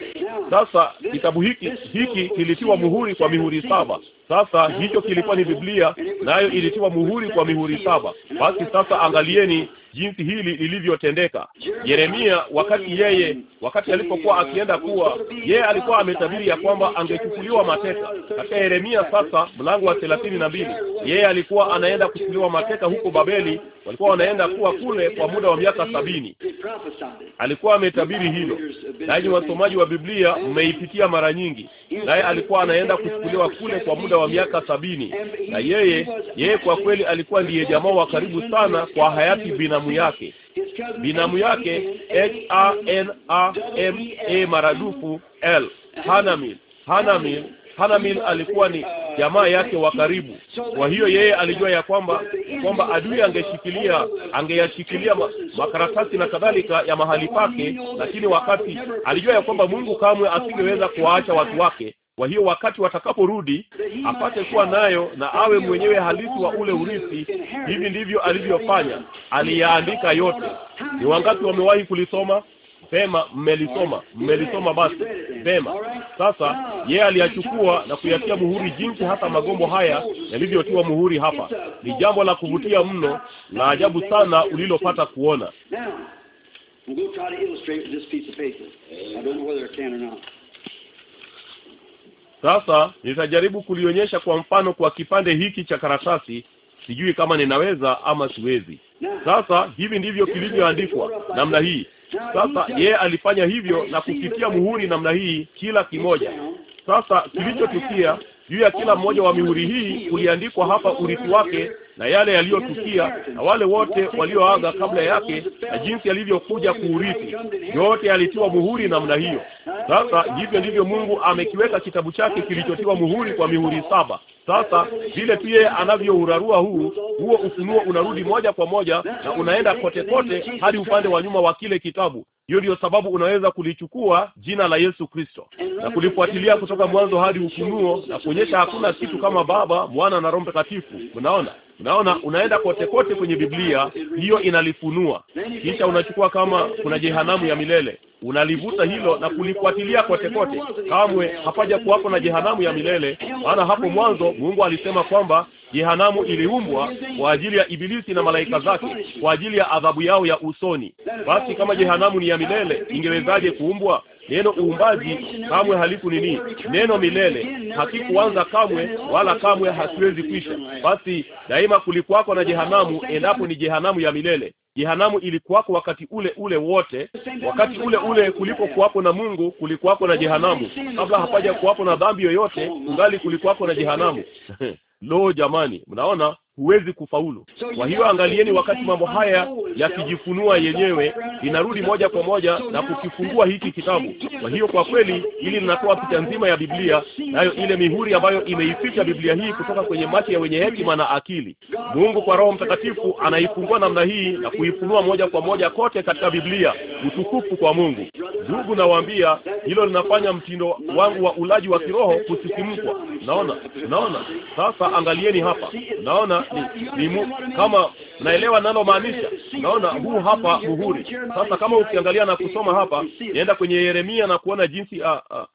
A: Sasa kitabu hiki hiki kilitiwa muhuri kwa mihuri saba. Sasa hicho kilikuwa ni Biblia, nayo ilitiwa muhuri kwa mihuri saba. Basi sasa, angalieni jinsi hili lilivyotendeka. Yeremia, wakati yeye, wakati alipokuwa akienda kuwa, yeye alikuwa ametabiri ya kwamba angechukuliwa mateka. Katika Yeremia sasa mlango wa thelathini na mbili, yeye alikuwa anaenda kuchukuliwa mateka huko Babeli, walikuwa wanaenda kuwa kule kwa muda wa miaka sabini. Alikuwa ametabiri hilo, nanyi wasomaji wa Biblia mmeipitia mara nyingi. Naye alikuwa anaenda kuchukuliwa kule kwa muda wa miaka sabini, na yeye yeye kwa kweli alikuwa ndiye jamaa wa karibu sana kwa hayati binamu binamu yake, binamu yake H A N A M A maradufu L Hanamil. Hanamil Hanamil alikuwa ni jamaa yake wa karibu. Kwa hiyo yeye alijua ya kwamba kwamba adui angeshikilia angeyashikilia makaratasi na kadhalika ya mahali pake, lakini wakati alijua ya kwamba Mungu kamwe asingeweza kuwaacha watu wake kwa hiyo wakati watakaporudi apate kuwa nayo na awe mwenyewe halisi wa ule urithi. Hivi ndivyo alivyofanya, aliyaandika yote. Ni wangapi wamewahi kulisoma? Vema, mmelisoma, mmelisoma. Basi vema, sasa yeye aliyachukua na kuyatia muhuri, jinsi hata magombo haya yalivyotiwa muhuri. Hapa ni jambo la kuvutia mno na ajabu sana ulilopata kuona. Sasa nitajaribu kulionyesha kwa mfano kwa kipande hiki cha karatasi sijui kama ninaweza ama siwezi. Sasa hivi ndivyo kilivyoandikwa namna hii.
C: Sasa yeye
A: alifanya hivyo na kukitia muhuri namna hii kila kimoja. Sasa kilichotukia juu ya kila mmoja wa mihuri hii uliandikwa hapa urithi wake na yale yaliyotukia na wale wote walioaga kabla yake na jinsi alivyokuja kuurithi, yote alitiwa muhuri namna hiyo. Sasa hivyo ndivyo Mungu amekiweka kitabu chake kilichotiwa muhuri kwa mihuri saba. Sasa vile tu yeye anavyourarua huu huo ufunuo unarudi moja kwa moja na unaenda kote kote hadi upande wa nyuma wa kile kitabu. Hiyo ndiyo sababu unaweza kulichukua jina la Yesu Kristo na kulifuatilia kutoka mwanzo hadi Ufunuo na kuonyesha hakuna kitu kama Baba, Mwana na Roho Mtakatifu. mnaona Unaona, unaenda kote kote kwenye Biblia, hiyo inalifunua. Kisha unachukua kama kuna jehanamu ya milele, unalivuta hilo na kulifuatilia kote kote. Kamwe hapaja kuwapo na jehanamu ya milele, maana hapo mwanzo Mungu alisema kwamba jehanamu iliumbwa kwa ajili ya Ibilisi na malaika zake kwa ajili ya adhabu yao ya usoni. Basi kama jehanamu ni ya milele, ingewezaje kuumbwa? Neno uumbaji kamwe haliku nini, neno milele hakikuanza kamwe, wala kamwe hakiwezi kwisha. Basi daima kulikuwako na jehanamu, endapo ni jehanamu ya milele. Jehanamu ilikuwako wakati ule ule wote, wakati ule ule kuwapo na Mungu kulikuwako na jehanamu. Kabla hapaja kuwapo na dhambi yoyote, ungali kulikuwako na jehanamu. Lo, jamani, mnaona huwezi kufaulu. Kwa hiyo angalieni, wakati mambo haya yakijifunua yenyewe, inarudi moja kwa moja na kukifungua hiki kitabu. Kwa hiyo kwa kweli, ili linatoa picha nzima ya Biblia, nayo ile mihuri ambayo imeificha Biblia hii kutoka kwenye macho ya wenye hekima na akili. Mungu kwa Roho Mtakatifu anaifungua namna hii na kuifunua moja kwa moja kote katika Biblia. Utukufu kwa Mungu. Ndugu, nawaambia hilo linafanya mtindo wangu wa ulaji wa kiroho kusisimkwa. Naona, naona sasa, angalieni hapa, naona ni, ni kama naelewa nalo maanisha. Naona huu hapa muhuri sasa. Kama ukiangalia na kusoma hapa, nienda kwenye Yeremia na kuona jinsi a, a,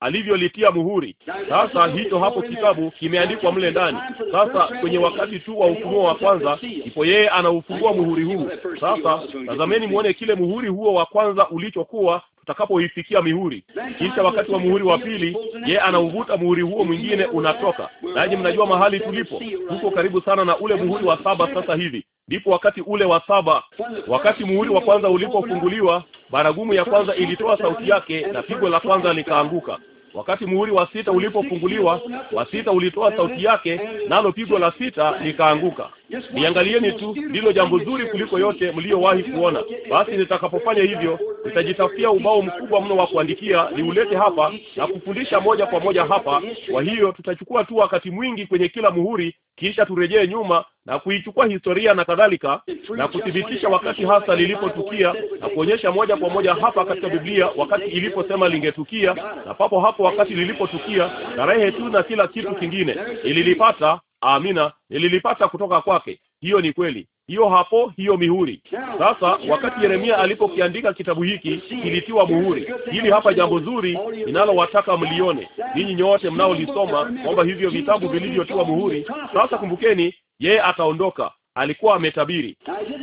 A: alivyolitia muhuri. Sasa hicho hapo kitabu kimeandikwa mle ndani. Sasa kwenye wakati tu wa ufunuo wa kwanza, ipo yeye anaufungua muhuri huu. Sasa tazameni muone kile muhuri huo wa kwanza ulichokuwa tutakapoifikia mihuri. Kisha wakati wa muhuri wa pili, ye anauvuta muhuri huo mwingine unatoka. Nanyi mnajua mahali tulipo, tuko karibu sana na ule muhuri wa saba sasa hivi. Ndipo wakati ule wa saba, wakati muhuri wa kwanza ulipofunguliwa, baragumu ya kwanza ilitoa sauti yake na pigo la kwanza likaanguka. Wakati muhuri wa sita ulipofunguliwa, wa sita ulitoa sauti yake, nalo pigo la sita likaanguka. Niangalieni tu, ndilo jambo zuri kuliko yote mliowahi kuona. Basi nitakapofanya hivyo, nitajitafutia ubao mkubwa mno wa kuandikia, niulete hapa na kufundisha moja kwa moja hapa. Kwa hiyo tutachukua tu wakati mwingi kwenye kila muhuri, kisha turejee nyuma na kuichukua historia na kadhalika, na kuthibitisha wakati hasa lilipotukia, na kuonyesha moja kwa moja hapa katika Biblia wakati iliposema lingetukia, na papo hapo wakati lilipotukia, tarehe tu na kila kitu kingine. Ililipata, amina, ililipata kutoka kwake. Hiyo ni kweli hiyo hapo, hiyo mihuri. Sasa wakati Yeremia alipokiandika kitabu hiki kilitiwa muhuri. Hili hapa jambo zuri ninalowataka mlione ninyi nyote mnaolisoma, kwamba hivyo vitabu vilivyotiwa muhuri. Sasa kumbukeni, yeye ataondoka. Alikuwa ametabiri.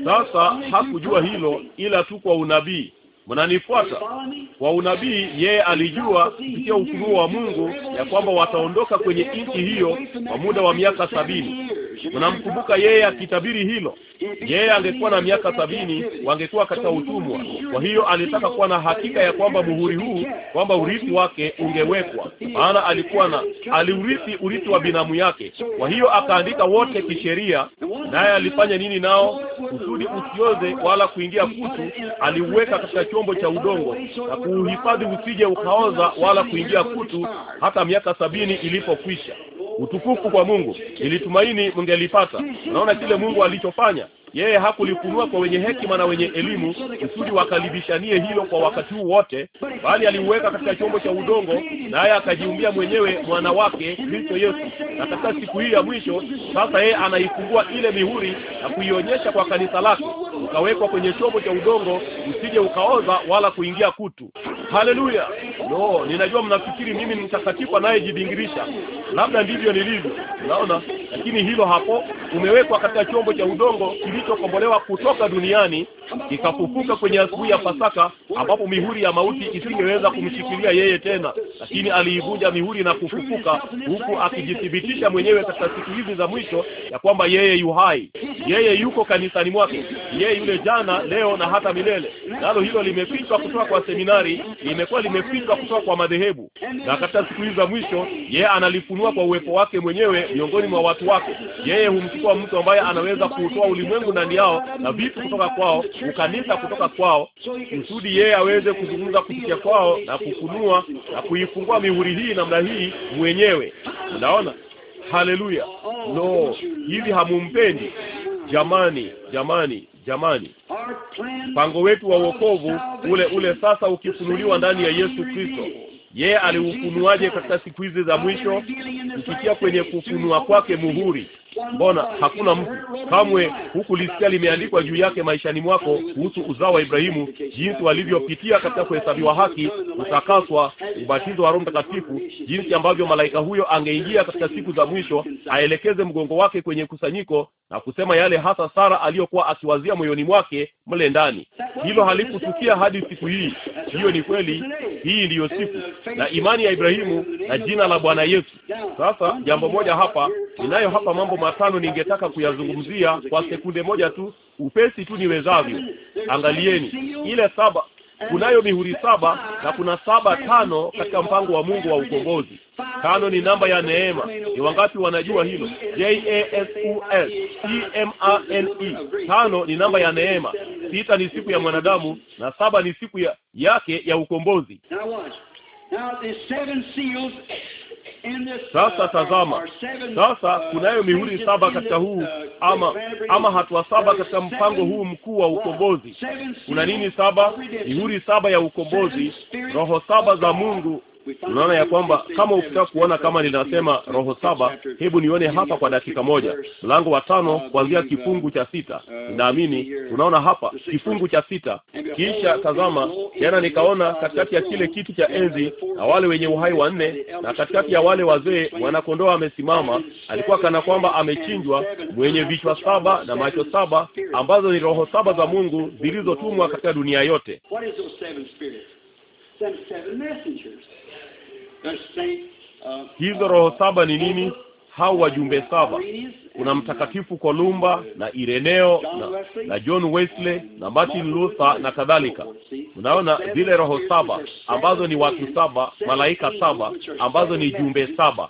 B: Sasa hakujua
A: hilo ila tu kwa unabii mnanifuata kwa unabii. Yeye alijua kupitia ufunuo wa Mungu ya kwamba wataondoka kwenye nchi hiyo kwa muda wa miaka sabini. Mnamkumbuka yeye akitabiri hilo. Yeye angekuwa na miaka sabini, wangekuwa katika utumwa. Kwa hiyo alitaka kuwa na hakika ya kwamba muhuri huu, kwamba urithi wake ungewekwa, maana alikuwa na aliurithi urithi wa binamu yake. Kwa hiyo akaandika wote kisheria, naye alifanya nini nao? Kusudi usioze wala kuingia kutu, aliuweka katika chombo cha udongo na kuuhifadhi usije ukaoza wala kuingia kutu hata miaka sabini ilipokwisha. Utukufu kwa Mungu, nilitumaini mngelipata. naona kile Mungu alichofanya yeye hakulifunua kwa wenye hekima na wenye elimu kusudi wakalibishanie hilo kwa wakati huu wote, bali aliuweka katika chombo cha udongo, naye akajiumbia mwenyewe mwana wake Kristo Yesu. Na katika siku hii ya mwisho sasa, yeye anaifungua ile mihuri na kuionyesha kwa kanisa lake, ukawekwa kwenye chombo cha udongo, usije ukaoza wala kuingia kutu. Haleluya! No, ninajua mnafikiri mimi ni mtakatifu anayejibingirisha, labda ndivyo nilivyo, naona, lakini hilo hapo, umewekwa katika chombo cha udongo kili kilichokombolewa kutoka duniani ikafufuka kwenye asubuhi ya Pasaka, ambapo mihuri ya mauti isingeweza kumshikilia yeye tena, lakini aliivunja mihuri na kufufuka, huku akijithibitisha mwenyewe katika siku hizi za mwisho ya kwamba yeye yu hai, yeye yuko kanisani mwake, yeye yule jana, leo na hata milele. Nalo hilo limefichwa kutoka kwa seminari, limekuwa limefichwa kutoka kwa madhehebu, na katika siku hizi za mwisho yeye analifunua kwa uwepo wake mwenyewe miongoni mwa watu wake. Yeye humchukua mtu ambaye anaweza kuutoa ulimwengu ndani yao na vitu kutoka kwao ukanisa kutoka kwao, kusudi yeye aweze kuzungumza kupitia kwao na kufunua na kuifungua mihuri hii namna hii mwenyewe. Unaona, haleluya! No, hivi hamumpendi? Jamani, jamani, jamani, mpango wetu wa wokovu ule ule sasa ukifunuliwa ndani ya Yesu Kristo. Yeye aliufunuaje katika siku hizi za mwisho? Kupitia kwenye kufunua kwake muhuri Mbona hakuna mtu kamwe huku lisikia limeandikwa juu yake maishani mwako kuhusu uzao wa Ibrahimu, jinsi walivyopitia katika kuhesabiwa haki, kutakaswa, ubatizo wa Roho Mtakatifu, jinsi ambavyo malaika huyo angeingia katika siku za mwisho aelekeze mgongo wake kwenye kusanyiko na kusema yale hasa Sara aliyokuwa akiwazia moyoni mwake mle ndani. Hilo halikutukia hadi siku hii. Hiyo ni kweli, hii ndiyo siku na imani ya Ibrahimu na jina la Bwana Yesu. Sasa jambo moja hapa ninayo hapa mambo matano ningetaka kuyazungumzia kwa sekunde moja tu, upesi tu niwezavyo. Angalieni ile saba, kunayo mihuri saba na kuna saba tano katika mpango wa Mungu wa ukombozi. Tano ni namba ya neema. Ni wangapi wanajua hilo? J A S U S T M A N E. Tano ni namba ya neema, sita ni siku ya mwanadamu na saba ni siku ya, yake ya ukombozi.
B: Sasa tazama, sasa uh, kunayo mihuri saba katika huu uh, ama ama hatua saba uh, katika mpango huu
A: mkuu wa ukombozi. Kuna nini saba? Mihuri saba ya ukombozi, roho saba za Mungu Tunaona ya kwamba kama ukitaka kuona kama ninasema roho saba, hebu nione hapa kwa dakika moja, mlango wa tano kuanzia kifungu cha sita. Naamini tunaona hapa kifungu cha sita. Kisha tazama, tena nikaona katikati ya kile kiti cha enzi na wale wenye uhai wanne, na katikati ya wale wazee wanakondoa amesimama, alikuwa kana kwamba amechinjwa, mwenye vichwa saba na macho saba, ambazo ni roho saba za Mungu zilizotumwa katika dunia yote. Hizo roho saba ni nini? Hao wajumbe saba. Kuna mtakatifu Kolumba na Ireneo na, na John Wesley na Martin Luther na kadhalika. Unaona zile roho saba ambazo ni watu saba, malaika saba ambazo ni jumbe saba,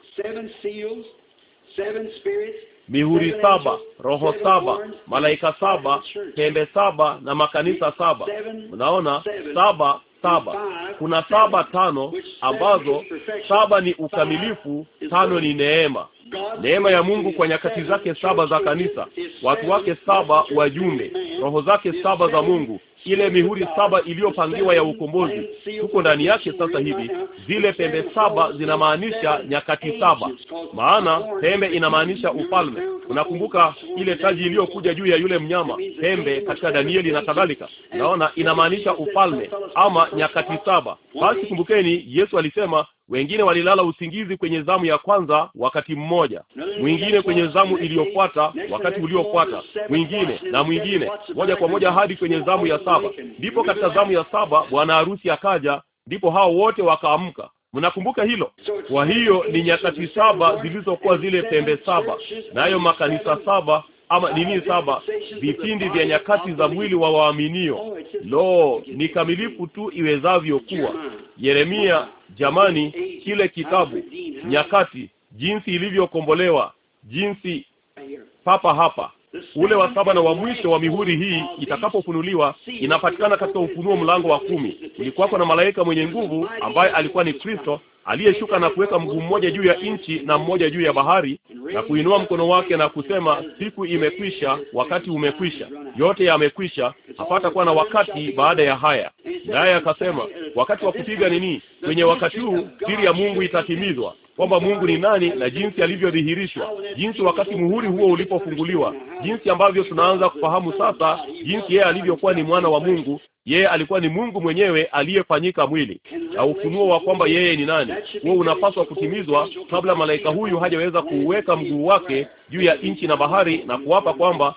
B: mihuri saba, roho saba, malaika
A: saba, pembe saba na makanisa saba. Unaona saba saba. Kuna saba tano ambazo saba ni ukamilifu, tano ni neema. Neema ya Mungu kwa nyakati zake saba za kanisa, watu wake saba wajumbe, roho zake saba za Mungu, ile mihuri saba iliyopangiwa ya ukombozi huko ndani yake. Sasa hivi zile pembe saba zinamaanisha nyakati saba, maana pembe inamaanisha ufalme. Unakumbuka ile taji iliyokuja juu ya yule mnyama, pembe katika Danieli na kadhalika, naona inamaanisha ufalme ama nyakati saba. Basi kumbukeni, Yesu alisema wengine walilala usingizi kwenye zamu ya kwanza wakati mmoja, mwingine kwenye zamu iliyofuata wakati uliofuata, mwingine na mwingine, moja kwa moja hadi kwenye zamu ya saba. Ndipo katika zamu ya saba bwana harusi akaja, ndipo hao wote wakaamka. Mnakumbuka hilo? Kwa hiyo ni nyakati saba zilizokuwa zile pembe saba, nayo makanisa saba ama nini saba vipindi vya nyakati za mwili wa waaminio. Lo, ni kamilifu tu iwezavyo kuwa. Yeremia, jamani, kile kitabu nyakati, jinsi ilivyokombolewa, jinsi papa hapa ule wa saba na wa mwisho wa mihuri hii itakapofunuliwa, inapatikana katika Ufunuo mlango wa kumi. Kulikuwako na malaika mwenye nguvu ambaye alikuwa ni Kristo, aliyeshuka na kuweka mguu mmoja juu ya nchi na mmoja juu ya bahari, na kuinua mkono wake na kusema, siku imekwisha, wakati umekwisha, yote yamekwisha, hapata kuwa na wakati baada ya haya. Naye akasema, wakati wa kupiga nini? Kwenye wakati huu siri ya Mungu itatimizwa, kwamba Mungu ni nani na jinsi alivyodhihirishwa, jinsi wakati muhuri huo ulipofunguliwa, jinsi ambavyo tunaanza kufahamu sasa jinsi yeye alivyokuwa ni mwana wa Mungu yeye alikuwa ni Mungu mwenyewe aliyefanyika mwili, na ufunuo wa kwamba yeye ni nani, huo unapaswa kutimizwa kabla malaika huyu hajaweza kuuweka mguu wake juu ya nchi na bahari, na kuwapa kwamba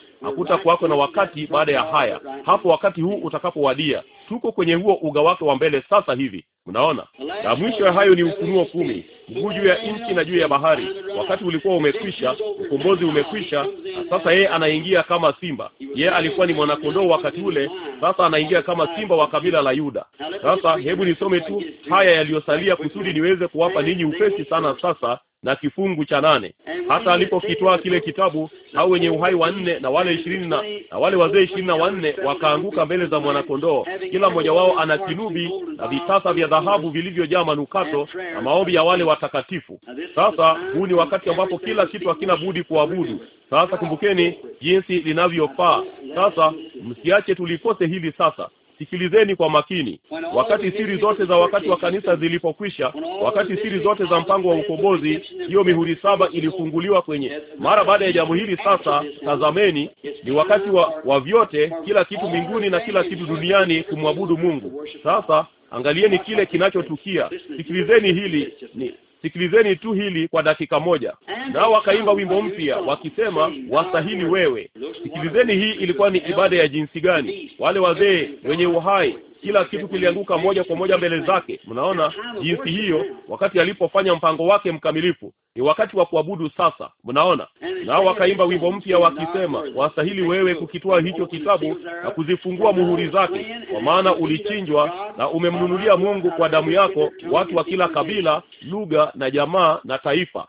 A: kwako na wakati baada ya haya, hapo wakati huu utakapowadia. Tuko kwenye huo uga wake wa mbele sasa hivi, mnaona. Na mwisho ya hayo ni Ufunuo kumi mguu juu ya nchi na juu ya bahari. Wakati ulikuwa umekwisha, ukombozi umekwisha, na sasa yeye anaingia kama simba. Yeye alikuwa ni mwanakondoo wakati ule, sasa anaingia kama simba wa kabila la Yuda. Sasa hebu nisome tu haya yaliyosalia kusudi niweze kuwapa ninyi upesi sana sasa na kifungu cha nane. Hata alipokitoa kile kitabu, hao wenye uhai wanne na wale ishirini na, na wale wazee ishirini na wanne wakaanguka mbele za mwanakondoo, kila mmoja wao ana kinubi na vitasa vya dhahabu vilivyojaa manukato na maombi ya wale watakatifu. Sasa huu ni wakati ambapo kila kitu hakina budi kuabudu. Sasa kumbukeni jinsi linavyofaa. Sasa msiache tulikose hili sasa sikilizeni kwa makini. Wakati siri zote za wakati wa kanisa zilipokwisha, wakati siri zote za mpango wa ukombozi, hiyo mihuri saba ilifunguliwa kwenye. Mara baada ya jambo hili, sasa tazameni, ni wakati wa, wa vyote, kila kitu mbinguni na kila kitu duniani kumwabudu Mungu. Sasa angalieni kile kinachotukia, sikilizeni hili ni sikilizeni tu hili kwa dakika moja. Nao wakaimba wimbo mpya wakisema, wastahili wewe. Sikilizeni, hii ilikuwa ni ibada ya jinsi gani! Wale wazee wenye uhai kila kitu kilianguka moja kwa moja mbele zake. Mnaona jinsi hiyo, wakati alipofanya mpango wake mkamilifu. Ni wakati wa kuabudu sasa, mnaona. Nao wakaimba wimbo mpya wakisema, wastahili wewe kukitoa hicho kitabu na kuzifungua muhuri zake, kwa maana ulichinjwa na umemnunulia Mungu kwa damu yako watu wa kila kabila, lugha na jamaa na taifa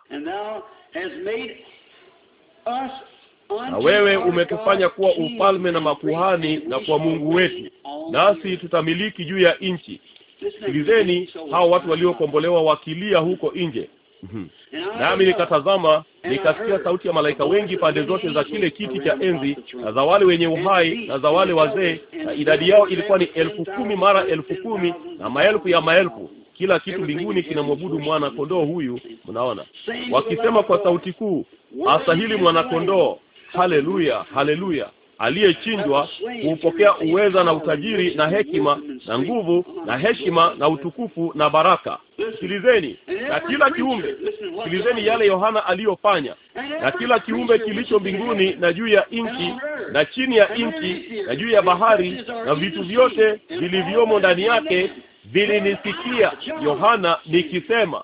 A: na wewe umetufanya kuwa ufalme na makuhani na kwa Mungu wetu, nasi tutamiliki juu ya nchi. Sikilizeni hao watu waliokombolewa wakilia huko nje. Mhm. Nami nikatazama, nikasikia sauti ya malaika wengi pande zote za kile kiti cha enzi na za wale wenye uhai na za wale wazee, na idadi yao ilikuwa ni elfu kumi mara elfu kumi na maelfu ya maelfu. Kila kitu mbinguni kinamwabudu mwana kondoo huyu, mnaona, wakisema kwa sauti kuu, astahili mwana kondoo Haleluya, haleluya! Aliyechinjwa kuupokea uweza na utajiri na hekima na nguvu na heshima na utukufu na baraka. Sikilizeni, na kila kiumbe, sikilizeni yale Yohana aliyofanya, na kila kiumbe kilicho mbinguni na juu ya nchi na chini ya nchi na juu ya bahari na vitu vyote vilivyomo ndani yake vilinisikia Yohana nikisema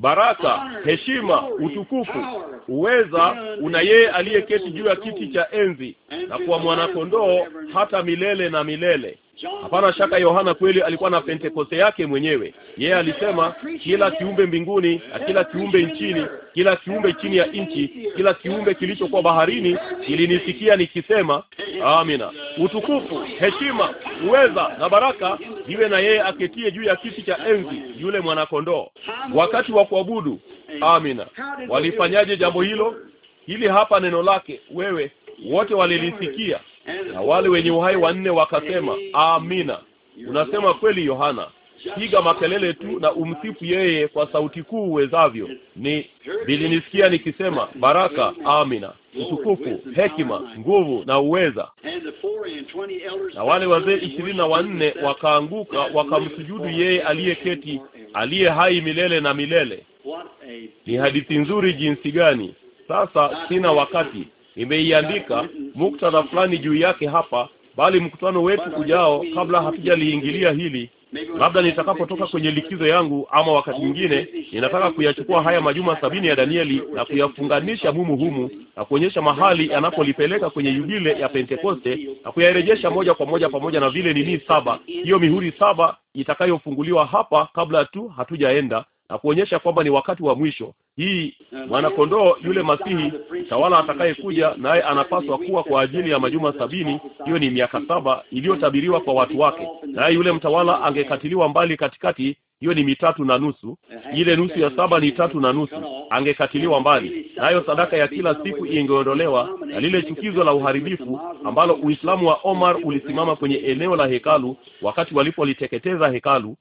A: baraka, heshima, utukufu, uweza una yeye aliyeketi juu ya kiti cha enzi na kuwa mwanakondoo hata milele na milele. Hapana shaka Yohana kweli alikuwa na Pentekoste yake mwenyewe. Yeye alisema kila kiumbe mbinguni na kila kiumbe nchini, kila kiumbe chini ya nchi, kila kiumbe kilichokuwa baharini kilinisikia nikisema, amina, utukufu, heshima, uweza na baraka iwe na yeye aketie juu ya kiti cha enzi, yule mwanakondoo. Wakati wa kuabudu, amina. Walifanyaje jambo hilo? Hili hapa neno lake, wewe wote walilisikia
B: na wale wenye uhai wanne
A: wakasema, amina. Unasema kweli Yohana, piga makelele tu na umsifu yeye kwa sauti kuu uwezavyo. Ni
B: vilinisikia
A: nikisema baraka, amina, utukufu, hekima, nguvu na uweza. Na wale wazee ishirini na wanne wakaanguka wakamsujudu yeye aliyeketi, aliye hai milele na milele. Ni hadithi nzuri jinsi gani! Sasa sina wakati nimeiandika muktadha fulani juu yake hapa, bali mkutano wetu ujao, kabla hatujaliingilia hili, labda nitakapotoka kwenye likizo yangu ama wakati mwingine, ninataka kuyachukua haya majuma sabini ya Danieli na kuyafunganisha humu humu na kuonyesha mahali anapolipeleka kwenye yubile ya Pentekoste na kuyarejesha moja kwa moja pamoja na vile nini saba, hiyo mihuri saba itakayofunguliwa hapa kabla tu hatujaenda na kuonyesha kwamba ni wakati wa mwisho. Hii mwanakondoo yule Masihi tawala atakayekuja naye anapaswa kuwa kwa ajili ya majuma sabini, hiyo ni miaka saba iliyotabiriwa kwa watu wake, naye yule mtawala angekatiliwa mbali katikati hiyo ni mitatu na nusu. Ile nusu ya saba ni tatu na nusu, angekatiliwa mbali nayo. Sadaka ya kila siku ingeondolewa na lile chukizo la uharibifu ambalo Uislamu wa Omar ulisimama kwenye eneo la hekalu wakati walipoliteketeza hekalu,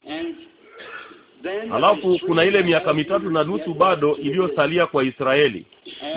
A: Halafu kuna ile miaka mitatu na nusu bado iliyosalia kwa Israeli,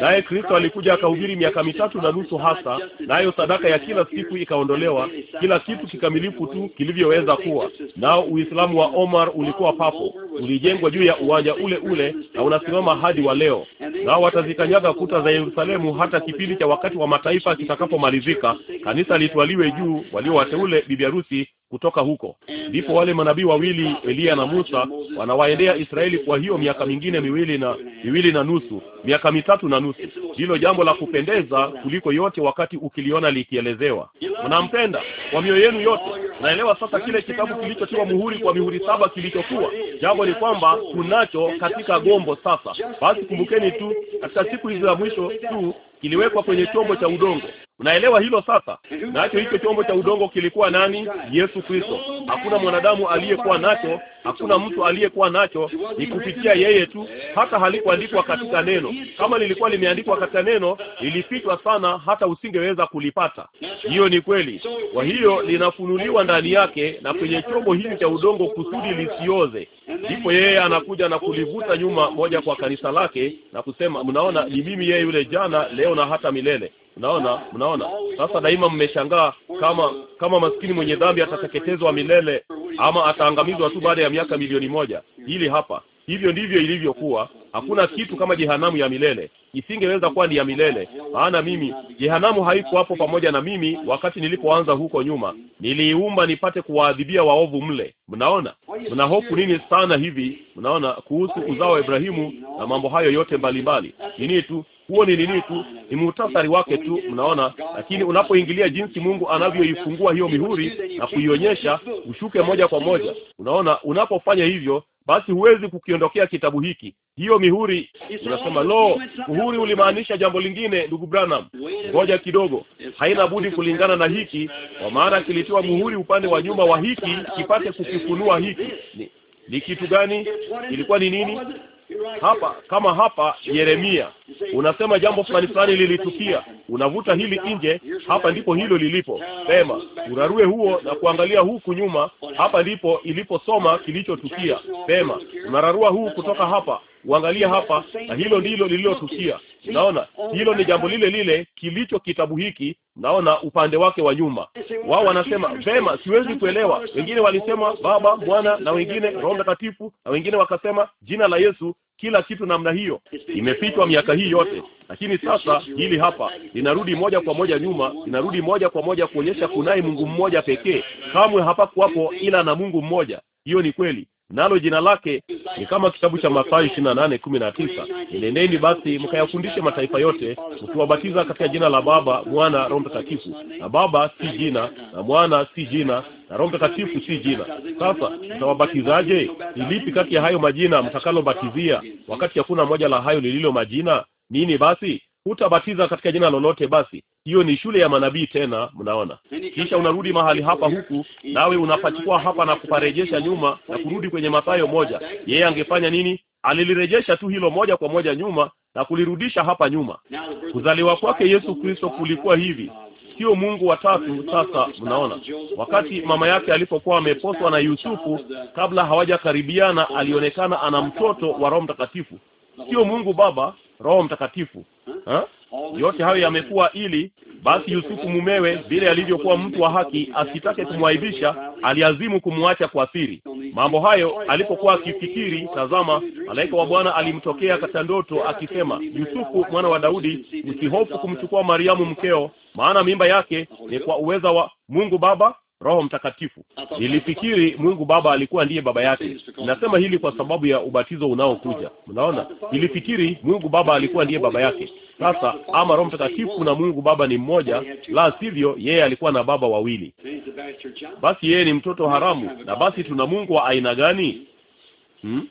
A: naye Kristo alikuja akahubiri miaka mitatu na nusu hasa, nayo sadaka ya kila siku ikaondolewa, kila kitu kikamilifu tu kilivyoweza kuwa nao. Uislamu wa Omar ulikuwa papo, ulijengwa juu ya uwanja ule ule na unasimama hadi wa leo, nao watazikanyaga kuta za Yerusalemu hata kipindi cha wakati wa mataifa kitakapomalizika, kanisa litwaliwe juu, walio wateule, bibi harusi kutoka huko. Ndipo wale manabii wawili Eliya na Musa wanawaendea Israeli kwa hiyo miaka mingine miwili na miwili na nusu, miaka mitatu na nusu. Hilo jambo la kupendeza kuliko yote wakati ukiliona likielezewa. Mnampenda kwa mioyo yenu yote. Naelewa sasa kile kitabu kilichotiwa muhuri kwa mihuri saba kilichokuwa. Jambo ni kwamba tunacho katika gombo sasa. Basi kumbukeni tu, katika siku hizi za mwisho tu kiliwekwa kwenye chombo cha udongo. Unaelewa hilo sasa? Nacho hicho chombo cha udongo kilikuwa nani? Yesu Kristo. Hakuna mwanadamu aliyekuwa nacho, hakuna mtu aliyekuwa nacho, ni kupitia yeye tu, hata halikuandikwa katika neno kama lilikuwa limeandikwa katika neno, lilifichwa sana hata usingeweza kulipata. Hiyo ni kweli. Kwa hiyo linafunuliwa ndani yake na kwenye chombo hili cha udongo kusudi lisioze.
B: Ndipo yeye
A: anakuja na kulivuta nyuma moja kwa kanisa lake na kusema, mnaona, ni mimi yeye yule jana, leo na hata milele. Mnaona, mnaona. Sasa daima mmeshangaa kama kama maskini mwenye dhambi atateketezwa milele ama ataangamizwa tu baada ya miaka milioni moja. Hili hapa, hivyo ndivyo ilivyokuwa. Hakuna kitu kama jehanamu ya milele, isingeweza kuwa ni ya milele, maana mimi jehanamu haiko hapo pamoja na mimi. Wakati nilipoanza huko nyuma, niliiumba nipate kuwaadhibia waovu mle. Mnaona, mna hofu nini sana hivi? Mnaona kuhusu uzao wa Ibrahimu na mambo hayo yote mbalimbali, nini tu huo ni nini tu, ni muhtasari wake tu, mnaona. Lakini unapoingilia jinsi Mungu anavyoifungua hiyo mihuri na kuionyesha, ushuke moja kwa moja, unaona. Unapofanya hivyo, basi huwezi kukiondokea kitabu hiki. Hiyo mihuri unasema, lo, muhuri ulimaanisha jambo lingine, ndugu Branham. Ngoja kidogo, haina budi kulingana na hiki, kwa maana kilitiwa muhuri upande wa nyuma wa hiki kipate kukifunua hiki. Ni, ni kitu gani? Ilikuwa ni nini hapa? Kama hapa Yeremia unasema jambo fulani fulani lilitukia, unavuta hili nje, hapa ndipo hilo lilipo. Sema urarue huo na kuangalia huku nyuma, hapa ndipo iliposoma kilichotukia. Sema unararua huu kutoka hapa, uangalie hapa, na hilo ndilo lililotukia. Naona hilo ni jambo lile lile kilicho kitabu hiki, naona upande wake wa nyuma. Wao wanasema vema, siwezi kuelewa. Wengine walisema Baba, Bwana na wengine Roho Mtakatifu, na wengine wakasema jina la Yesu kila kitu namna hiyo. Imefichwa miaka hii yote, lakini sasa hili hapa linarudi moja kwa moja nyuma, linarudi moja kwa moja kuonyesha kunaye Mungu mmoja pekee, kamwe hapakuwapo ila na Mungu mmoja. Hiyo ni kweli, nalo jina lake ni kama kitabu cha Mathayo ishirini na nane kumi na tisa nendeni basi mkayafundishe mataifa yote mkiwabatiza katika jina la Baba, Mwana, Roho Mtakatifu. Na Baba si jina na Mwana si jina na Roho Mtakatifu si jina. Sasa mtawabatizaje? Ni lipi kati ya hayo majina mtakalobatizia, wakati hakuna moja la hayo lililo majina? Nini basi? Hutabatiza katika jina lolote. Basi hiyo ni shule ya manabii tena, mnaona. Kisha unarudi mahali hapa huku, nawe unapachukua hapa na kuparejesha nyuma na kurudi kwenye Mathayo moja. Yeye angefanya nini? Alilirejesha tu hilo moja kwa moja nyuma na kulirudisha hapa nyuma. Kuzaliwa kwake Yesu Kristo kulikuwa hivi: sio Mungu wa tatu. Sasa mnaona, wakati mama yake alipokuwa ameposwa na Yusufu, kabla hawajakaribiana, alionekana ana mtoto wa Roho Mtakatifu, sio Mungu Baba, Roho Mtakatifu ha? Yote hayo yamekuwa ili basi Yusufu mumewe, vile alivyokuwa mtu wa haki, asitake kumwaibisha, aliazimu kumwacha kwa siri. Mambo hayo alipokuwa akifikiri, tazama, malaika wa Bwana alimtokea katika ndoto akisema, Yusufu mwana wa Daudi, usihofu kumchukua Mariamu mkeo, maana mimba yake ni kwa uweza wa Mungu Baba, Roho Mtakatifu. Nilifikiri Mungu Baba alikuwa ndiye baba yake. Nasema hili kwa sababu ya ubatizo unaokuja. Mnaona, nilifikiri Mungu Baba alikuwa ndiye baba yake. Sasa ama Roho Mtakatifu na Mungu Baba ni mmoja, la sivyo yeye alikuwa na baba wawili. Basi yeye ni mtoto haramu, na basi tuna Mungu wa aina gani? Hmm?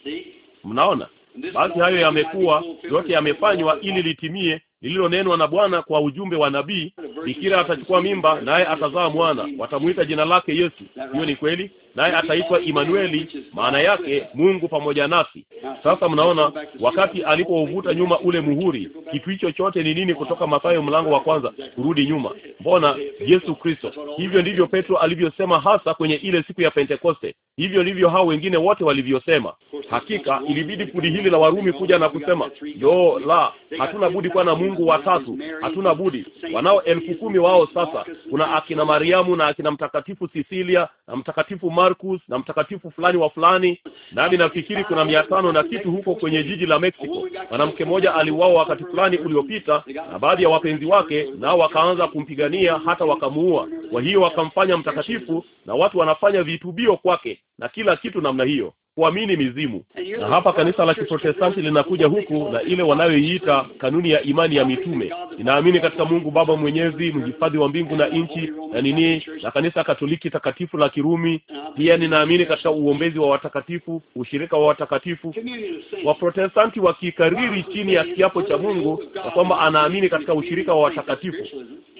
A: Mnaona, basi hayo yamekuwa yote yamefanywa ili litimie lililonenwa na Bwana kwa ujumbe wa nabii, bikira atachukua mimba naye atazaa mwana, watamwita jina lake Yesu. Hiyo ni kweli naye ataitwa Imanueli, maana yake Mungu pamoja nasi. Sasa mnaona, wakati alipouvuta nyuma ule muhuri, kitu hicho chote ni nini? Kutoka Mathayo mlango wa kwanza kurudi nyuma, mbona Yesu Kristo. Hivyo ndivyo Petro alivyosema hasa kwenye ile siku ya Pentekoste. Hivyo ndivyo hao wengine wote walivyosema. Hakika ilibidi kundi hili la Warumi kuja na kusema yo la, hatuna budi kuwa na Mungu watatu, hatuna budi. Wanao elfu kumi wao. Sasa kuna akina Mariamu na akina mtakatifu Sisilia na mtakatifu Markus na mtakatifu fulani wa fulani, nami nafikiri kuna mia tano na kitu huko kwenye jiji la Mexico. Mwanamke mmoja aliuawa wakati fulani uliopita na baadhi ya wapenzi wake, nao wakaanza kumpigania hata wakamuua. Kwa hiyo wakamfanya mtakatifu, na watu wanafanya vitubio kwake na kila kitu namna hiyo kuamini mizimu. Na hapa kanisa la Kiprotestanti linakuja huku na ile wanayoiita kanuni ya imani ya mitume, inaamini katika Mungu Baba Mwenyezi, mhifadhi wa mbingu na nchi na nini, na kanisa Katoliki takatifu la Kirumi. Pia ninaamini katika uombezi wa watakatifu, ushirika wa watakatifu. Waprotestanti wakikariri chini ya kiapo cha Mungu na kwamba anaamini katika ushirika wa watakatifu,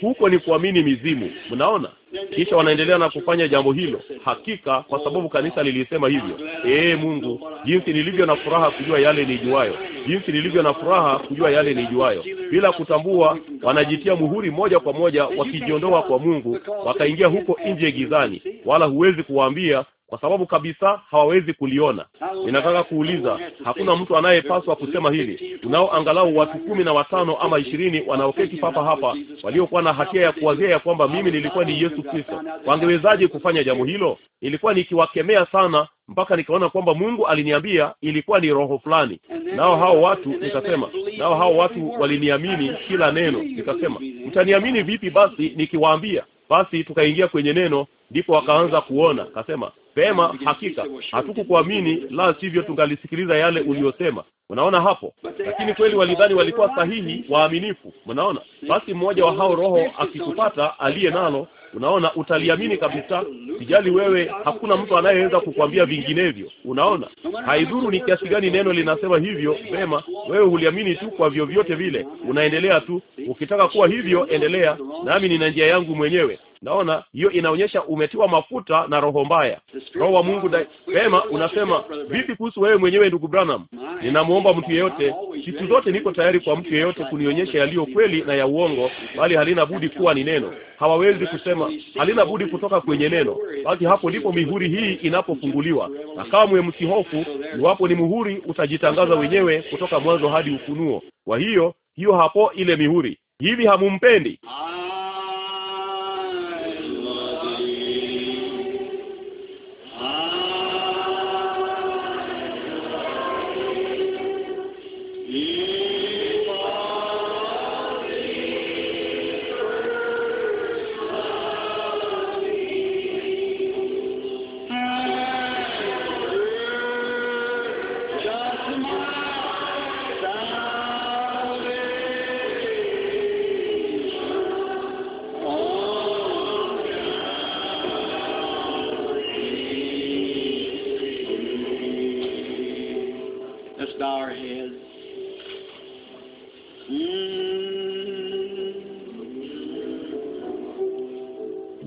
A: huko ni kuamini mizimu. Mnaona
B: kisha wanaendelea
A: na kufanya jambo hilo, hakika kwa sababu kanisa lilisema hivyo. Ee Mungu, jinsi nilivyo na furaha kujua yale nijuayo, jinsi nilivyo na furaha kujua yale nijuayo. Bila kutambua, wanajitia muhuri moja kwa moja, wakijiondoa kwa Mungu, wakaingia huko nje gizani, wala huwezi kuwaambia kwa sababu kabisa hawawezi kuliona. Ninataka kuuliza, hakuna mtu anayepaswa kusema hili. Tunao angalau watu kumi na watano ama ishirini wanaoketi papa hapa waliokuwa na hatia ya kuwazia ya kwamba mimi nilikuwa ni Yesu Kristo. Wangewezaje kufanya jambo hilo? Nilikuwa nikiwakemea sana mpaka nikaona kwamba Mungu aliniambia ilikuwa ni roho fulani. Nao hao watu nikasema, nao hao watu waliniamini kila neno. Nikasema, mtaniamini vipi basi nikiwaambia? Basi tukaingia kwenye neno, ndipo wakaanza kuona. Kasema Sema hakika hatukukuamini, la sivyo tungalisikiliza yale uliyosema. Unaona hapo? Lakini kweli walidhani walikuwa sahihi, waaminifu. Mnaona? Basi mmoja wa hao roho akikupata aliye nalo, unaona, utaliamini kabisa. Sijali wewe, hakuna mtu anayeweza kukwambia vinginevyo. Unaona, haidhuru ni kiasi gani neno linasema hivyo. Sema wewe huliamini tu kwa vyovyote vile, unaendelea tu. Ukitaka kuwa hivyo, endelea nami, nina njia yangu mwenyewe Naona hiyo inaonyesha umetiwa mafuta na roho mbaya. Roho wa Mungu daima unasema, vipi kuhusu wewe mwenyewe ndugu Branham? Ninamwomba mtu yeyote, siku zote niko tayari kwa mtu yeyote kunionyesha yaliyo kweli na ya uongo, bali halina budi kuwa ni neno. Hawawezi kusema halina budi kutoka kwenye neno, basi hapo ndipo mihuri hii inapofunguliwa. Na kamwe msihofu, iwapo ni muhuri utajitangaza wenyewe kutoka mwanzo hadi Ufunuo. Kwa hiyo hiyo hapo ile mihuri. Hivi hamumpendi? Ah,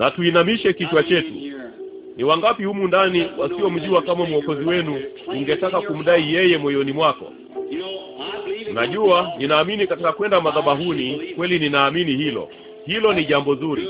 A: na tuinamishe kichwa chetu. Ni wangapi humu ndani wasiomjua kama mwokozi wenu, ungetaka kumdai yeye moyoni mwako? Najua, ninaamini katika kwenda madhabahuni, kweli ninaamini hilo. Hilo ni jambo zuri,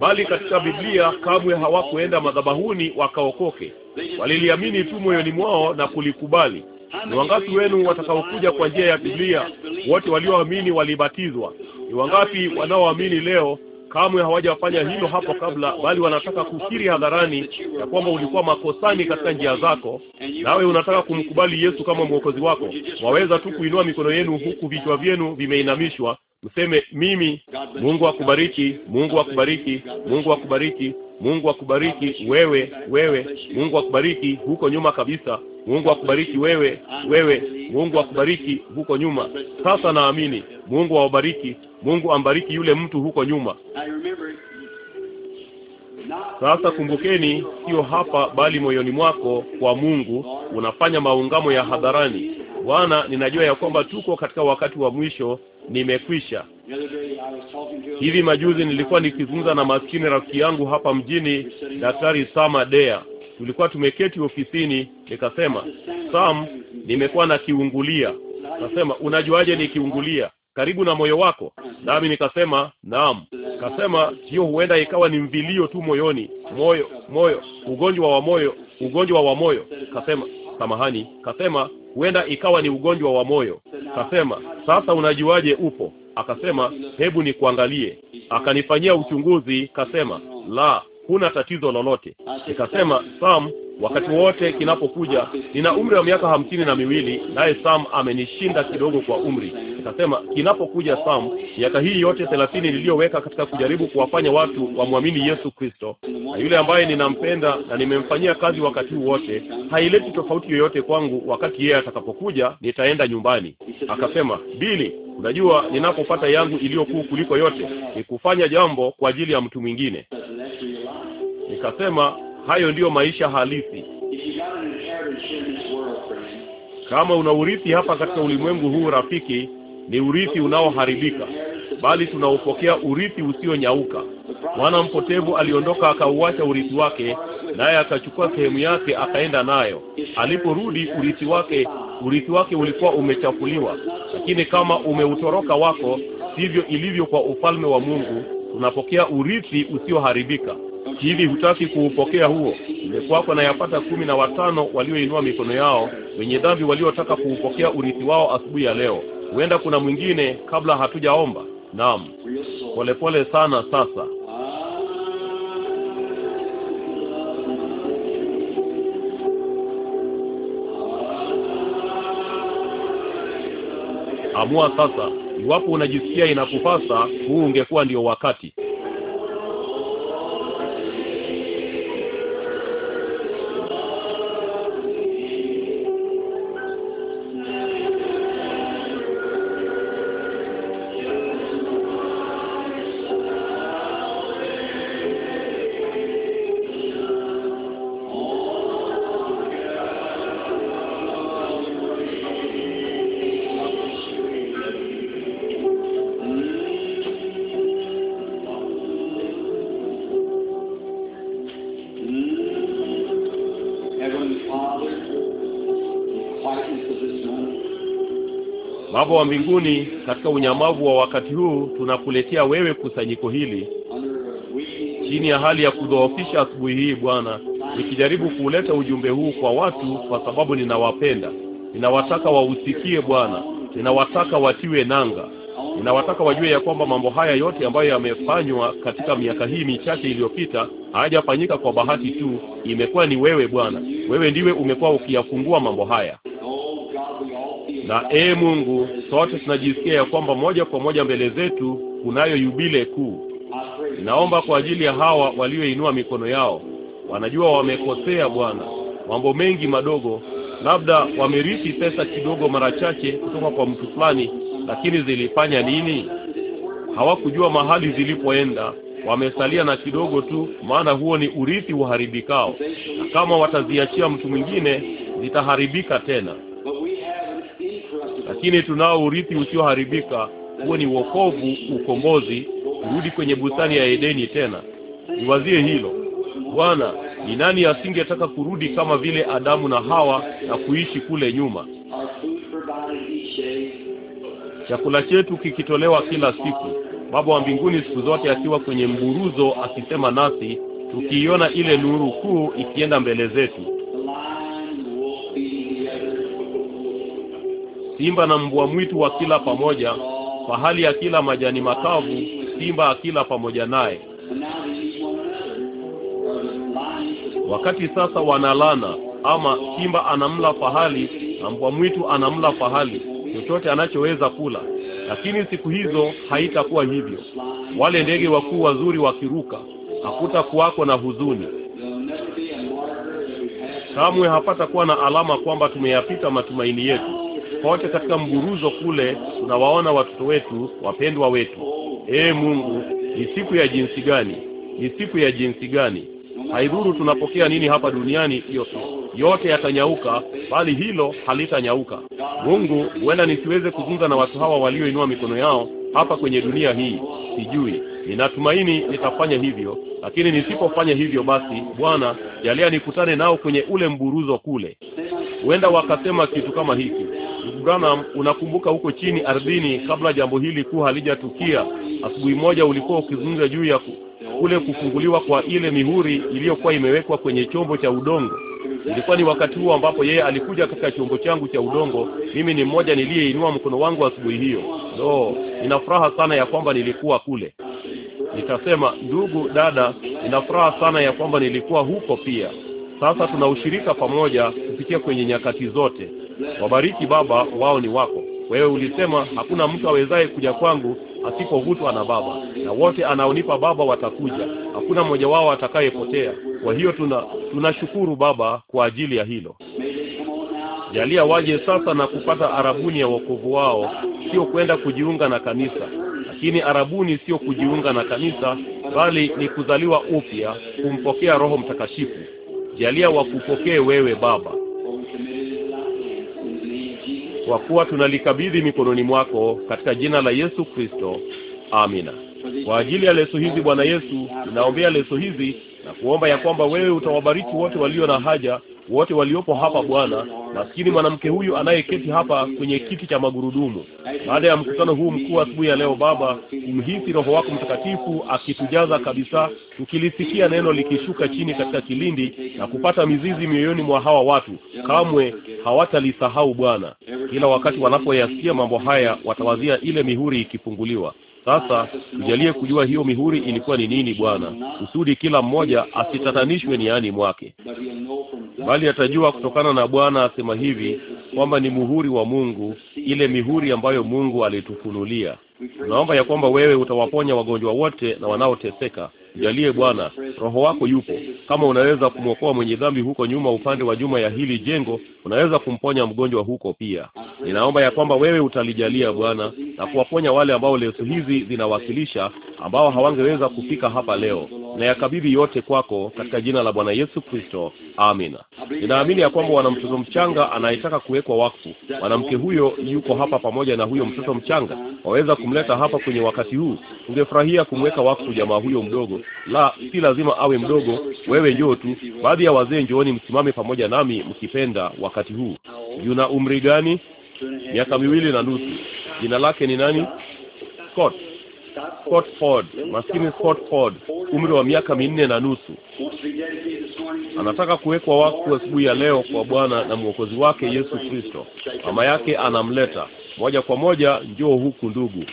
A: bali katika Biblia kamwe hawakuenda madhabahuni wakaokoke. Waliliamini tu moyoni mwao na kulikubali. Ni wangapi wenu watakaokuja kwa njia ya Biblia? Wote walioamini walibatizwa. Ni wangapi wanaoamini leo Kamwe hawajafanya hilo hapo kabla, bali wanataka kukiri hadharani ya kwamba ulikuwa makosani katika njia zako, nawe unataka kumkubali Yesu kama mwokozi wako. Waweza tu kuinua mikono yenu huku vichwa vyenu vimeinamishwa mseme mimi, Mungu akubariki, Mungu akubariki, Mungu akubariki, Mungu akubariki wewe, wewe, Mungu akubariki huko nyuma kabisa, Mungu akubariki wewe, wewe, Mungu akubariki huko nyuma. Sasa naamini Mungu awabariki, Mungu ambariki yule mtu huko nyuma. Sasa kumbukeni, sio hapa bali moyoni mwako kwa Mungu unafanya maungamo ya hadharani. Bwana, ninajua ya kwamba tuko katika wakati wa mwisho nimekwisha. Hivi majuzi nilikuwa nikizungumza na maskini rafiki yangu hapa mjini, Daktari Sama Dea. Tulikuwa tumeketi ofisini, nikasema, Sam, nimekuwa na kiungulia. Kasema, unajuaje ni kiungulia? Karibu na moyo wako? Nami nikasema naam. Kasema hiyo huenda ikawa ni mvilio tu moyoni, moyo moyo, ugonjwa wa moyo, ugonjwa wa moyo. Kasema samahani, kasema huenda ikawa ni ugonjwa wa moyo. Kasema sasa unajuaje upo? Akasema hebu nikuangalie. Akanifanyia uchunguzi, kasema la, huna tatizo lolote. Nikasema Sam, wakati wote kinapokuja. Nina umri wa miaka hamsini na miwili, naye Sam amenishinda kidogo kwa umri. Nikasema, kinapokuja Sam, miaka hii yote thelathini niliyoweka katika kujaribu kuwafanya watu wamwamini Yesu Kristo, na yule ambaye ninampenda na nimemfanyia kazi wakati huu wote, haileti tofauti yoyote kwangu. Wakati yeye atakapokuja, nitaenda nyumbani. Akasema, Bili, unajua ninapopata yangu iliyokuu kuliko yote ni kufanya jambo kwa ajili ya mtu mwingine. Nikasema Hayo ndiyo maisha halisi. Kama una urithi hapa katika ulimwengu huu, rafiki, ni urithi unaoharibika, bali tunaupokea urithi usionyauka. Mwana mpotevu aliondoka akauacha urithi wake, naye akachukua sehemu yake akaenda nayo. Aliporudi urithi wake, urithi wake ulikuwa umechafuliwa, lakini kama umeutoroka wako, sivyo ilivyo kwa ufalme wa Mungu. Tunapokea urithi usioharibika hivi hutaki kuupokea huo? Nimekuwako na yapata kumi na watano walioinua mikono yao, wenye dhambi waliotaka kuupokea urithi wao asubuhi ya leo. Huenda kuna mwingine kabla hatujaomba. Naam, polepole sana. Sasa amua sasa, iwapo unajisikia inakupasa, huu ungekuwa ndio wakati Baba wa mbinguni, katika unyamavu wa wakati huu tunakuletea wewe kusanyiko hili chini ya hali ya kudhoofisha asubuhi hii Bwana, nikijaribu kuuleta ujumbe huu kwa watu, kwa sababu ninawapenda, ninawataka wausikie Bwana, ninawataka watiwe nanga, ninawataka wajue ya kwamba mambo haya yote ambayo yamefanywa katika miaka hii michache iliyopita hayajafanyika kwa bahati tu, imekuwa ni wewe Bwana. Wewe ndiwe umekuwa ukiyafungua mambo haya na ee Mungu, sote tunajisikia ya kwamba moja kwa moja mbele zetu kunayo yubile kuu. Ninaomba kwa ajili ya hawa walioinua mikono yao, wanajua wamekosea Bwana, mambo mengi madogo, labda wamerithi pesa kidogo mara chache kutoka kwa mtu fulani, lakini zilifanya nini? Hawakujua mahali zilipoenda wamesalia na kidogo tu, maana huo ni urithi uharibikao, na kama wataziachia mtu mwingine zitaharibika tena lakini tunao urithi usioharibika, huo ni wokovu, ukombozi, kurudi kwenye bustani ya Edeni tena. Niwazie hilo Bwana. Ni nani asingetaka kurudi kama vile Adamu na Hawa na kuishi kule nyuma? Chakula chetu kikitolewa kila siku, Baba wa mbinguni siku zote akiwa kwenye mburuzo akisema nasi, tukiiona ile nuru kuu ikienda mbele zetu, simba na mbwa mwitu wa kila pamoja, fahali akila majani makavu, simba akila pamoja naye. Wakati sasa wanalana, ama simba anamla fahali na mbwa mwitu anamla fahali chochote anachoweza kula, lakini siku hizo haitakuwa hivyo. Wale ndege wakuu wazuri wakiruka, kuwako na huzuni kamwe. Hapatakuwa na alama kwamba tumeyapita matumaini yetu kote katika mguruzo kule tunawaona watoto wetu wapendwa wetu. Ee Mungu, ni siku ya jinsi gani! Ni siku ya jinsi gani! Haidhuru tunapokea nini hapa duniani, hiyo tu yote yatanyauka, bali hilo halitanyauka. Mungu, huenda nisiweze kuzungumza na watu hawa walioinua mikono yao hapa kwenye dunia hii, sijui. Ninatumaini nitafanya hivyo, lakini nisipofanya hivyo, basi Bwana, jalia nikutane nao kwenye ule mburuzo kule. Huenda wakasema kitu kama hiki Ndugu Branham, unakumbuka huko chini ardhini, kabla jambo hili kuu halijatukia, asubuhi moja ulikuwa ukizungumza juu ya kule kufunguliwa kwa ile mihuri iliyokuwa imewekwa kwenye chombo cha udongo. Ilikuwa ni wakati huo ambapo yeye alikuja katika chombo changu cha udongo. Mimi ni mmoja niliyeinua mkono wangu asubuhi hiyo. No, nina furaha sana ya kwamba nilikuwa kule. Nitasema, ndugu dada, nina furaha sana ya kwamba nilikuwa huko pia. Sasa tuna ushirika pamoja kupitia kwenye nyakati zote. Wabariki Baba, wao ni wako. Wewe ulisema hakuna mtu awezaye kuja kwangu asipovutwa na Baba, na wote anaonipa Baba watakuja, hakuna mmoja wao atakayepotea. Kwa hiyo tuna tunashukuru Baba kwa ajili ya hilo. Jalia waje sasa na kupata arabuni ya wokovu wao, sio kwenda kujiunga na kanisa. Lakini arabuni sio kujiunga na kanisa, bali ni kuzaliwa upya, kumpokea Roho Mtakatifu. Jalia wakupokee wewe Baba kwa kuwa tunalikabidhi mikononi mwako katika jina la Yesu Kristo. Amina. Kwa ajili ya leso hizi Bwana Yesu, ninaombea leso hizi na kuomba ya kwamba wewe utawabariki wote walio na haja wote waliopo hapa Bwana, maskini mwanamke huyu anayeketi hapa kwenye kiti cha magurudumu. Baada ya mkutano huu mkuu asubuhi ya leo, Baba, umhisi Roho wako Mtakatifu akitujaza kabisa, tukilisikia neno likishuka chini katika kilindi na kupata mizizi mioyoni mwa hawa watu. Kamwe hawatalisahau Bwana. Kila wakati wanapoyasikia mambo haya, watawazia ile mihuri ikifunguliwa. Sasa tujalie kujua hiyo mihuri ilikuwa ni nini, Bwana, kusudi kila mmoja asitatanishwe niani mwake, bali atajua kutokana na Bwana asema hivi kwamba ni muhuri wa Mungu, ile mihuri ambayo Mungu alitufunulia.
C: Tunaomba ya kwamba
A: wewe utawaponya wagonjwa wote na wanaoteseka jalie Bwana, roho wako yupo. Kama unaweza kumwokoa mwenye dhambi huko nyuma upande wa nyuma ya hili jengo, unaweza kumponya mgonjwa huko pia. Ninaomba ya kwamba wewe utalijalia Bwana na kuwaponya wale ambao leso hizi zinawakilisha, ambao hawangeweza kufika hapa leo, na yakabidhi yote kwako katika jina la Bwana Yesu Kristo, amina. Ninaamini ya kwamba wana mtoto mchanga anayetaka kuwekwa wakfu, mwanamke huyo yuko hapa pamoja na huyo mtoto mchanga, waweza kumleta hapa kwenye wakati huu. Tungefurahia kumweka wakfu jamaa huyo mdogo la si lazima awe mdogo. Wewe njoo tu. Baadhi ya wazee, njooni msimame pamoja nami mkipenda. Wakati huu yuna umri gani?
B: Miaka miwili na
A: nusu. Jina lake ni nani? Scott. Scott Ford. Maskini Scott Ford, umri wa miaka minne na nusu. Anataka kuwekwa wakfu asubuhi ya leo kwa Bwana na Mwokozi wake Yesu Kristo. Mama yake anamleta moja kwa moja njoo huku ndugu.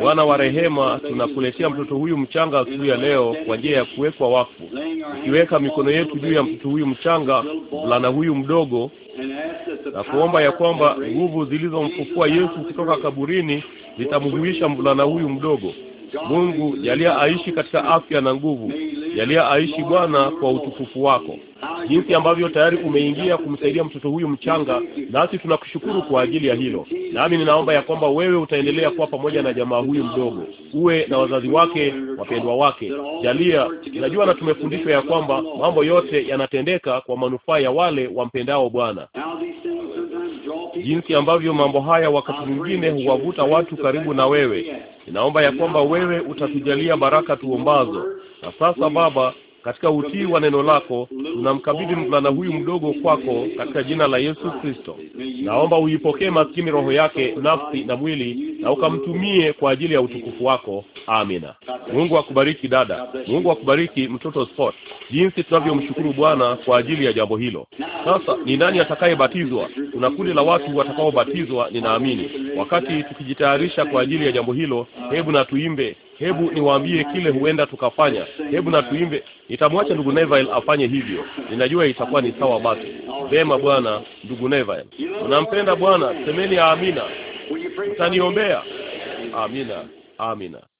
A: Bwana wa rehema, tunakuletea mtoto huyu mchanga asubuhi ya leo kwa njia ya kuwekwa wakfu, tukiweka mikono yetu juu ya mtoto huyu mchanga, mvulana huyu mdogo, na kuomba ya kwamba nguvu zilizomfufua Yesu kutoka kaburini zitamhuisha mvulana huyu mdogo. Mungu jalia aishi katika afya na nguvu, jalia aishi Bwana kwa utukufu wako, jinsi ambavyo tayari umeingia kumsaidia mtoto huyu mchanga, nasi tunakushukuru kwa ajili ya hilo. Nami ninaomba ya kwamba wewe utaendelea kuwa pamoja na jamaa huyu mdogo, uwe na wazazi wake, wapendwa wake, jalia. Najua na tumefundishwa ya kwamba mambo yote yanatendeka kwa manufaa ya wale wampendao Bwana jinsi ambavyo mambo haya wakati mwingine huwavuta watu karibu na wewe. Ninaomba ya kwamba wewe utatujalia baraka tuombazo, na sasa Baba katika utii wa neno lako tunamkabidhi mvulana huyu mdogo kwako katika jina la Yesu Kristo. Naomba uipokee maskini roho yake, nafsi na mwili, na ukamtumie kwa ajili ya utukufu wako. Amina. Mungu akubariki dada. Mungu akubariki mtoto Sport. Jinsi tunavyomshukuru Bwana kwa ajili ya jambo hilo. Sasa ni nani atakayebatizwa? Kuna kundi la watu watakaobatizwa, ninaamini. Wakati tukijitayarisha kwa ajili ya jambo hilo, hebu na tuimbe hebu niwaambie kile huenda tukafanya. Hebu na tuimbe, nitamwacha ndugu Neville afanye hivyo, ninajua itakuwa ni sawa. Basi vema, bwana. Ndugu Neville, unampenda Bwana? Semeni amina. Mtaniombea? Amina, amina.